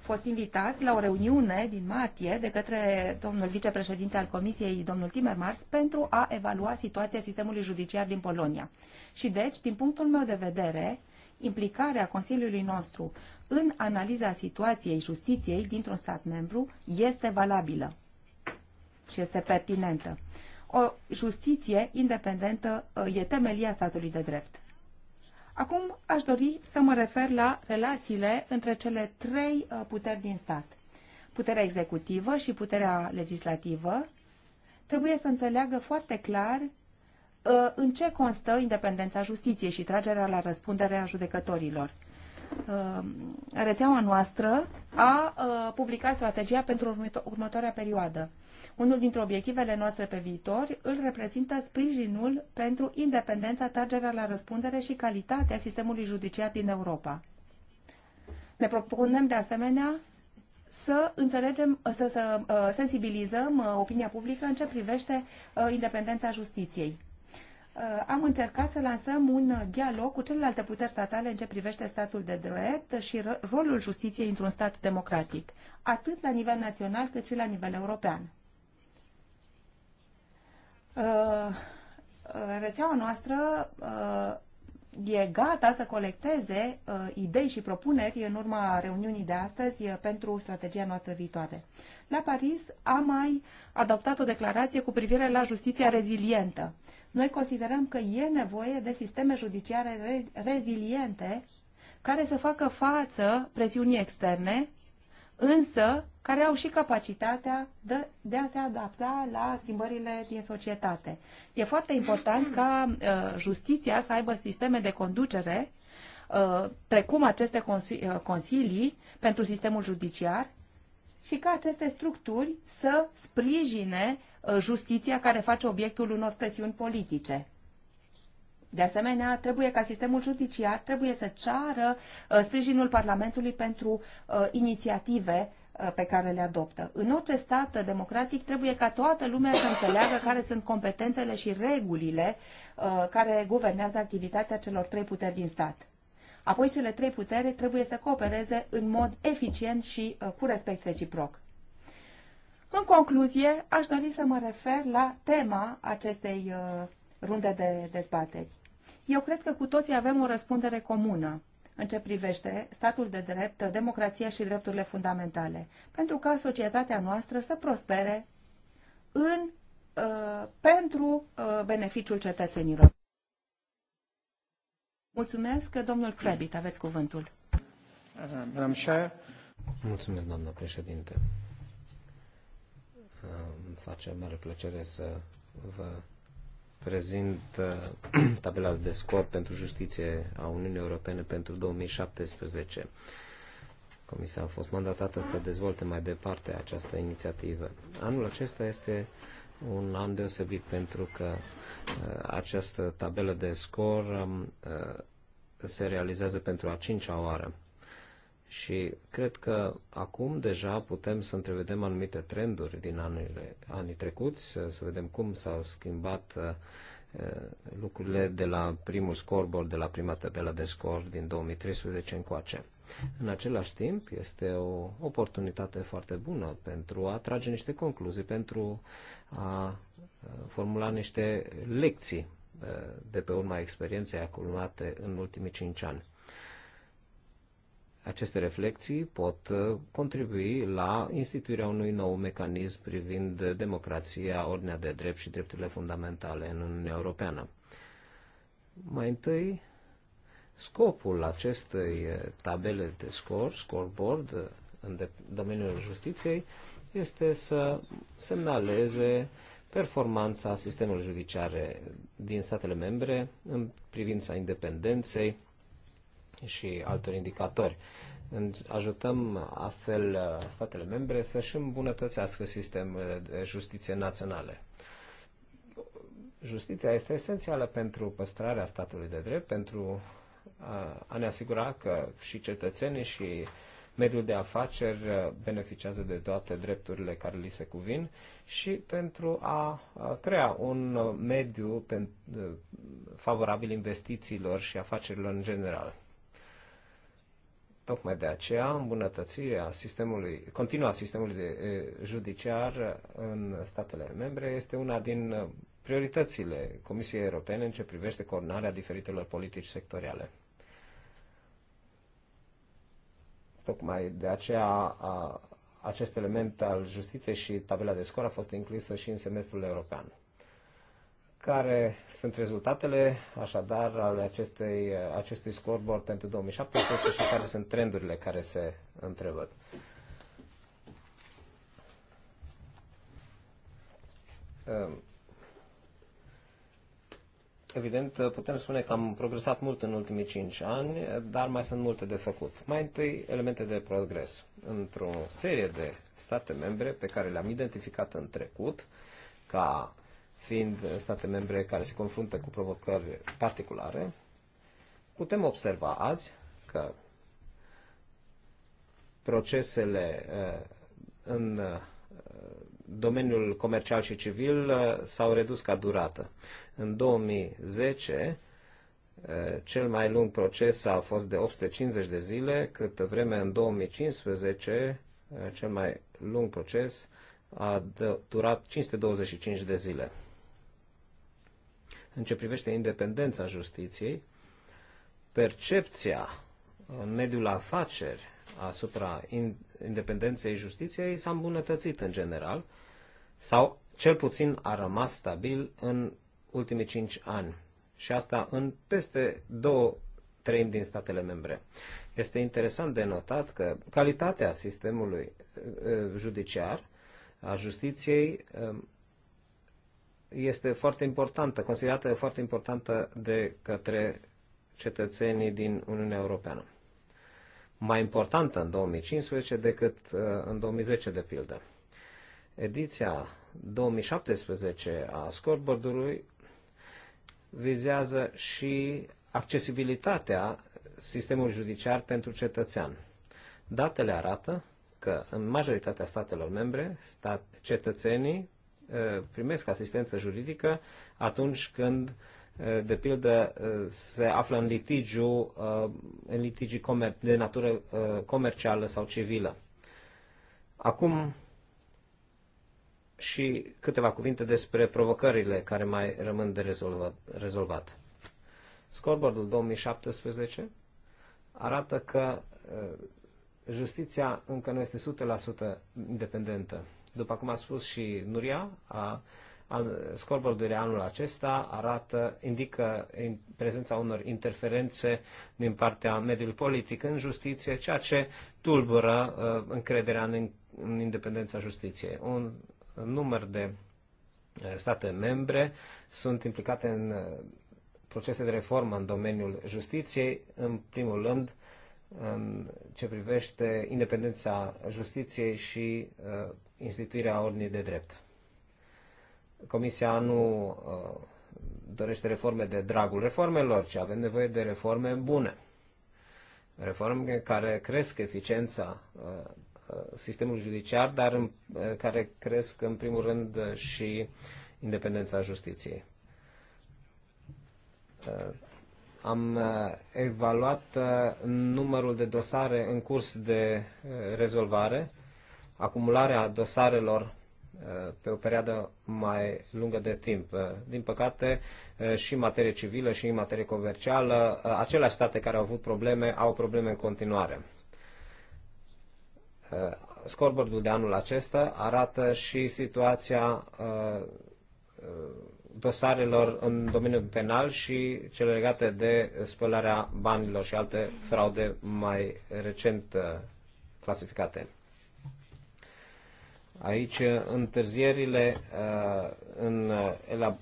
fost invitați la o reuniune din martie de către domnul vicepreședinte al Comisiei, domnul Timmermans, pentru a evalua situația sistemului judiciar din Polonia. Și deci, din punctul meu de vedere, implicarea Consiliului nostru în analiza situației justiției dintr-un stat membru este valabilă și este pertinentă. O justiție independentă uh, e temelia statului de drept. Acum aș dori să mă refer la relațiile între cele trei uh, puteri din stat. Puterea executivă și puterea legislativă trebuie să înțeleagă foarte clar uh, în ce constă independența justiției și tragerea la răspundere a judecătorilor. Uh, rețeaua noastră a publicat strategia pentru următoarea perioadă. Unul dintre obiectivele noastre pe viitor îl reprezintă sprijinul pentru independența, tragerea la răspundere și calitatea sistemului judiciar din Europa. Ne propunem de asemenea să înțelegem, să, să uh, sensibilizăm uh, opinia publică în ce privește uh, independența justiției. Am încercat să lansăm un dialog cu celelalte puteri statale în ce privește statul de drept și rolul justiției într-un stat democratic, atât la nivel național cât și la nivel european. Uh, rețeaua noastră uh, e gata să colecteze uh, idei și propuneri în urma reuniunii de astăzi pentru strategia noastră viitoare. La Paris a mai adoptat o declarație cu privire la justiția rezilientă. Noi considerăm că e nevoie de sisteme judiciare re- reziliente care să facă față presiunii externe, însă care au și capacitatea de, de a se adapta la schimbările din societate. E foarte important ca uh, justiția să aibă sisteme de conducere, uh, precum aceste consi- uh, consilii pentru sistemul judiciar, și ca aceste structuri să sprijine uh, justiția care face obiectul unor presiuni politice. De asemenea, trebuie ca sistemul judiciar trebuie să ceară uh, sprijinul Parlamentului pentru uh, inițiative Uh, pe care le adoptă. În orice stat democratic trebuie ca toată lumea să înțeleagă care sunt competențele și regulile uh, care guvernează activitatea celor trei puteri din stat. Apoi cele trei puteri trebuie să coopereze în mod eficient și uh, cu respect reciproc. În concluzie, aș dori să mă refer la tema acestei runde de dezbateri. Eu cred că cu toții avem o răspundere comună în ce privește statul de drept, democrația și drepturile fundamentale, pentru ca societatea noastră să prospere în, uh, pentru uh, beneficiul cetățenilor. Mulțumesc, domnul Crebit, aveți cuvântul. Mulțumesc, doamnă președinte. Uh, îmi face mare plăcere să vă prezint tabela de scor pentru justiție a Uniunii Europene pentru 2017. Comisia a fost mandatată să dezvolte mai departe această inițiativă. Anul acesta este un an deosebit pentru că uh, această tabelă de scor um, uh, se realizează pentru a cincea oară și cred că acum deja putem să întrevedem anumite trenduri din anile, anii trecuți, să vedem cum s-au schimbat uh, uh, lucrurile de la primul scoreboard, de la prima tabelă de scor din 2013 încoace. În același timp, este o oportunitate foarte bună pentru a trage niște concluzii, pentru a uh, formula niște lecții de pe urma experienței acumulate în ultimii cinci ani. Aceste reflexii pot uh, contribui la instituirea unui nou mecanism privind democrația, ordinea de drept și drepturile fundamentale în Uniunea Europeană. Mai întâi, scopul acestei uh, tabele de scor, scoreboard, uh, în domeniul justiției, este să semnaleze performanța sistemului judiciare din statele membre în privința independenței, și altor indicatori. Ajutăm astfel uh, statele membre să-și îmbunătățească sistemele de justiție naționale. Justiția este esențială pentru păstrarea statului de drept, pentru uh, a ne asigura că și cetățenii și mediul de afaceri uh, beneficiază de toate drepturile care li se cuvin și pentru a crea un mediu favorabil investițiilor și afacerilor în general. Tocmai de aceea, îmbunătățirea sistemului, continua sistemului de judiciar în statele membre este una din prioritățile Comisiei Europene în ce privește coordonarea diferitelor politici sectoriale. Tocmai de aceea a, acest element al justiției și tabela de scor a fost inclusă și în semestrul european care sunt rezultatele, așadar, ale acestei, acestui scoreboard pentru 2017 și care sunt trendurile care se întrevăd. Ehm, evident, putem spune că am progresat mult în ultimii 5 ani, dar mai sunt multe de făcut. Mai întâi, elemente de progres. Într-o serie de state membre pe care le-am identificat în trecut ca fiind state membre care se confruntă cu provocări particulare, putem observa azi că procesele uh, în uh, domeniul comercial și civil uh, s-au redus ca durată. În 2010, cel mai lung proces a fost de 850 de zile, cât vreme în 2015 cel mai lung proces a durat 525 de zile în ce privește independența justiției, percepția în mediul afaceri asupra independenței justiției s-a îmbunătățit în general sau cel puțin a rămas stabil în ultimii cinci ani și asta în peste două treimi din statele membre. Este interesant de notat că calitatea sistemului eh, eh, judiciar a justiției eh, este foarte importantă, considerată foarte importantă de către cetățenii din Uniunea Europeană. Mai importantă în 2015 decât uh, în 2010, de pildă. Ediția 2017 a scoreboardului vizează și accesibilitatea sistemului judiciar pentru cetățean. Datele arată că în majoritatea statelor membre, stat, cetățenii Uh, primesc asistență juridică atunci când, uh, de pildă, uh, se află în litigiu, în litigii de natură comercială sau civilă. Acum și câteva cuvinte despre provocările care mai rămân de rezolvat. Scoreboardul 2017 arată că justiția încă nu este 100% independentă după cum a spus și Nuria, a, a, scoreboard de anul acesta arată, indică in, prezența unor interferențe din partea mediului politic în justiție, ceea ce tulbură a, încrederea în, în independența justiției. Un, un număr de state membre sunt implicate în procese de reformă în domeniul justiției, în primul rând în ce privește independența justiției și uh, instituirea ordinii de drept. Comisia nu uh, dorește reforme de dragul reformelor, ci avem nevoie de reforme bune. Reforme care cresc eficiența uh, uh sistemului judiciar, dar în, uh, care cresc în primul rând și independența justiției. Uh, am uh, evaluat uh, numărul de dosare în curs de uh, rezolvare, acumularea dosarelor pe o perioadă mai lungă de timp. Din păcate, și în materie civilă și în materie comercială, aceleași state care au avut probleme au probleme în continuare. Scoreboardul de anul acesta arată și situația dosarelor în domeniul penal și cele legate de spălarea banilor și alte fraude mai recent uh, clasificate. Aici uh, întârzierile uh, în,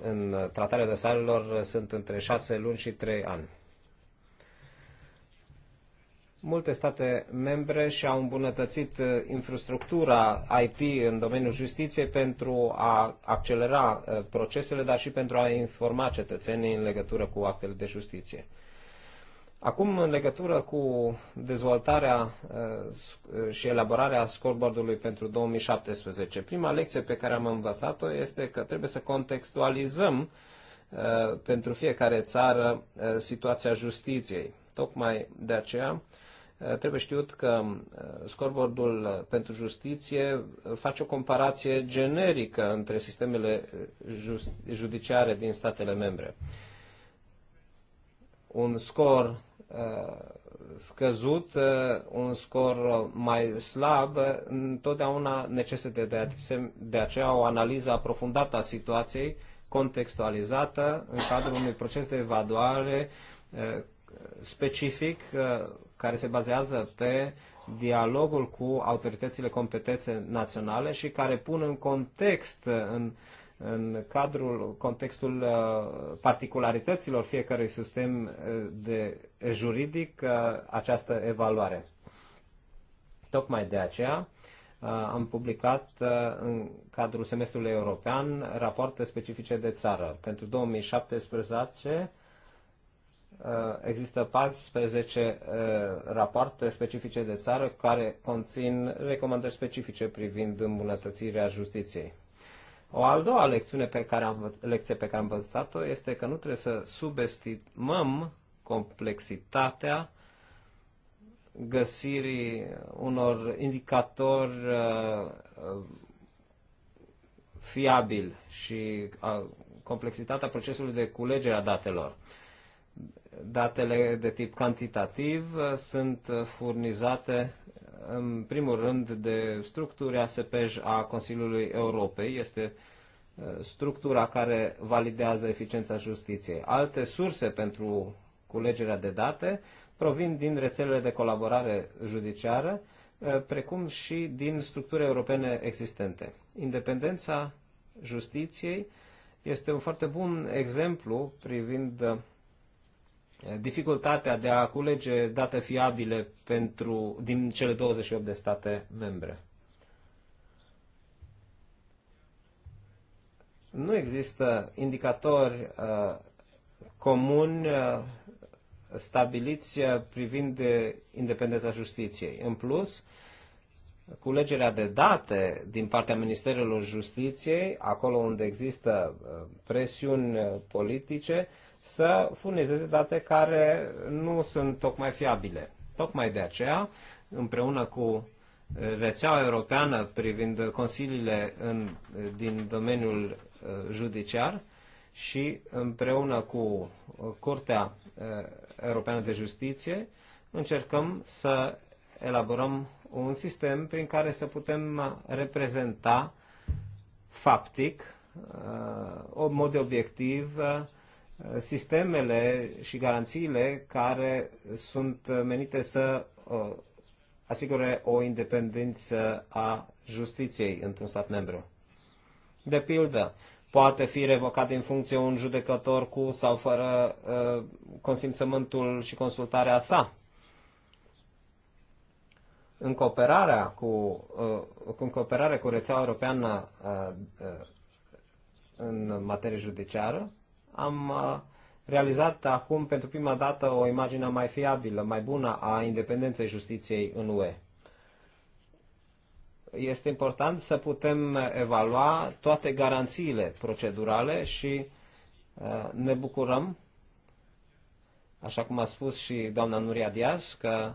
în tratarea dosarelor sunt între 6 luni și 3 ani. Multe state membre și-au îmbunătățit uh, infrastructura IT în domeniul justiției pentru a accelera uh, procesele, dar și pentru a informa cetățenii în legătură cu actele de justiție. Acum, în legătură cu dezvoltarea uh, și elaborarea scoreboardului pentru 2017, prima lecție pe care am învățat-o este că trebuie să contextualizăm pentru fiecare țară situația justiției. Tocmai de aceea Eh, trebuie știut că eh, scoreboardul eh, pentru justiție face o comparație generică între sistemele judiciare din statele membre. Un scor scăzut, un scor mai slab, întotdeauna necesită de, de aceea o analiză aprofundată a situației, contextualizată în cadrul unui proces de evaluare specific care se bazează pe dialogul cu autoritățile competențe naționale și care pun în context, în, în cadrul, contextul uh, particularităților fiecărui sistem uh, de juridic uh, această evaluare. Tocmai de aceea am publicat în cadrul semestrului european rapoarte specifice de țară. Pentru 2017 Uh, există 14 uh, rapoarte specifice de țară care conțin recomandări specifice privind îmbunătățirea justiției. O a doua lecțiune pe care am, lecție pe care am învățat-o este că nu trebuie să subestimăm complexitatea găsirii unor indicatori uh, fiabili și complexitatea procesului de culegere a datelor. Datele de tip cantitativ uh, sunt uh, furnizate în primul rând de structuri ASPJ a Consiliului Europei. Este uh, structura care validează eficiența justiției. Alte surse pentru culegerea de date provin din rețelele de colaborare judiciară, precum și din structuri europene existente. Independența justiției este un foarte bun exemplu privind dificultatea de a culege date fiabile pentru, din cele 28 de state membre. Nu există indicatori uh, comuni uh, stabiliți uh, privind uh, independența justiției. În plus, culegerea de date din partea Ministerelor Justiției, acolo unde există uh, presiuni politice, să furnizeze date care nu sunt tocmai fiabile. Tocmai de aceea, împreună cu rețeaua europeană privind consiliile în, din domeniul uh, judiciar și împreună cu uh, Curtea uh, Europeană de Justiție, încercăm să elaborăm un sistem prin care să putem reprezenta faptic, în mod obiectiv, sistemele și garanțiile care sunt menite să uh, asigure o independență a justiției într-un stat membru. De pildă, poate fi revocat din funcție un judecător cu sau fără uh, consimțământul și consultarea sa. În cooperarea cu, uh, în cooperare cu rețeaua europeană uh, uh, în materie judiciară, am uh, realizat acum pentru prima dată o imagine mai fiabilă, mai bună a independenței justiției în UE. Este important să putem evalua toate garanțiile procedurale și uh, ne bucurăm, așa cum a spus și doamna Nuria Diaz, că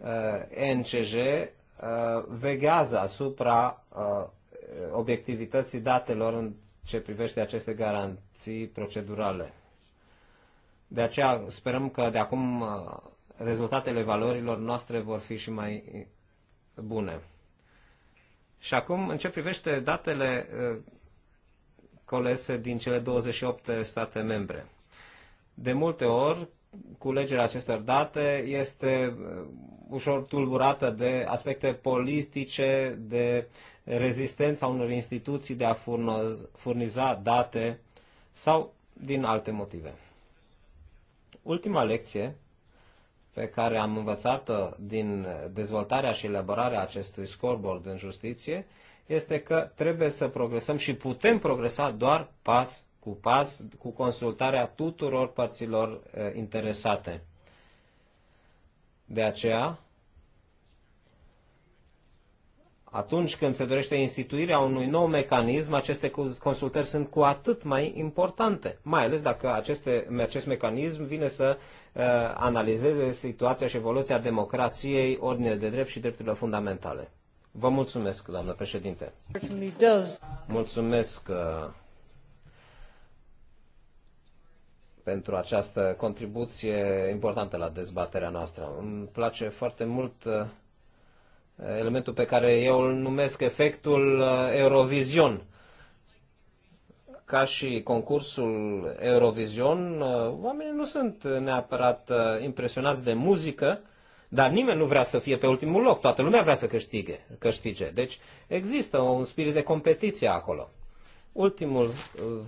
uh, NCJ veghează asupra obiectivității datelor în ce privește aceste garanții procedurale. De aceea sperăm că de acum uh, rezultatele valorilor noastre vor fi și mai bune. Și acum, în ce privește datele uh, colese din cele 28 state membre. De multe ori, culegerea acestor date este uh, ușor tulburată de aspecte politice, de rezistența unor instituții de a furniza date sau din alte motive. Ultima lecție pe care am învățat din dezvoltarea și elaborarea acestui scoreboard în justiție este că trebuie să progresăm și putem progresa doar pas cu pas, cu consultarea tuturor părților eh, interesate. De aceea, atunci când se dorește instituirea unui nou mecanism, aceste consultări sunt cu atât mai importante, mai ales dacă aceste, acest mecanism vine să uh, analizeze situația și evoluția democrației, ordinele de drept și drepturile fundamentale. Vă mulțumesc, doamnă președinte. Mulțumesc uh, pentru această contribuție importantă la dezbaterea noastră. Îmi place foarte mult uh, elementul pe care eu îl numesc efectul uh, Eurovision. Ca și concursul Eurovision, uh, oamenii nu sunt neapărat uh, impresionați de muzică, dar nimeni nu vrea să fie pe ultimul loc, toată lumea vrea să câștige. câștige. Deci există un spirit de competiție acolo. Ultimul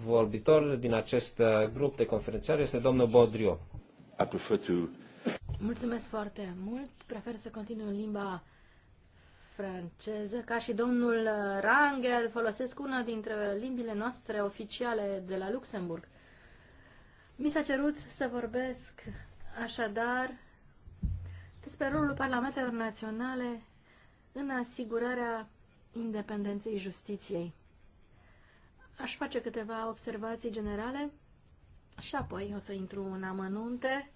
vorbitor din acest grup de conferențiare este domnul Bodriu. Mulțumesc foarte mult. Prefer să continui în limba franceză, ca și domnul uh, Rangel, folosesc una dintre limbile noastre oficiale de la Luxemburg. Mi s-a cerut să vorbesc așadar despre rolul Parlamentelor Naționale în asigurarea independenței justiției. Aș face câteva observații generale și apoi o să intru în amănunte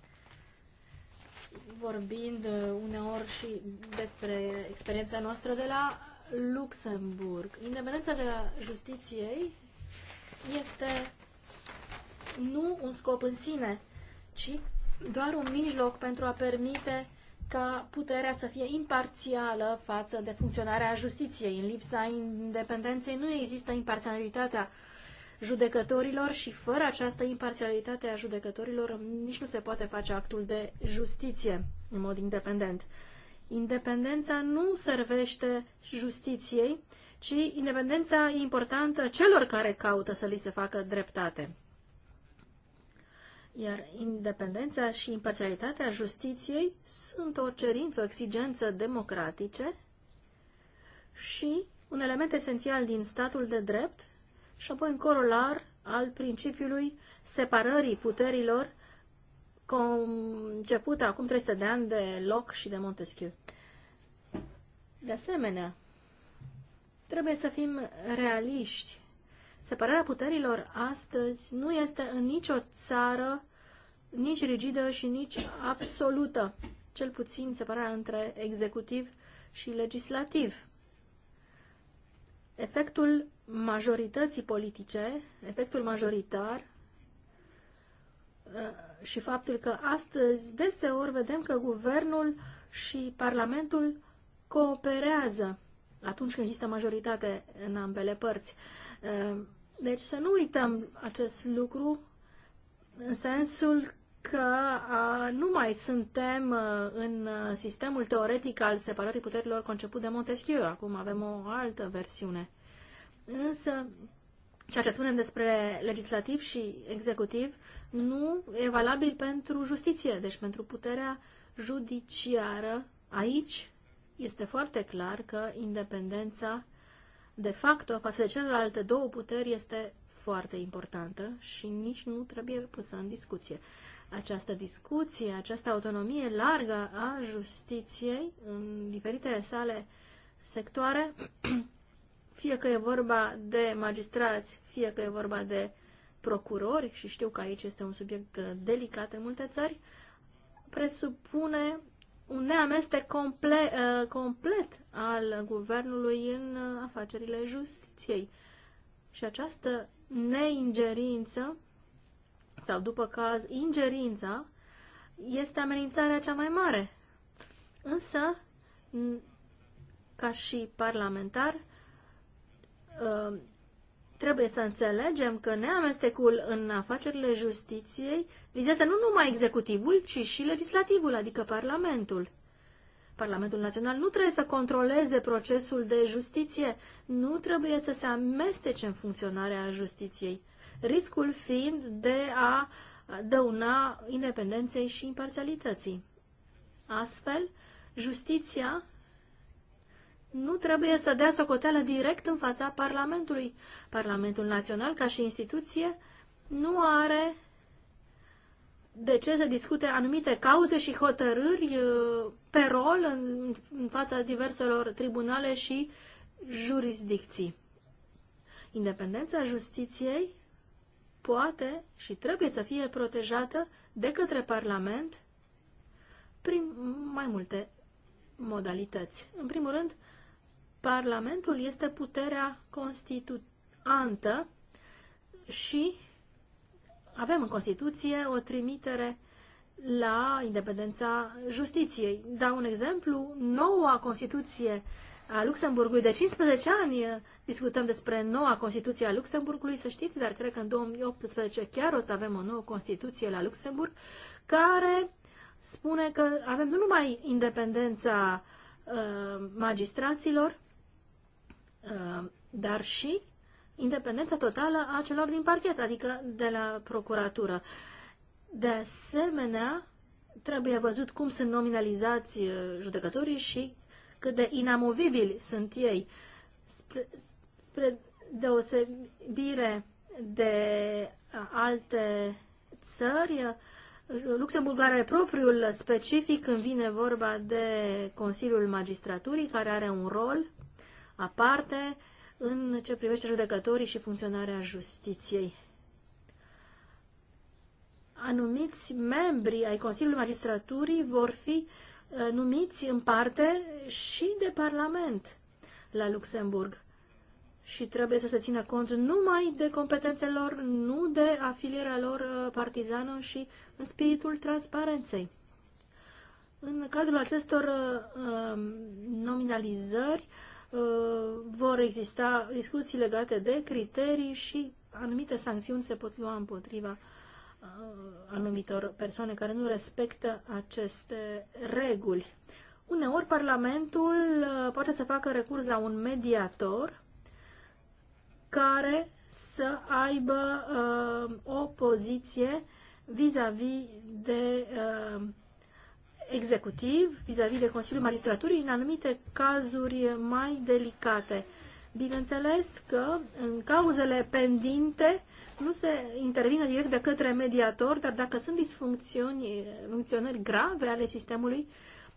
vorbind uh, uneori și despre experiența noastră de la Luxemburg. Independența de la justiției este nu un scop în sine, ci doar un mijloc pentru a permite ca puterea să fie imparțială față de funcționarea justiției. În lipsa independenței nu există imparțialitatea judecătorilor și fără această imparțialitate a judecătorilor nici nu se poate face actul de justiție în mod independent. Independența nu servește justiției, ci independența e importantă celor care caută să li se facă dreptate. Iar independența și imparțialitatea justiției sunt o cerință, o exigență democratice și un element esențial din statul de drept și apoi în corolar al principiului separării puterilor conceput acum 300 de ani de Locke și de Montesquieu. De asemenea, trebuie să fim realiști. Separarea puterilor astăzi nu este în nicio țară nici rigidă și nici absolută, cel puțin separarea între executiv și legislativ. Efectul majorității politice, efectul majoritar uh, și faptul că astăzi deseori vedem că guvernul și Parlamentul cooperează atunci când există majoritate în ambele părți. Uh, deci să nu uităm acest lucru în sensul că nu mai suntem uh, în sistemul teoretic al separării puterilor conceput de Montesquieu. Acum avem o altă versiune. Însă, ceea ce spunem despre legislativ și executiv nu e valabil pentru justiție, deci pentru puterea judiciară. Aici este foarte clar că independența de facto față de celelalte două puteri este foarte importantă și nici nu trebuie pusă în discuție. Această discuție, această autonomie largă a justiției în diferite sale sectoare fie că e vorba de magistrați, fie că e vorba de procurori, și știu că aici este un subiect uh, delicat în multe țări, presupune un neamestec comple- uh, complet al guvernului în uh, afacerile justiției. Și această neingerință, sau după caz ingerința, este amenințarea cea mai mare. Însă, ca și parlamentar, Ehm, trebuie să înțelegem că neamestecul în afacerile justiției vizează nu numai executivul, ci și legislativul, adică Parlamentul. Parlamentul Național nu trebuie să controleze procesul de justiție, nu trebuie să se amestece în funcționarea justiției, riscul fiind de a dăuna independenței și imparțialității. Astfel, justiția nu trebuie să dea socoteală direct în fața Parlamentului. Parlamentul Național, ca și instituție, nu are de ce să discute anumite cauze și hotărâri uh, pe rol în, în fața diverselor tribunale și jurisdicții. Independența justiției poate și trebuie să fie protejată de către Parlament prin mai multe modalități. În primul rând, Parlamentul este puterea constituantă și avem în Constituție o trimitere la independența justiției. Dau un exemplu, noua Constituție a Luxemburgului. De 15 ani discutăm despre noua Constituție a Luxemburgului, să știți, dar cred că în 2018 chiar o să avem o nouă Constituție la Luxemburg, care spune că avem nu numai independența uh, magistraților, Uh, dar și independența totală a celor din parchet, adică de la procuratură. De asemenea, trebuie văzut cum sunt nominalizați uh, judecătorii și cât de inamovibili sunt ei. Spre, spre deosebire de uh, alte țări, Luxemburg are propriul specific când vine vorba de Consiliul Magistraturii, care are un rol aparte în ce privește judecătorii și funcționarea justiției. Anumiți membri ai Consiliului Magistraturii vor fi uh, numiți în parte și de Parlament la Luxemburg și trebuie să se țină cont numai de competențelor, nu de afilierea lor uh, partizană și în spiritul transparenței. În cadrul acestor uh, um, nominalizări Uh, vor exista discuții legate de criterii și anumite sancțiuni se pot lua împotriva uh, anumitor persoane care nu respectă aceste reguli. Uneori Parlamentul uh, poate să facă recurs la un mediator care să aibă uh, o poziție vis-a-vis -vis de uh, executiv vis-a-vis -vis de Consiliul Magistraturii în anumite cazuri mai delicate. Bineînțeles că în cauzele pendinte nu se intervine direct de către mediator, dar dacă sunt disfuncțiuni, funcționări grave ale sistemului,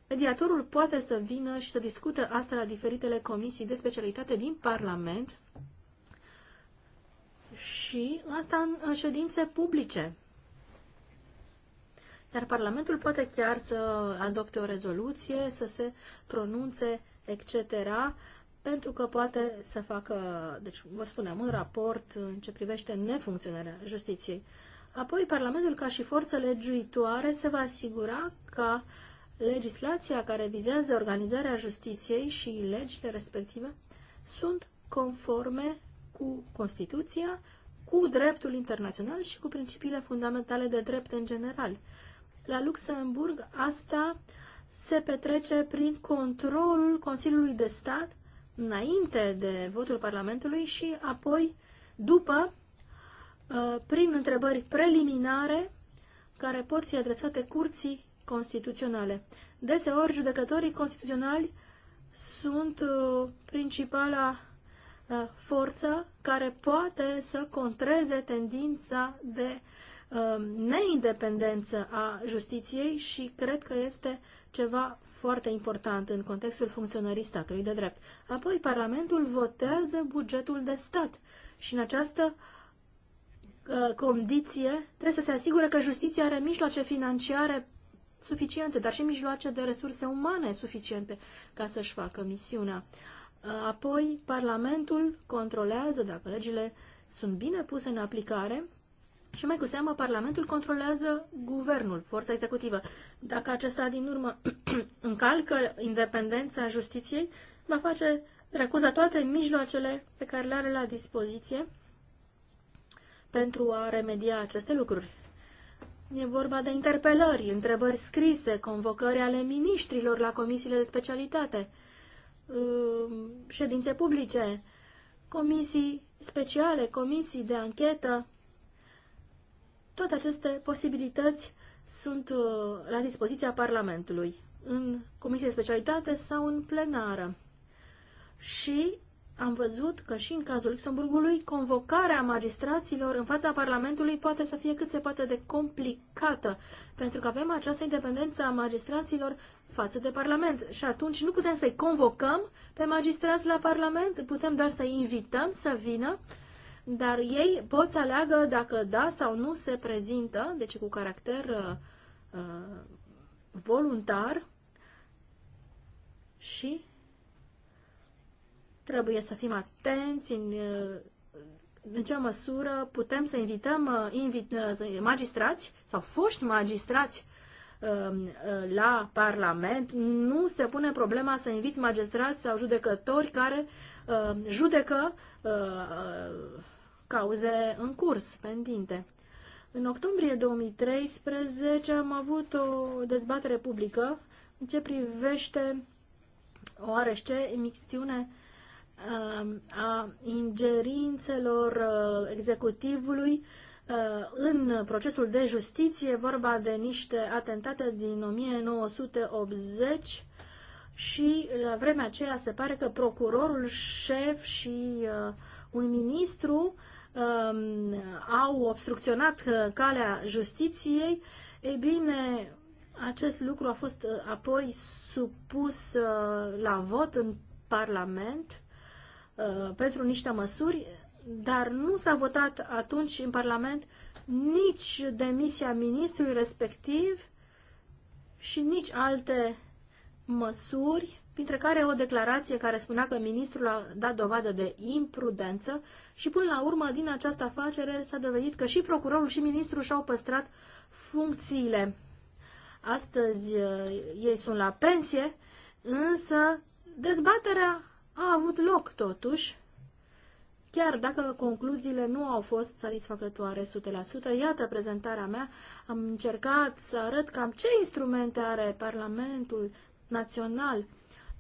mediatorul poate să vină și să discute asta la diferitele comisii de specialitate din Parlament și asta în ședințe publice iar Parlamentul poate chiar să adopte o rezoluție, să se pronunțe, etc., pentru că poate să facă, deci vă spunem un raport în ce privește nefuncționarea justiției. Apoi, Parlamentul, ca și forță legiuitoare, se va asigura că legislația care vizează organizarea justiției și legile respective sunt conforme cu Constituția, cu dreptul internațional și cu principiile fundamentale de drept în general la Luxemburg, asta se petrece prin controlul Consiliului de Stat înainte de votul Parlamentului și apoi după uh, prin întrebări preliminare care pot fi adresate curții constituționale. Deseori, judecătorii constituționali sunt uh, principala uh, forță care poate să contreze tendința de Um, neindependență a justiției și cred că este ceva foarte important în contextul funcționării statului de drept. Apoi, Parlamentul votează bugetul de stat și în această uh, condiție trebuie să se asigure că justiția are mijloace financiare suficiente, dar și mijloace de resurse umane suficiente ca să-și facă misiunea. Uh, apoi, Parlamentul controlează dacă legile sunt bine puse în aplicare și mai cu seamă, Parlamentul controlează guvernul, forța executivă. Dacă acesta din urmă încalcă independența justiției, va face recurs la toate mijloacele pe care le are la dispoziție pentru a remedia aceste lucruri. E vorba de interpelări, întrebări scrise, convocări ale miniștrilor la comisiile de specialitate, uh, ședințe publice, comisii speciale, comisii de anchetă, toate aceste posibilități sunt uh, la dispoziția Parlamentului, în comisie de specialitate sau în plenară. Și am văzut că și în cazul Luxemburgului, convocarea magistraților în fața Parlamentului poate să fie cât se poate de complicată, pentru că avem această independență a magistraților față de Parlament. Și atunci nu putem să-i convocăm pe magistrați la Parlament, putem doar să-i invităm să vină dar ei pot să aleagă dacă da sau nu se prezintă, deci cu caracter uh, uh voluntar și trebuie să fim atenți în, uh, în ce măsură putem să invităm uh, invit, magistrați sau foști magistrați um, la Parlament. Nu se pune problema să inviți magistrați sau judecători care judecă cauze în curs, pendinte. În octombrie 2013 am avut o dezbatere publică în ce privește oarește emixtiune um, a ingerințelor uh, executivului uh, în procesul de justiție, vorba de niște atentate din 1980 și la vremea aceea se pare că procurorul șef și uh, un ministru uh, um, au obstrucționat uh, calea justiției, e bine, acest lucru a fost uh, apoi supus uh, la vot în Parlament uh, pentru niște măsuri, dar nu s-a votat atunci în Parlament nici demisia ministrului respectiv și nici alte măsuri printre care o declarație care spunea că ministrul a dat dovadă de imprudență și până la urmă din această afacere s-a dovedit că și procurorul și ministrul și-au păstrat funcțiile. Astăzi eh, ei sunt la pensie, însă dezbaterea a avut loc totuși, chiar dacă concluziile nu au fost satisfăcătoare 100%. Iată prezentarea mea, am încercat să arăt cam ce instrumente are Parlamentul Național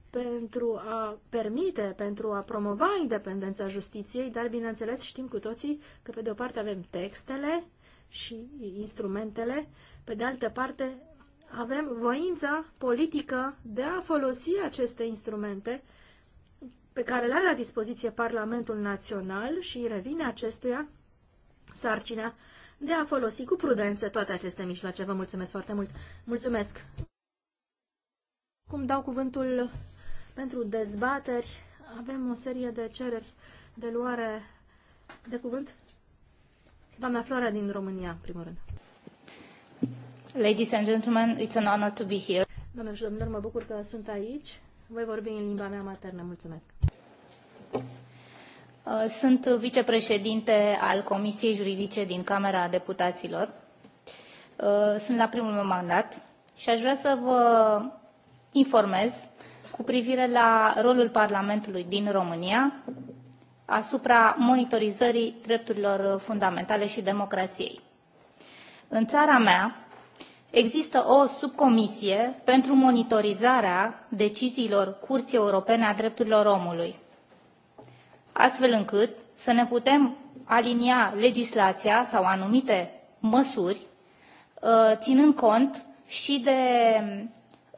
pentru a permite, pentru a promova independența justiției, dar bineînțeles știm cu toții că pe de o parte avem textele și instrumentele, pe de altă parte avem voința politică de a folosi aceste instrumente pe care le are la dispoziție Parlamentul Național și revine acestuia sarcina de a folosi cu prudență toate aceste mijloace. Vă mulțumesc foarte mult! Mulțumesc! Cum dau cuvântul pentru dezbateri. Avem o serie de cereri de luare de cuvânt. Doamna Flora din România, în primul rând. Ladies and gentlemen, it's an honor to be here. Doamne și domnilor, mă bucur că sunt aici. Voi vorbi în limba mea maternă. Mulțumesc. Uh, sunt vicepreședinte al Comisiei Juridice din Camera Deputaților. Uh, sunt la primul meu mandat și aș vrea să vă informez cu privire la rolul Parlamentului din România asupra monitorizării drepturilor fundamentale și democrației. În țara mea există o subcomisie pentru monitorizarea deciziilor Curții Europene a Drepturilor Omului, astfel încât să ne putem alinia legislația sau anumite măsuri, ă, ținând cont și de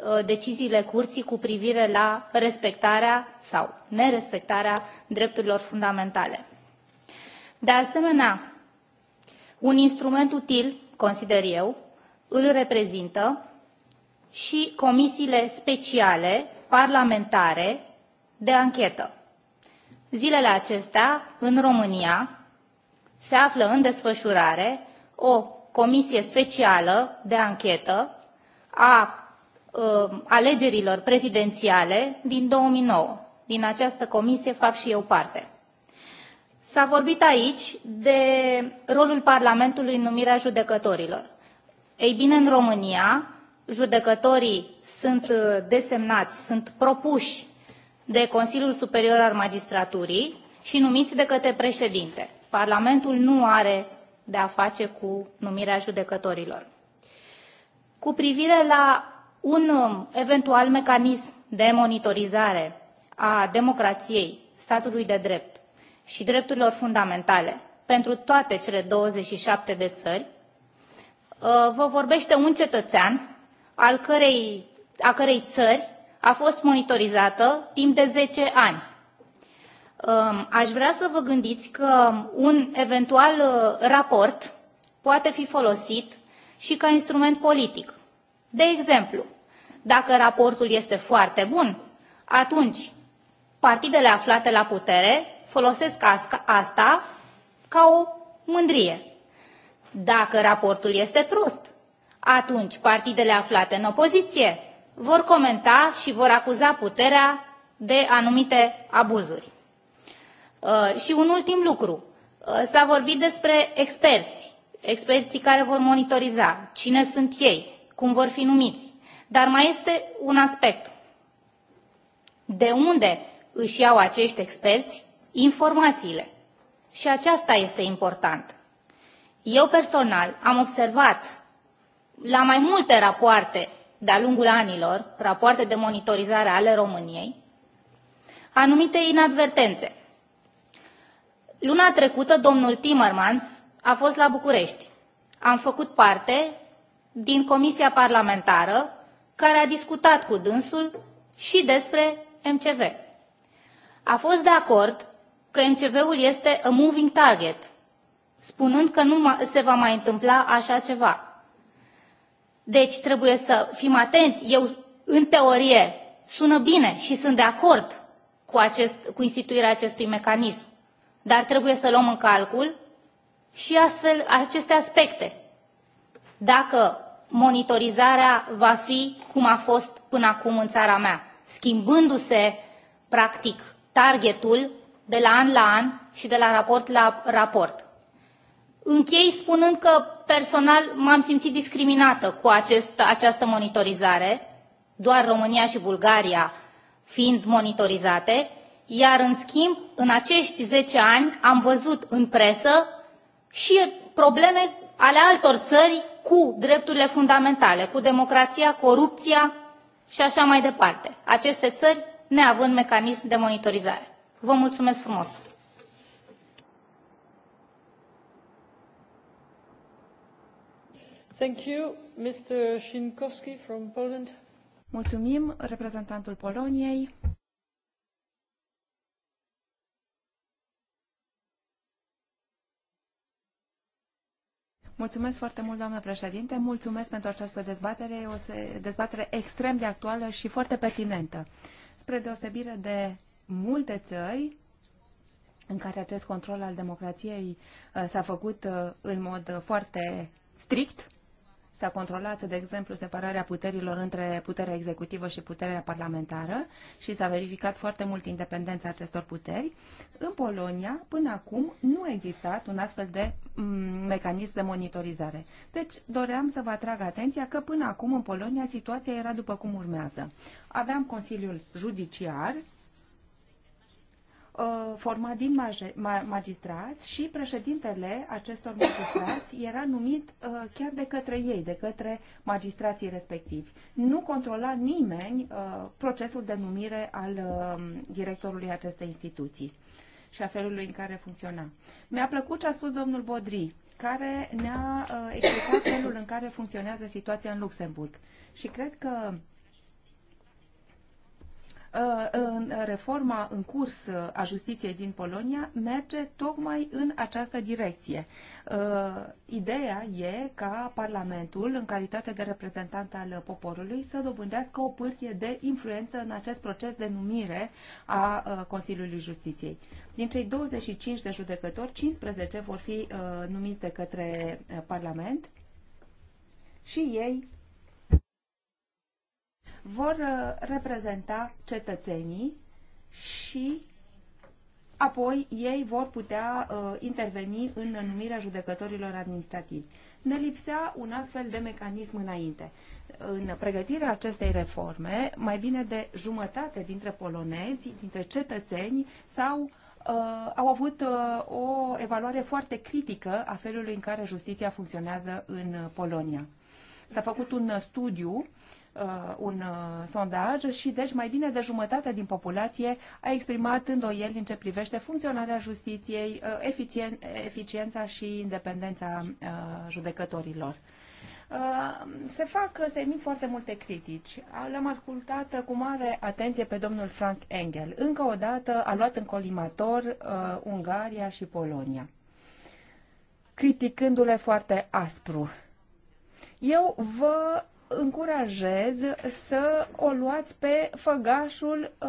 Uh, deciziile curții cu privire la respectarea sau nerespectarea drepturilor fundamentale. De asemenea, un instrument util, consider eu, îl reprezintă și comisiile speciale parlamentare de anchetă. Zilele acestea, în România, se află în desfășurare o comisie specială de anchetă a Uh, alegerilor prezidențiale din 2009. Din această comisie fac și eu parte. S-a vorbit aici de rolul Parlamentului în numirea judecătorilor. Ei bine, în România, judecătorii sunt uh, desemnați, sunt propuși de Consiliul Superior al Magistraturii și numiți de către președinte. Parlamentul nu are de a face cu numirea judecătorilor. Cu privire la un um, eventual mecanism de monitorizare a democrației, statului de drept și drepturilor fundamentale pentru toate cele 27 de țări, uh, vă vorbește un cetățean al cărei, a cărei țări a fost monitorizată timp de 10 ani. Um, aș vrea să vă gândiți că un eventual uh, raport poate fi folosit și ca instrument politic de exemplu, dacă raportul este foarte bun, atunci partidele aflate la putere folosesc asta ca o mândrie. Dacă raportul este prost, atunci partidele aflate în opoziție vor comenta și vor acuza puterea de anumite abuzuri. Uh, și un ultim lucru. Uh, s-a vorbit despre experți, experții care vor monitoriza. Cine sunt ei? cum vor fi numiți. Dar mai este un aspect. De unde își iau acești experți informațiile? Și aceasta este important. Eu personal am observat la mai multe rapoarte de-a lungul anilor, rapoarte de monitorizare ale României, anumite inadvertențe. Luna trecută, domnul Timmermans a fost la București. Am făcut parte din Comisia Parlamentară, care a discutat cu dânsul și despre MCV. A fost de acord că MCV-ul este a moving target, spunând că nu se va mai întâmpla așa ceva. Deci trebuie să fim atenți. Eu, în teorie, sună bine și sunt de acord cu, acest, cu instituirea acestui mecanism, dar trebuie să luăm în calcul și astfel aceste aspecte dacă monitorizarea va fi cum a fost până acum în țara mea, schimbându-se, practic, targetul de la an la an și de la raport la raport. Închei spunând că personal m-am simțit discriminată cu acest, această monitorizare, doar România și Bulgaria fiind monitorizate, iar în schimb, în acești 10 ani am văzut în presă și probleme ale altor țări cu drepturile fundamentale, cu democrația, corupția și așa mai departe. Aceste țări neavând mecanism de monitorizare. Vă mulțumesc frumos! Thank you, Mr. Shinkowski from Poland. Mulțumim, reprezentantul Poloniei. Mulțumesc foarte mult, doamnă președinte. Mulțumesc pentru această dezbatere. E o dezbatere extrem de actuală și foarte pertinentă. Spre deosebire de multe țări în care acest control al democrației uh, s-a făcut uh, în mod uh, foarte strict, S-a controlat, de exemplu, separarea puterilor între puterea executivă și puterea parlamentară și s-a verificat foarte mult independența acestor puteri. În Polonia, până acum, nu a existat un astfel de mm, mecanism de monitorizare. Deci, doream să vă atrag atenția că până acum în Polonia situația era după cum urmează. Aveam Consiliul Judiciar, Uh, format din magistrați și președintele acestor magistrați era numit uh, chiar de către ei, de către magistrații respectivi. Nu controla nimeni uh, procesul de numire al directorului acestei instituții și a felului în care funcționa. Mi-a plăcut ce a spus domnul Bodri, care ne-a explicat felul în care funcționează situația în Luxemburg. Și cred că Ă, în reforma în curs ă, a justiției din Polonia merge tocmai în această direcție. Ă, ideea e ca Parlamentul, în calitate de reprezentant al poporului, să dobândească o pârtie de influență în acest proces de numire a Consiliului Justiției. Din cei 25 de judecători, 15 vor fi numiți de către Parlament și ei vor uh, reprezenta cetățenii și apoi ei vor putea uh, interveni în numirea judecătorilor administrativi. Ne lipsea un astfel de mecanism înainte. În pregătirea acestei reforme, mai bine de jumătate dintre polonezi, dintre cetățeni, s-au, uh, au avut uh, o evaluare foarte critică a felului în care justiția funcționează în Polonia. S-a făcut un studiu Uh, un uh, sondaj și deci mai bine de jumătate din populație a exprimat îndoieli în ce privește funcționarea justiției, uh, eficien, eficiența și independența judecătorilor. Se fac se emit foarte multe critici. L-am ascultat cu mare atenție pe domnul Frank Engel. Încă o dată a luat în colimator Ungaria și Polonia, criticându-le foarte aspru. Eu vă încurajez să o luați pe făgașul uh,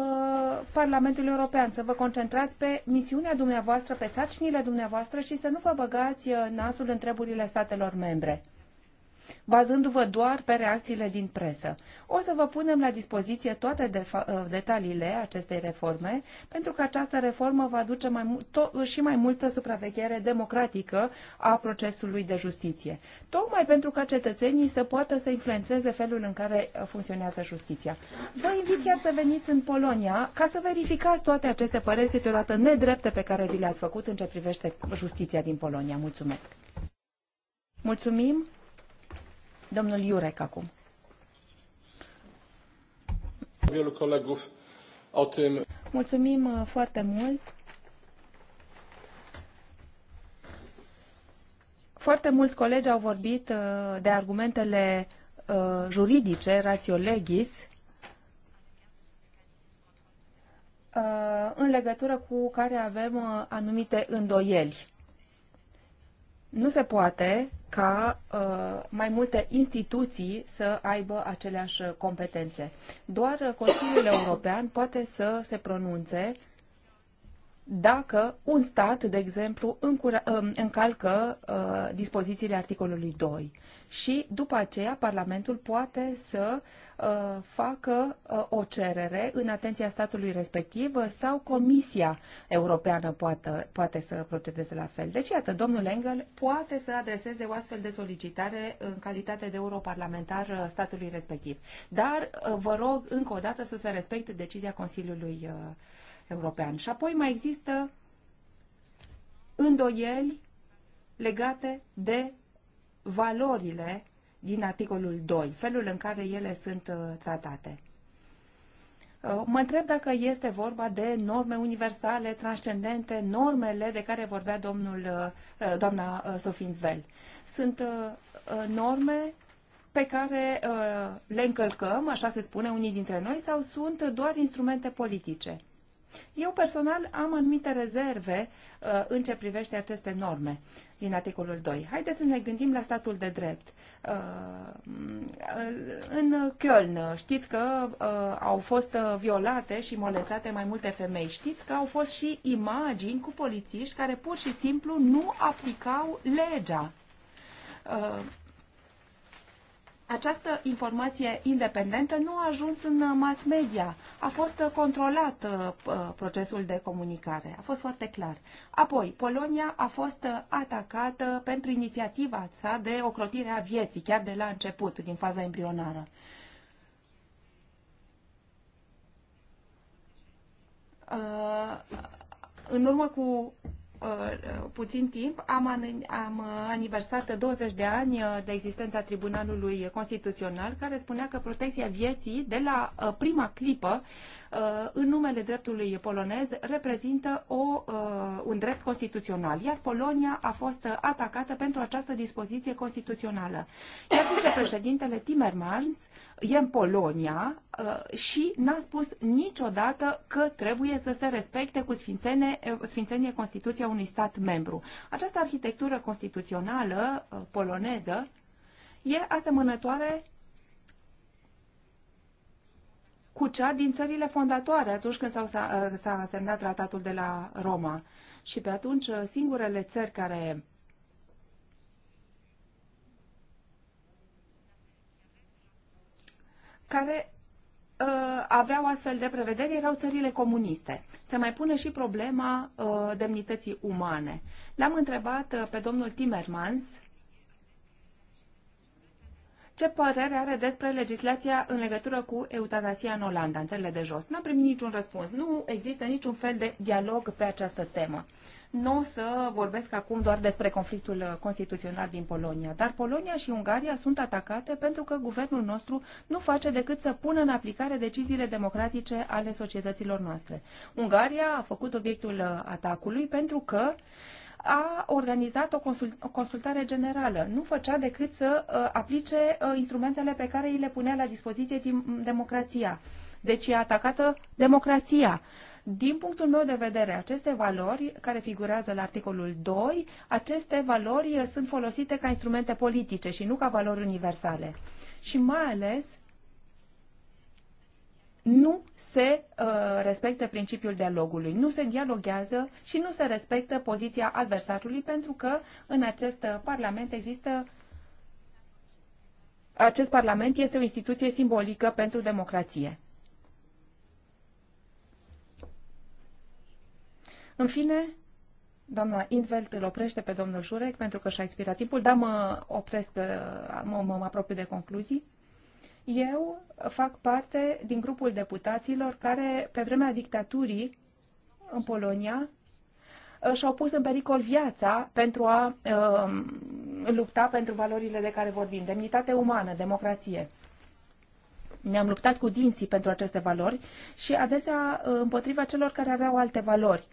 Parlamentului European, să vă concentrați pe misiunea dumneavoastră, pe sarcinile dumneavoastră și să nu vă băgați uh, nasul în treburile statelor membre bazându-vă doar pe reacțiile din presă. O să vă punem la dispoziție toate ă, detaliile acestei reforme, pentru că această reformă va duce mai mult, și mai multă supraveghere democratică a procesului de justiție. Tocmai pentru ca cetățenii să poată să influențeze felul în care funcționează justiția. Vă invit chiar să veniți în Polonia ca să verificați toate aceste păreri câteodată nedrepte pe care vi le-ați făcut în ce privește justiția din Polonia. Mulțumesc! Mulțumim! Domnul Iurec acum. Mulțumim uh, foarte mult. Foarte mulți colegi au vorbit uh, de argumentele uh, juridice, ratio legis, în legătură cu care avem anumite îndoieli. Nu se poate ca uh, mai multe instituții să aibă aceleași competențe. Doar Consiliul European poate să se pronunțe dacă un stat, de exemplu, încura, uh, încalcă uh, dispozițiile articolului 2 și după aceea Parlamentul poate să uh, facă uh, o cerere în atenția statului respectiv sau Comisia Europeană poate, poate să procedeze la fel. Deci, iată, domnul Engel poate să adreseze o astfel de solicitare în calitate de europarlamentar uh, statului respectiv. Dar vă rog încă o dată să se respecte decizia Consiliului European. Și apoi mai există îndoieli legate de valorile din articolul 2, felul în care ele sunt uh, tratate. Uh, mă întreb dacă este vorba de norme universale, transcendente, normele de care vorbea domnul, uh, doamna Sofinvel. Sunt norme pe care le încălcăm, așa se spune unii dintre noi, sau sunt doar instrumente politice? Eu personal am anumite rezerve uh, în ce privește aceste norme din articolul 2. Haideți să ne gândim la statul de drept. Uh, în Köln știți că uh, au fost uh, violate și molestate mai multe femei. Știți că au fost și imagini cu polițiști care pur și simplu nu aplicau legea uh, această informație independentă nu a ajuns în uh, mass media. A fost uh, controlat uh, procesul de comunicare. A fost foarte clar. Apoi, Polonia a fost atacată pentru inițiativa sa de ocrotire a vieții, chiar de la început, din faza embrionară. În urmă cu Uh, uh, puțin timp am, am aniversat 20 de ani uh, de existența Tribunalului Constituțional, care spunea că protecția vieții de la prima clipă în numele dreptului polonez reprezintă o, un drept constituțional, iar Polonia a fost atacată pentru această dispoziție constituțională. Iar președintele Timmermans e în Polonia uh, și n-a spus niciodată că trebuie să se respecte cu sfințenie, uh, sfințenie Constituția unui stat membru. Această arhitectură constituțională uh, poloneză e asemănătoare cu cea din țările fondatoare atunci când s-a semnat tratatul de la Roma. Și pe atunci singurele țări care care uh, aveau astfel de prevederi erau țările comuniste. Se mai pune și problema uh, demnității umane. L-am întrebat uh, pe domnul Timmermans ce părere are despre legislația în legătură cu eutanasia în Olanda, în țările de jos. N-am primit niciun răspuns. Nu există niciun fel de dialog pe această temă. Nu o să vorbesc acum doar despre conflictul uh, constituțional din Polonia, dar Polonia și Ungaria sunt atacate pentru că guvernul nostru nu face decât să pună în aplicare deciziile democratice ale societăților noastre. Ungaria a făcut obiectul uh, atacului pentru că a organizat o, consultare generală. Nu făcea decât să uh, aplice instrumentele pe care îi le punea la dispoziție mm, democrația. Deci e atacată democrația. Din punctul meu de vedere, aceste valori care figurează la articolul 2, aceste valori sunt folosite ca instrumente politice și nu ca valori universale. Și mai ales nu se uh, respectă principiul dialogului, nu se dialoghează și nu se respectă poziția adversarului pentru că în acest parlament există acest parlament este o instituție simbolică pentru democrație. În fine, doamna Invelt îl oprește pe domnul Jurek pentru că și-a expirat timpul, dar mă opresc, uh, mă, mă, mă apropiu de concluzii. Eu fac parte din grupul deputaților care, pe vremea dictaturii în Polonia, uh, și-au pus în pericol viața pentru a uh, lupta pentru valorile de care vorbim, demnitate umană, democrație. Ne-am luptat cu dinții pentru aceste valori și adesea uh, împotriva celor care aveau alte valori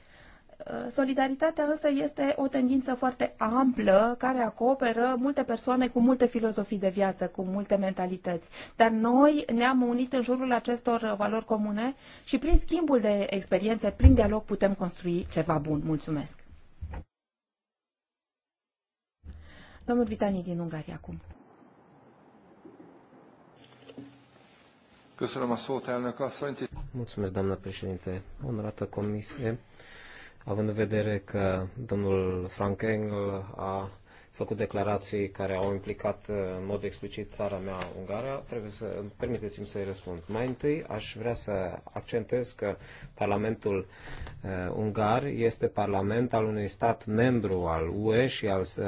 Solidaritatea însă este o tendință foarte amplă care acoperă multe persoane cu multe filozofii de viață, cu multe mentalități. Dar noi ne-am unit în jurul acestor valori comune și prin schimbul de experiențe, prin dialog, putem construi ceva bun. Mulțumesc! Domnul Britanii din Ungaria acum. Mulțumesc, doamnă președinte. Onorată comisie, având în vedere că domnul Frank Engel a făcut declarații care au implicat uh, în mod explicit țara mea, Ungaria, trebuie să permiteți-mi să-i răspund. Mai întâi aș vrea să accentuez că Parlamentul uh, Ungar este parlament al unui stat membru al UE și al uh,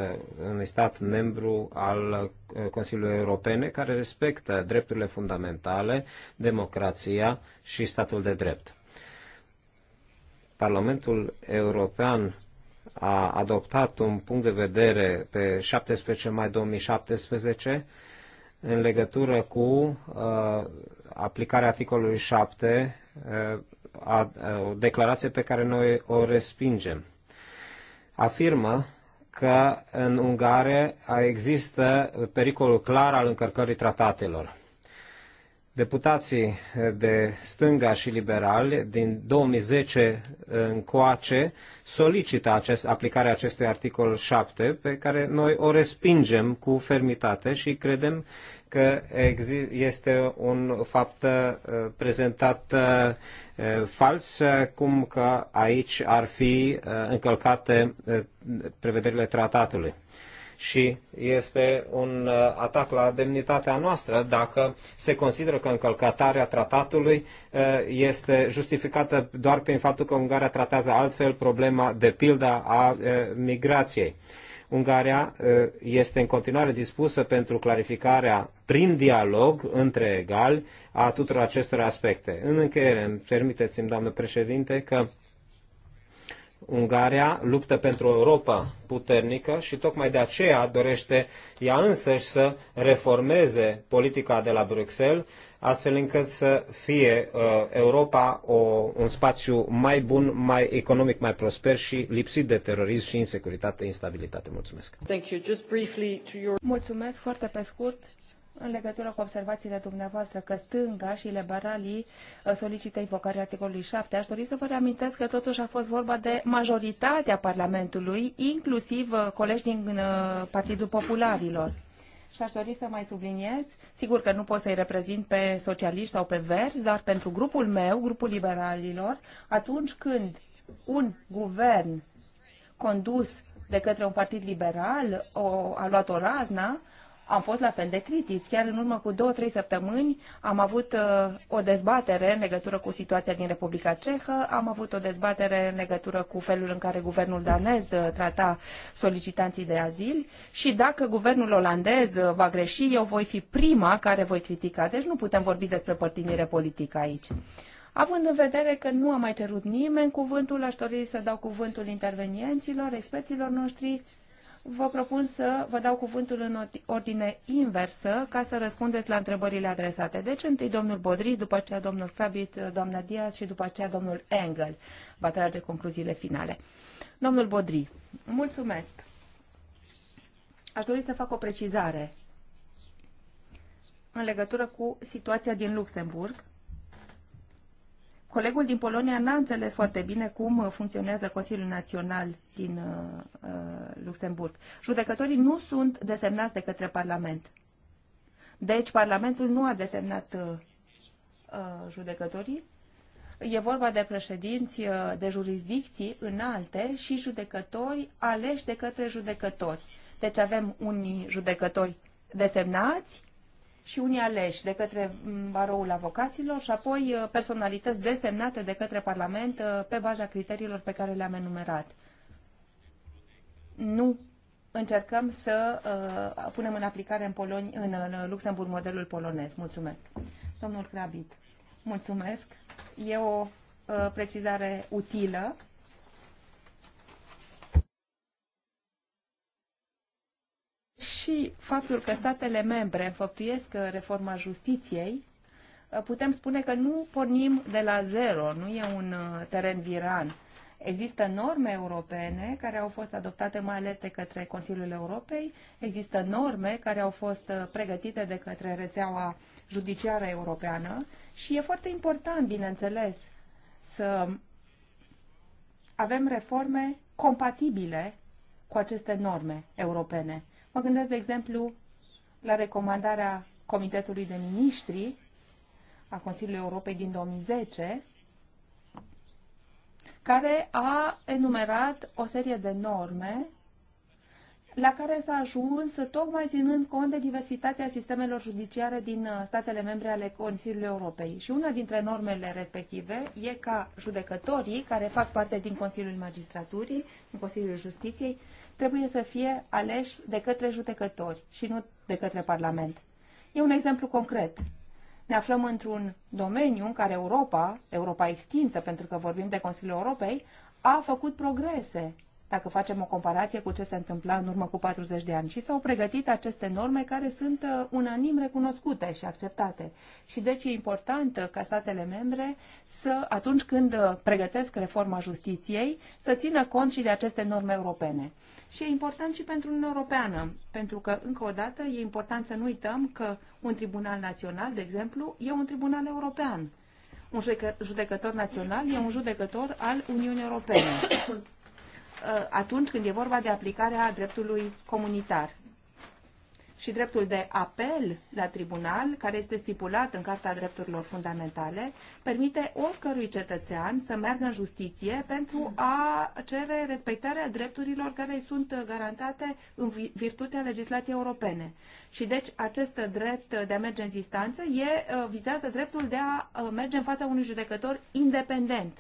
unui stat membru al uh, Consiliului Europene care respectă drepturile fundamentale, democrația și statul de drept. Parlamentul European a adoptat un punct de vedere pe 17 mai 2017 în legătură cu uh, aplicarea articolului 7, uh, a, uh, o declarație pe care noi o respingem. Afirmă că în Ungare există pericolul clar al încărcării tratatelor deputații de stânga și liberali din 2010 încoace solicită acest, aplicarea acestui articol 7 pe care noi o respingem cu fermitate și credem că este un fapt uh, prezentat uh, fals, cum că aici ar fi uh, încălcate prevederile tratatului și este un uh, atac la demnitatea noastră dacă se consideră că încălcarea tratatului uh, este justificată doar prin faptul că Ungaria tratează altfel problema de pildă a uh, migrației. Ungaria este în continuare dispusă pentru clarificarea prin dialog între egali a tuturor acestor aspecte. În încheiere, permiteți-mi, doamnă președinte, că Ungaria luptă pentru o Europa puternică și tocmai de aceea dorește ea însăși să reformeze politica de la Bruxelles, astfel încât să fie uh, Europa o, un spațiu mai bun, mai economic, mai prosper și lipsit de terorism și insecuritate, instabilitate. Mulțumesc! Thank you. Just briefly to your... Mulțumesc foarte pe scurt în legătură cu observațiile dumneavoastră că stânga și liberalii uh, solicită invocarea articolului 7. Aș dori să vă reamintesc că totuși a fost vorba de majoritatea Parlamentului, inclusiv uh, colegi din uh, Partidul Popularilor. Și aș dori să mai subliniez, sigur că nu pot să-i reprezint pe socialiști sau pe verzi, dar pentru grupul meu, grupul liberalilor, atunci când un guvern condus de către un partid liberal o, a luat o razna, am fost la fel de critici. Chiar în urmă cu două, trei săptămâni am avut uh, o dezbatere în legătură cu situația din Republica Cehă, am avut o dezbatere în legătură cu felul în care guvernul danez uh, trata solicitanții de azil și dacă guvernul olandez uh, va greși, eu voi fi prima care voi critica. Deci nu putem vorbi despre părtinire politică aici. Având în vedere că nu a mai cerut nimeni cuvântul, aș dori să dau cuvântul intervenienților, experților noștri, vă propun să vă dau cuvântul în ordine inversă ca să răspundeți la întrebările adresate. Deci întâi domnul Bodri, după aceea domnul Crabit, doamna Diaz și după aceea domnul Engel va trage concluziile finale. Domnul Bodri, mulțumesc. Aș dori să fac o precizare în legătură cu situația din Luxemburg Colegul din Polonia n-a înțeles foarte bine cum uh, funcționează Consiliul Național din uh, uh, Luxemburg. Judecătorii nu sunt desemnați de către Parlament. Deci Parlamentul nu a desemnat uh, uh, judecătorii. E vorba de președinți uh, de jurisdicții înalte și judecători aleși de către judecători. Deci avem unii judecători desemnați și unii aleși de către mm, baroul avocaților și apoi uh, personalități desemnate de către Parlament uh, pe baza criteriilor pe care le-am enumerat. Nu încercăm să uh, punem în aplicare în, Poloni, în, în Luxemburg modelul polonez. Mulțumesc. Domnul Crabit, mulțumesc. E o uh, precizare utilă și faptul că statele membre înfăptuiesc uh, reforma justiției, uh, putem spune că nu pornim de la zero, nu e un uh, teren viran. Există norme europene care au fost adoptate mai ales de către Consiliul Europei, există norme care au fost pregătite de către rețeaua judiciară europeană și e foarte important, bineînțeles, să avem reforme compatibile cu aceste norme europene. Mă gândesc, de exemplu, la recomandarea Comitetului de Ministri a Consiliului Europei din 2010, care a enumerat o serie de norme la care s-a ajuns tocmai ținând cont de diversitatea sistemelor judiciare din uh, statele membre ale Consiliului Europei. Și una dintre normele respective e ca judecătorii care fac parte din Consiliul Magistraturii, din Consiliul Justiției, trebuie să fie aleși de către judecători și nu de către Parlament. E un exemplu concret. Ne aflăm într-un domeniu în care Europa, Europa extinsă, pentru că vorbim de Consiliul Europei, a făcut progrese dacă facem o comparație cu ce se întâmpla în urmă cu 40 de ani. Și s-au pregătit aceste norme care sunt uh, unanim recunoscute și acceptate. Și deci e important uh, ca statele membre să, atunci când uh, pregătesc reforma justiției, să țină cont și de aceste norme europene. Și e important și pentru Uniunea Europeană, pentru că, încă o dată, e important să nu uităm că un tribunal național, de exemplu, e un tribunal european. Un judecător național e un judecător al Uniunii Europene. Uh, atunci când e vorba de aplicarea dreptului comunitar. Și dreptul de apel la tribunal, care este stipulat în Carta Drepturilor Fundamentale, permite oricărui cetățean să meargă în justiție pentru a cere respectarea drepturilor care sunt garantate în virtutea legislației europene. Și deci acest drept de a merge în distanță e, uh, vizează dreptul de a uh, merge în fața unui judecător independent.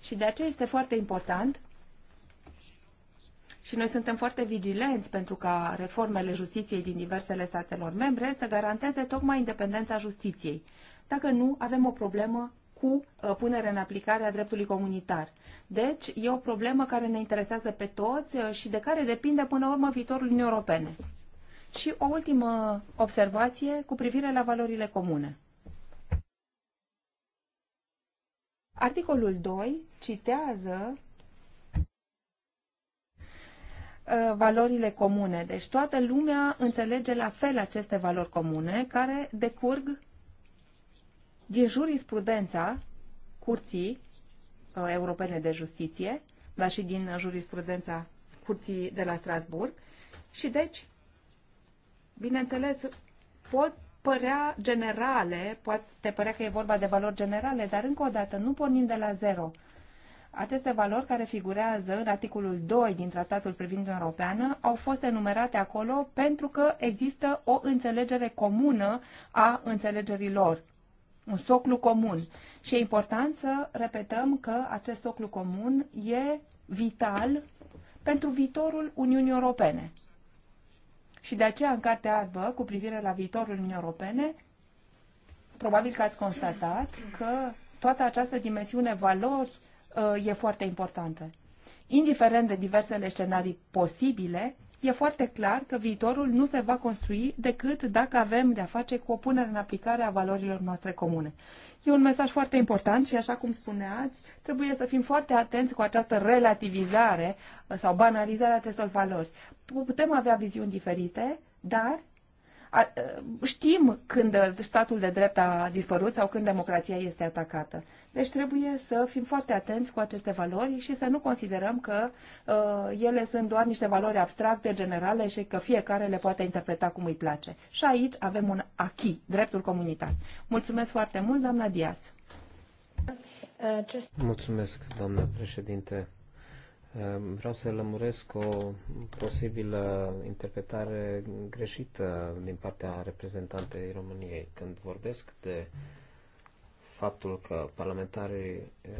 Și de aceea este foarte important și noi suntem foarte vigilenți pentru ca reformele justiției din diversele statelor membre să garanteze tocmai independența justiției. Dacă nu, avem o problemă cu uh, punerea în aplicare a dreptului comunitar. Deci, e o problemă care ne interesează pe toți uh, și de care depinde până la urmă viitorul Uniunii Europene. Și o ultimă observație cu privire la valorile comune. Articolul 2 citează Uh, valorile comune. Deci toată lumea înțelege la fel aceste valori comune care decurg din jurisprudența Curții uh, Europene de Justiție, dar și din jurisprudența Curții de la Strasburg. Și deci, bineînțeles, pot părea generale, poate părea că e vorba de valori generale, dar încă o dată nu pornim de la zero – aceste valori care figurează în articolul 2 din Tratatul privind Uniunea Europeană au fost enumerate acolo pentru că există o înțelegere comună a înțelegerilor, un soclu comun. Și e important să repetăm că acest soclu comun e vital pentru viitorul Uniunii Europene. Și de aceea, în cartea albă, cu privire la viitorul Uniunii Europene, probabil că ați constatat că toată această dimensiune valori Uh, e foarte importantă. Indiferent de diversele scenarii posibile, e foarte clar că viitorul nu se va construi decât dacă avem de-a face cu o punere în aplicare a valorilor noastre comune. E un mesaj foarte important și, așa cum spuneați, trebuie să fim foarte atenți cu această relativizare uh, sau banalizare a acestor valori. Putem avea viziuni diferite, dar știm când statul de drept a dispărut sau când democrația este atacată. Deci trebuie să fim foarte atenți cu aceste valori și să nu considerăm că uh, ele sunt doar niște valori abstracte, generale și că fiecare le poate interpreta cum îi place. Și aici avem un achi, dreptul comunitar. Mulțumesc foarte mult, doamna Dias. Uh, Mulțumesc, doamna președinte. Ehm, vreau să lămuresc o posibilă interpretare greșită din partea reprezentantei României. Când vorbesc de faptul că parlamentarii eh,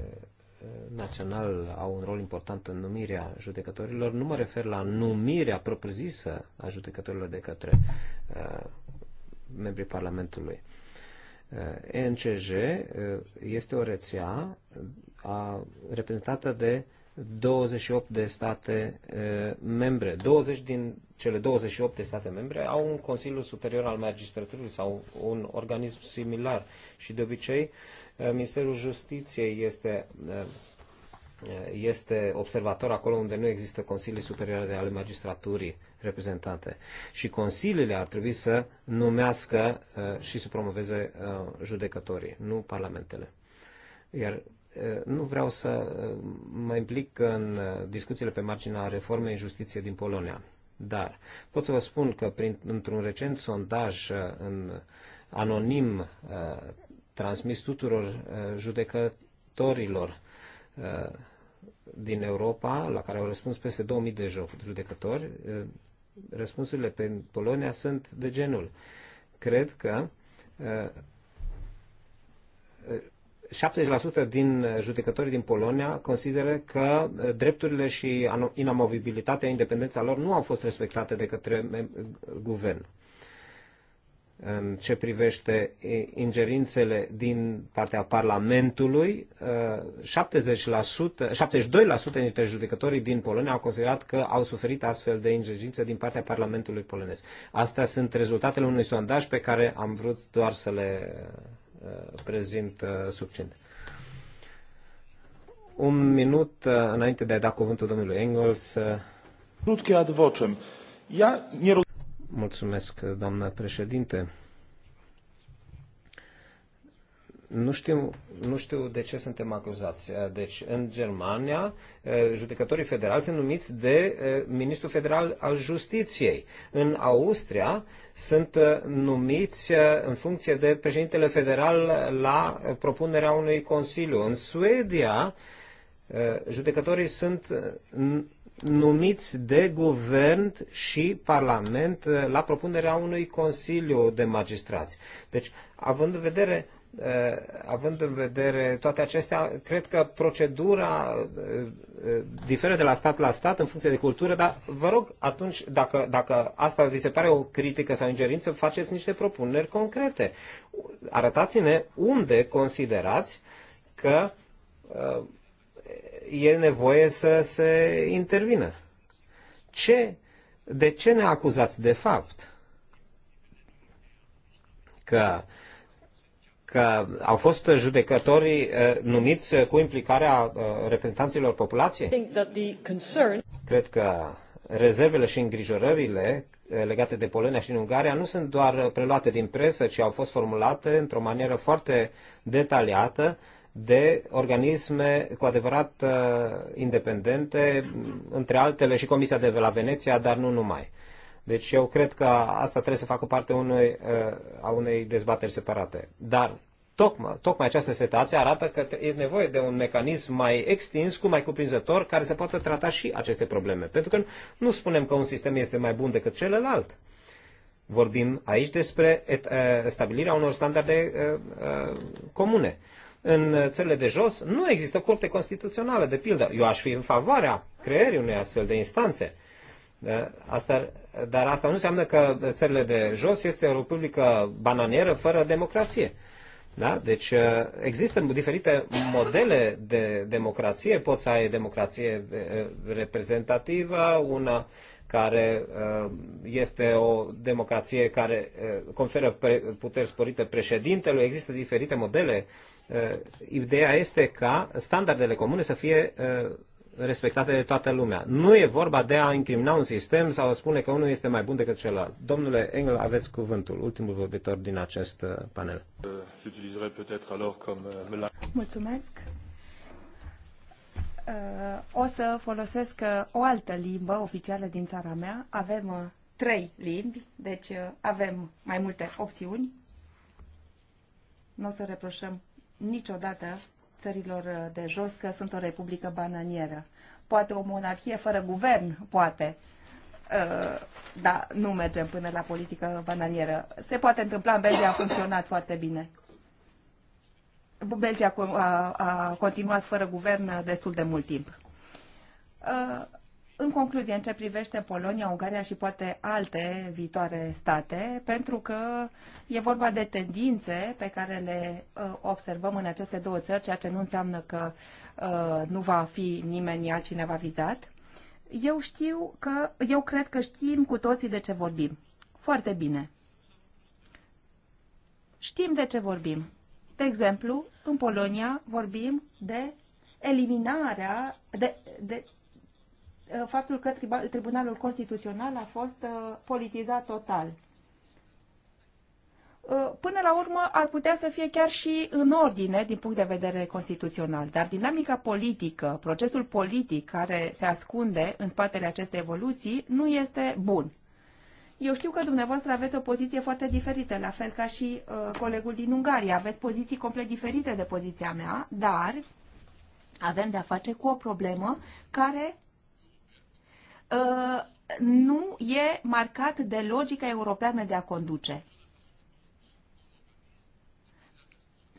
național au un rol important în numirea judecătorilor, nu mă refer la numirea propriu-zisă a judecătorilor de către eh, membrii Parlamentului. Uh, eh, ENCJ este o rețea reprezentată de 28 de state eh, membre. 20 din cele 28 de state membre au un Consiliu Superior al Magistraturii sau un organism similar și de obicei eh, Ministerul Justiției este eh, este observator acolo unde nu există consilii superioare ale magistraturii reprezentate. Și consiliile ar trebui să numească și să promoveze judecătorii, nu parlamentele. Iar nu vreau să uh, mă implic în uh, discuțiile pe marginea reformei în justiție din Polonia, dar pot să vă spun că într-un recent sondaj uh, în anonim transmis tuturor judecătorilor din Europa, la care au răspuns peste 2000 de judecători, răspunsurile pe Polonia sunt de genul. Cred că 70% din judecătorii din Polonia consideră că uh, drepturile și inamovibilitatea, independența lor nu au fost respectate de către guvern. În ce privește ingerințele din partea Parlamentului, 70%, uh, 72% dintre judecătorii din Polonia au considerat că au suferit astfel de ingerințe din partea Parlamentului polonez. Astea sunt rezultatele unui sondaj pe care am vrut doar să le Uh, prezint uh, succint. Un minut uh, înainte de a da cuvântul domnului Engels. Mulțumesc, doamnă președinte. Nu știu, nu știu de ce suntem acuzați. Eh, deci, în Germania, eh, judecătorii federali sunt numiți de eh, Ministrul Federal al Justiției. În Austria sunt numiți în funcție de președintele federal la propunerea unui consiliu. În Suedia, judecătorii sunt numiți de guvern și parlament la propunerea unui consiliu de magistrați. Deci, având în vedere Eh, având în vedere toate acestea, cred că procedura eh, eh, diferă de la stat la stat în funcție de cultură, dar vă rog atunci, dacă, dacă asta vi se pare o critică sau ingerință, faceți niște propuneri concrete. Arătați-ne unde considerați că e nevoie să se intervină. Ce, de ce ne acuzați de fapt? Că că au fost judecători uh, numiți cu implicarea uh, reprezentanților populației? Cred că rezervele și îngrijorările uh, legate de Polonia și în Ungaria nu sunt doar preluate din presă, ci au fost formulate într-o manieră foarte detaliată de organisme cu adevărat independente, între altele și Comisia de la Veneția, dar nu numai. Deci eu cred că asta trebuie să facă parte unui, uh, a unei dezbateri separate. Dar tocmai, tocmai această situație arată că e nevoie de un mecanism mai extins, cu mai cuprinzător, care să poată trata și aceste probleme. Pentru că nu spunem că un sistem este mai bun decât celălalt. Vorbim aici despre et, uh, stabilirea unor standarde uh, comune. În țările de jos nu există curte constituțională, de pildă. Eu aș fi în favoarea creării unei astfel de instanțe. Eh, asta, dar asta nu înseamnă că țările de jos este o republică bananieră fără democrație. Da? Deci eh, există diferite modele de democrație. Poți să ai democrație eh, reprezentativă, una care este o democrație care conferă puteri sporite președintelui. Există diferite modele. Ideea este ca standardele comune să fie respectate de toată lumea. Nu e vorba de a incrimina un sistem sau a spune că unul este mai bun decât celălalt. Domnule Engel, aveți cuvântul, ultimul vorbitor din acest uh, panel. Uh, uh, Mulțumesc. O să folosesc o altă limbă oficială din țara mea. Avem trei limbi, deci avem mai multe opțiuni. Nu o să reproșăm niciodată țărilor de jos că sunt o republică bananieră. Poate o monarhie fără guvern, poate. Uh, da, nu mergem până la politică bananieră. Se poate întâmpla, în Belgia a funcționat foarte bine. Belgia a, a continuat fără guvern destul de mult timp uh, în concluzie, în ce privește Polonia, Ungaria și poate alte viitoare state, pentru că e vorba de tendințe pe care le uh, observăm în aceste două țări, ceea ce nu înseamnă că uh, nu va fi nimeni altcineva vizat. Eu știu că, eu cred că știm cu toții de ce vorbim. Foarte bine. Știm de ce vorbim. De exemplu, în Polonia vorbim de eliminarea, de, de Uh, faptul că Tribunalul Constituțional a fost uh, politizat total. Uh, până la urmă, ar putea să fie chiar și în ordine din punct de vedere constituțional, dar dinamica politică, procesul politic care se ascunde în spatele acestei evoluții, nu este bun. Eu știu că dumneavoastră aveți o poziție foarte diferită, la fel ca și uh, colegul din Ungaria. Aveți poziții complet diferite de poziția mea, dar avem de-a face cu o problemă care Uh, nu e marcat de logica europeană de a conduce.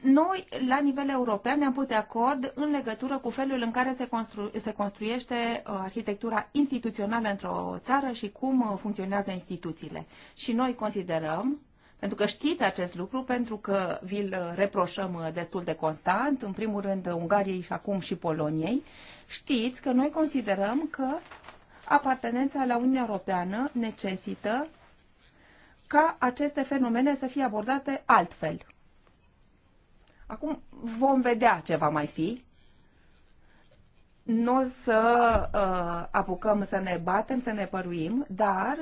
Noi, la nivel european, ne-am pus de acord în legătură cu felul în care se, constru- se construiește uh, arhitectura instituțională într-o țară și cum uh, funcționează instituțiile. Și noi considerăm, pentru că știți acest lucru, pentru că vi-l reproșăm destul de constant, în primul rând Ungariei și acum și Poloniei, știți că noi considerăm că apartenența la Uniunea Europeană necesită ca aceste fenomene să fie abordate altfel. Acum vom vedea ce va mai fi. Nu o să uh, apucăm să ne batem, să ne păruim, dar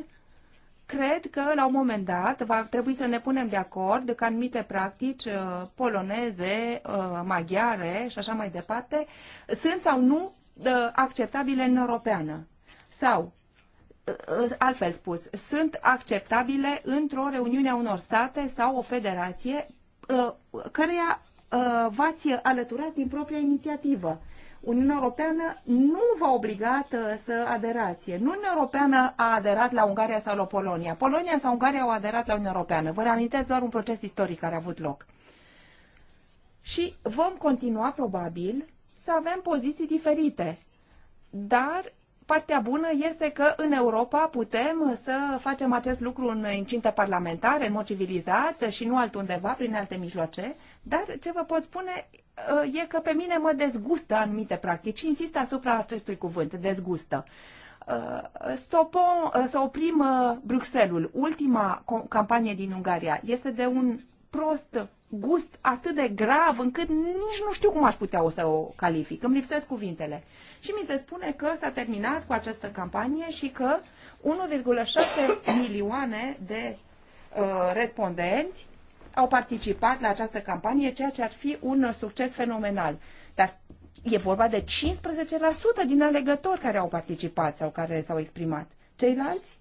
cred că la un moment dat va trebui să ne punem de acord că anumite practici uh, poloneze, uh, maghiare și așa mai departe sunt sau nu uh, acceptabile în Europeană sau ă, ă, altfel spus, sunt acceptabile într-o reuniune a unor state sau o federație ă, căreia v-ați alăturat din propria inițiativă. Uniunea Europeană nu v-a obligat să aderați. Nu Uniunea Europeană a aderat la Ungaria sau la Polonia. Polonia sau Ungaria au aderat la Uniunea Europeană. Vă reamintesc doar un proces istoric care a avut loc. Și vom continua probabil să avem poziții diferite. Dar partea bună este că în Europa putem să facem acest lucru în incinte parlamentare, în mod civilizat și nu altundeva, prin alte mijloace, dar ce vă pot spune uh, e că pe mine mă dezgustă anumite practici insist asupra acestui cuvânt, dezgustă. Uh, stopăm, uh, să oprim Bruxelles. Ultima campanie din Ungaria este de un prost gust atât de grav încât nici nu știu cum aș putea o să o calific. Îmi lipsesc cuvintele. Și mi se spune că s-a terminat cu această campanie și că 1,7 milioane de uh, respondenți au participat la această campanie, ceea ce ar fi un succes fenomenal. Dar e vorba de 15% din alegători care au participat sau care s-au exprimat. Ceilalți,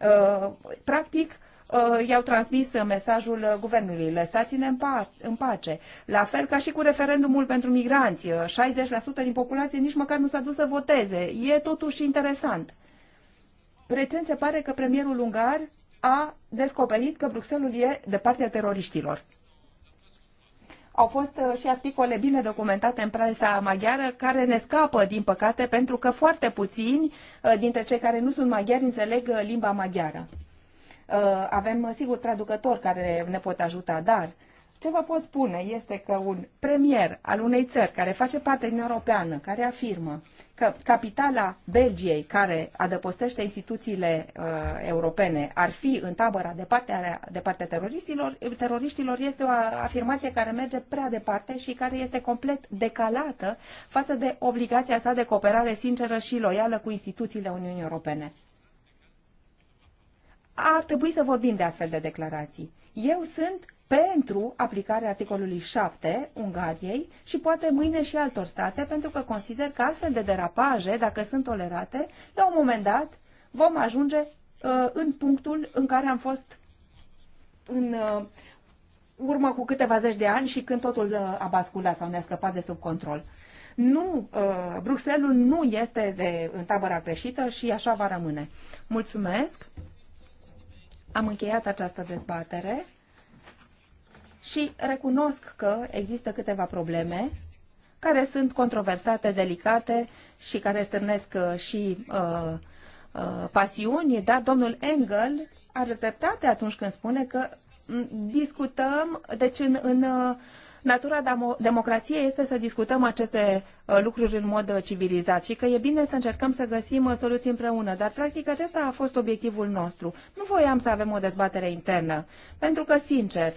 uh, practic, Uh, i-au transmis uh, mesajul uh, guvernului, lăsați-ne în pace. La fel ca și cu referendumul pentru migranți, 60% din populație nici măcar nu s-a dus să voteze. E totuși interesant. Recent se pare că premierul ungar a descoperit că Bruxelles e de partea teroriștilor. Au fost și articole bine documentate în presa maghiară care ne scapă, din păcate, pentru că foarte puțini dintre cei care nu sunt maghiari înțeleg limba maghiară. Uh, avem uh, sigur traducători care ne pot ajuta, dar ce vă pot spune este că un premier al unei țări care face parte din Europeană, care afirmă că capitala Belgiei, care adăpostește instituțiile uh, europene, ar fi în tabăra de partea, de partea teroriștilor, teroriștilor, este o afirmație care merge prea departe și care este complet decalată față de obligația sa de cooperare sinceră și loială cu instituțiile Uniunii Europene ar trebui să vorbim de astfel de declarații. Eu sunt pentru aplicarea articolului 7 Ungariei și poate mâine și altor state, pentru că consider că astfel de derapaje, dacă sunt tolerate, la un moment dat vom ajunge uh, în punctul în care am fost în uh, urmă cu câteva zeci de ani și când totul uh, a basculat sau ne-a scăpat de sub control. Nu, uh, Bruxelles nu este de, în tabăra greșită și așa va rămâne. Mulțumesc! Am încheiat această dezbatere și recunosc că există câteva probleme care sunt controversate, delicate și care stârnesc uh, și uh, uh, pasiuni, dar domnul Engel are dreptate atunci când spune că discutăm, deci în, în uh, natura democrației este să discutăm aceste uh, lucruri în mod uh, civilizat și că e bine să încercăm să găsim uh, soluții împreună. Dar, practic, acesta a fost obiectivul nostru. Nu voiam să avem o dezbatere internă, pentru că, sincer,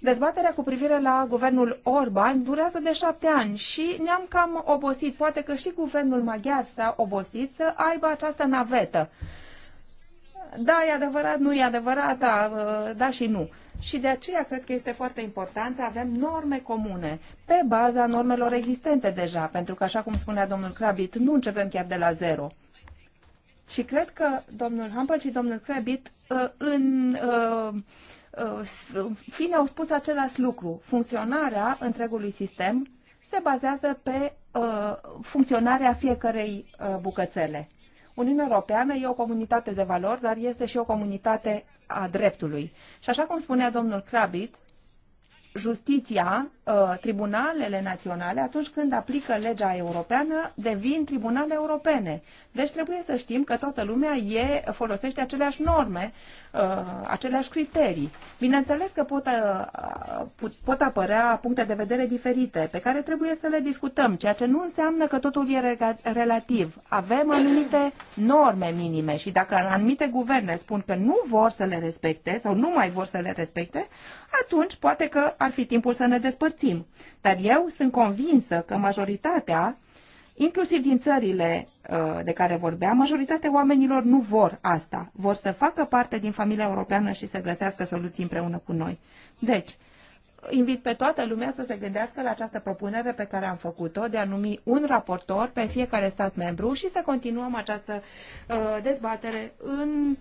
Dezbaterea cu privire la guvernul Orban durează de șapte ani și ne-am cam obosit. Poate că și guvernul maghiar s-a obosit să aibă această navetă da, e adevărat, nu e adevărat, da, da și nu. Și de aceea cred că este foarte important să avem norme comune, pe baza normelor existente deja, pentru că, așa cum spunea domnul Crabit, nu începem chiar de la zero. Și cred că domnul Hampel și domnul Crabit ă, ă, ă, în fine au spus același lucru. Funcționarea întregului sistem se bazează pe funcționarea fiecarei bucățele. Uniunea Europeană e o comunitate de valori, dar este și o comunitate a dreptului. Și așa cum spunea domnul Krabit, justiția, uh, tribunalele naționale, atunci când aplică legea europeană, devin tribunale europene. Deci trebuie să știm că toată lumea e, folosește aceleași norme Uh, aceleași criterii. Bineînțeles că pot, uh, pot apărea puncte de vedere diferite pe care trebuie să le discutăm, ceea ce nu înseamnă că totul e relativ. Avem anumite norme minime și dacă anumite guverne spun că nu vor să le respecte sau nu mai vor să le respecte, atunci poate că ar fi timpul să ne despărțim. Dar eu sunt convinsă că majoritatea inclusiv din țările uh, de care vorbeam, majoritatea oamenilor nu vor asta. Vor să facă parte din familia europeană și să găsească soluții împreună cu noi. Deci, invit pe toată lumea să se gândească la această propunere pe care am făcut-o de a numi un raportor pe fiecare stat membru și să continuăm această uh, dezbatere în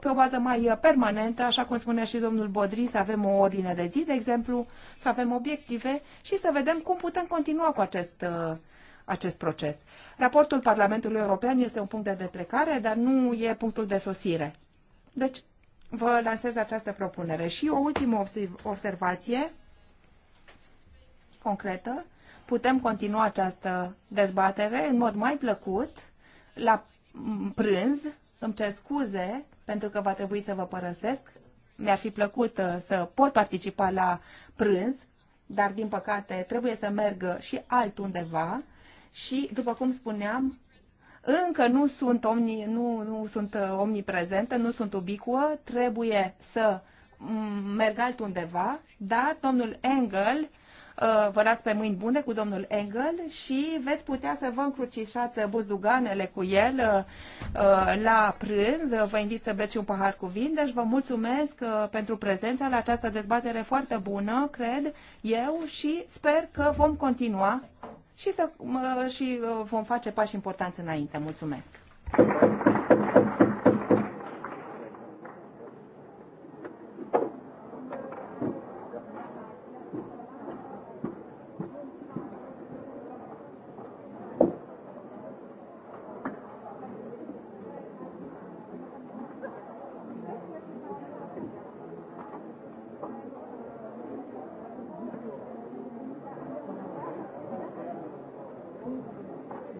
pe o bază mai permanentă, așa cum spunea și domnul Bodri, să avem o ordine de zi, de exemplu, să avem obiective și să vedem cum putem continua cu acest uh, acest proces. Raportul Parlamentului European este un punct de plecare, dar nu e punctul de sosire. Deci, vă lansez această propunere. Și o ultimă observație concretă. Putem continua această dezbatere în mod mai plăcut la prânz. Îmi cer scuze pentru că va trebui să vă părăsesc. Mi-ar fi plăcut uh, să pot participa la prânz, dar din păcate trebuie să merg și altundeva și, după cum spuneam, încă nu sunt, omni, nu, nu sunt uh, omniprezentă, nu sunt ubicuă, trebuie să mm, merg altundeva, dar domnul Engel, uh, vă las pe mâini bune cu domnul Engel și veți putea să vă încrucișați buzduganele cu el uh, la prânz. Vă invit să beți un pahar cu vin, deci vă mulțumesc pentru prezența la această dezbatere foarte bună, cred eu, și sper că vom continua și, să, și uh, vom face pași importanți înainte. Mulțumesc!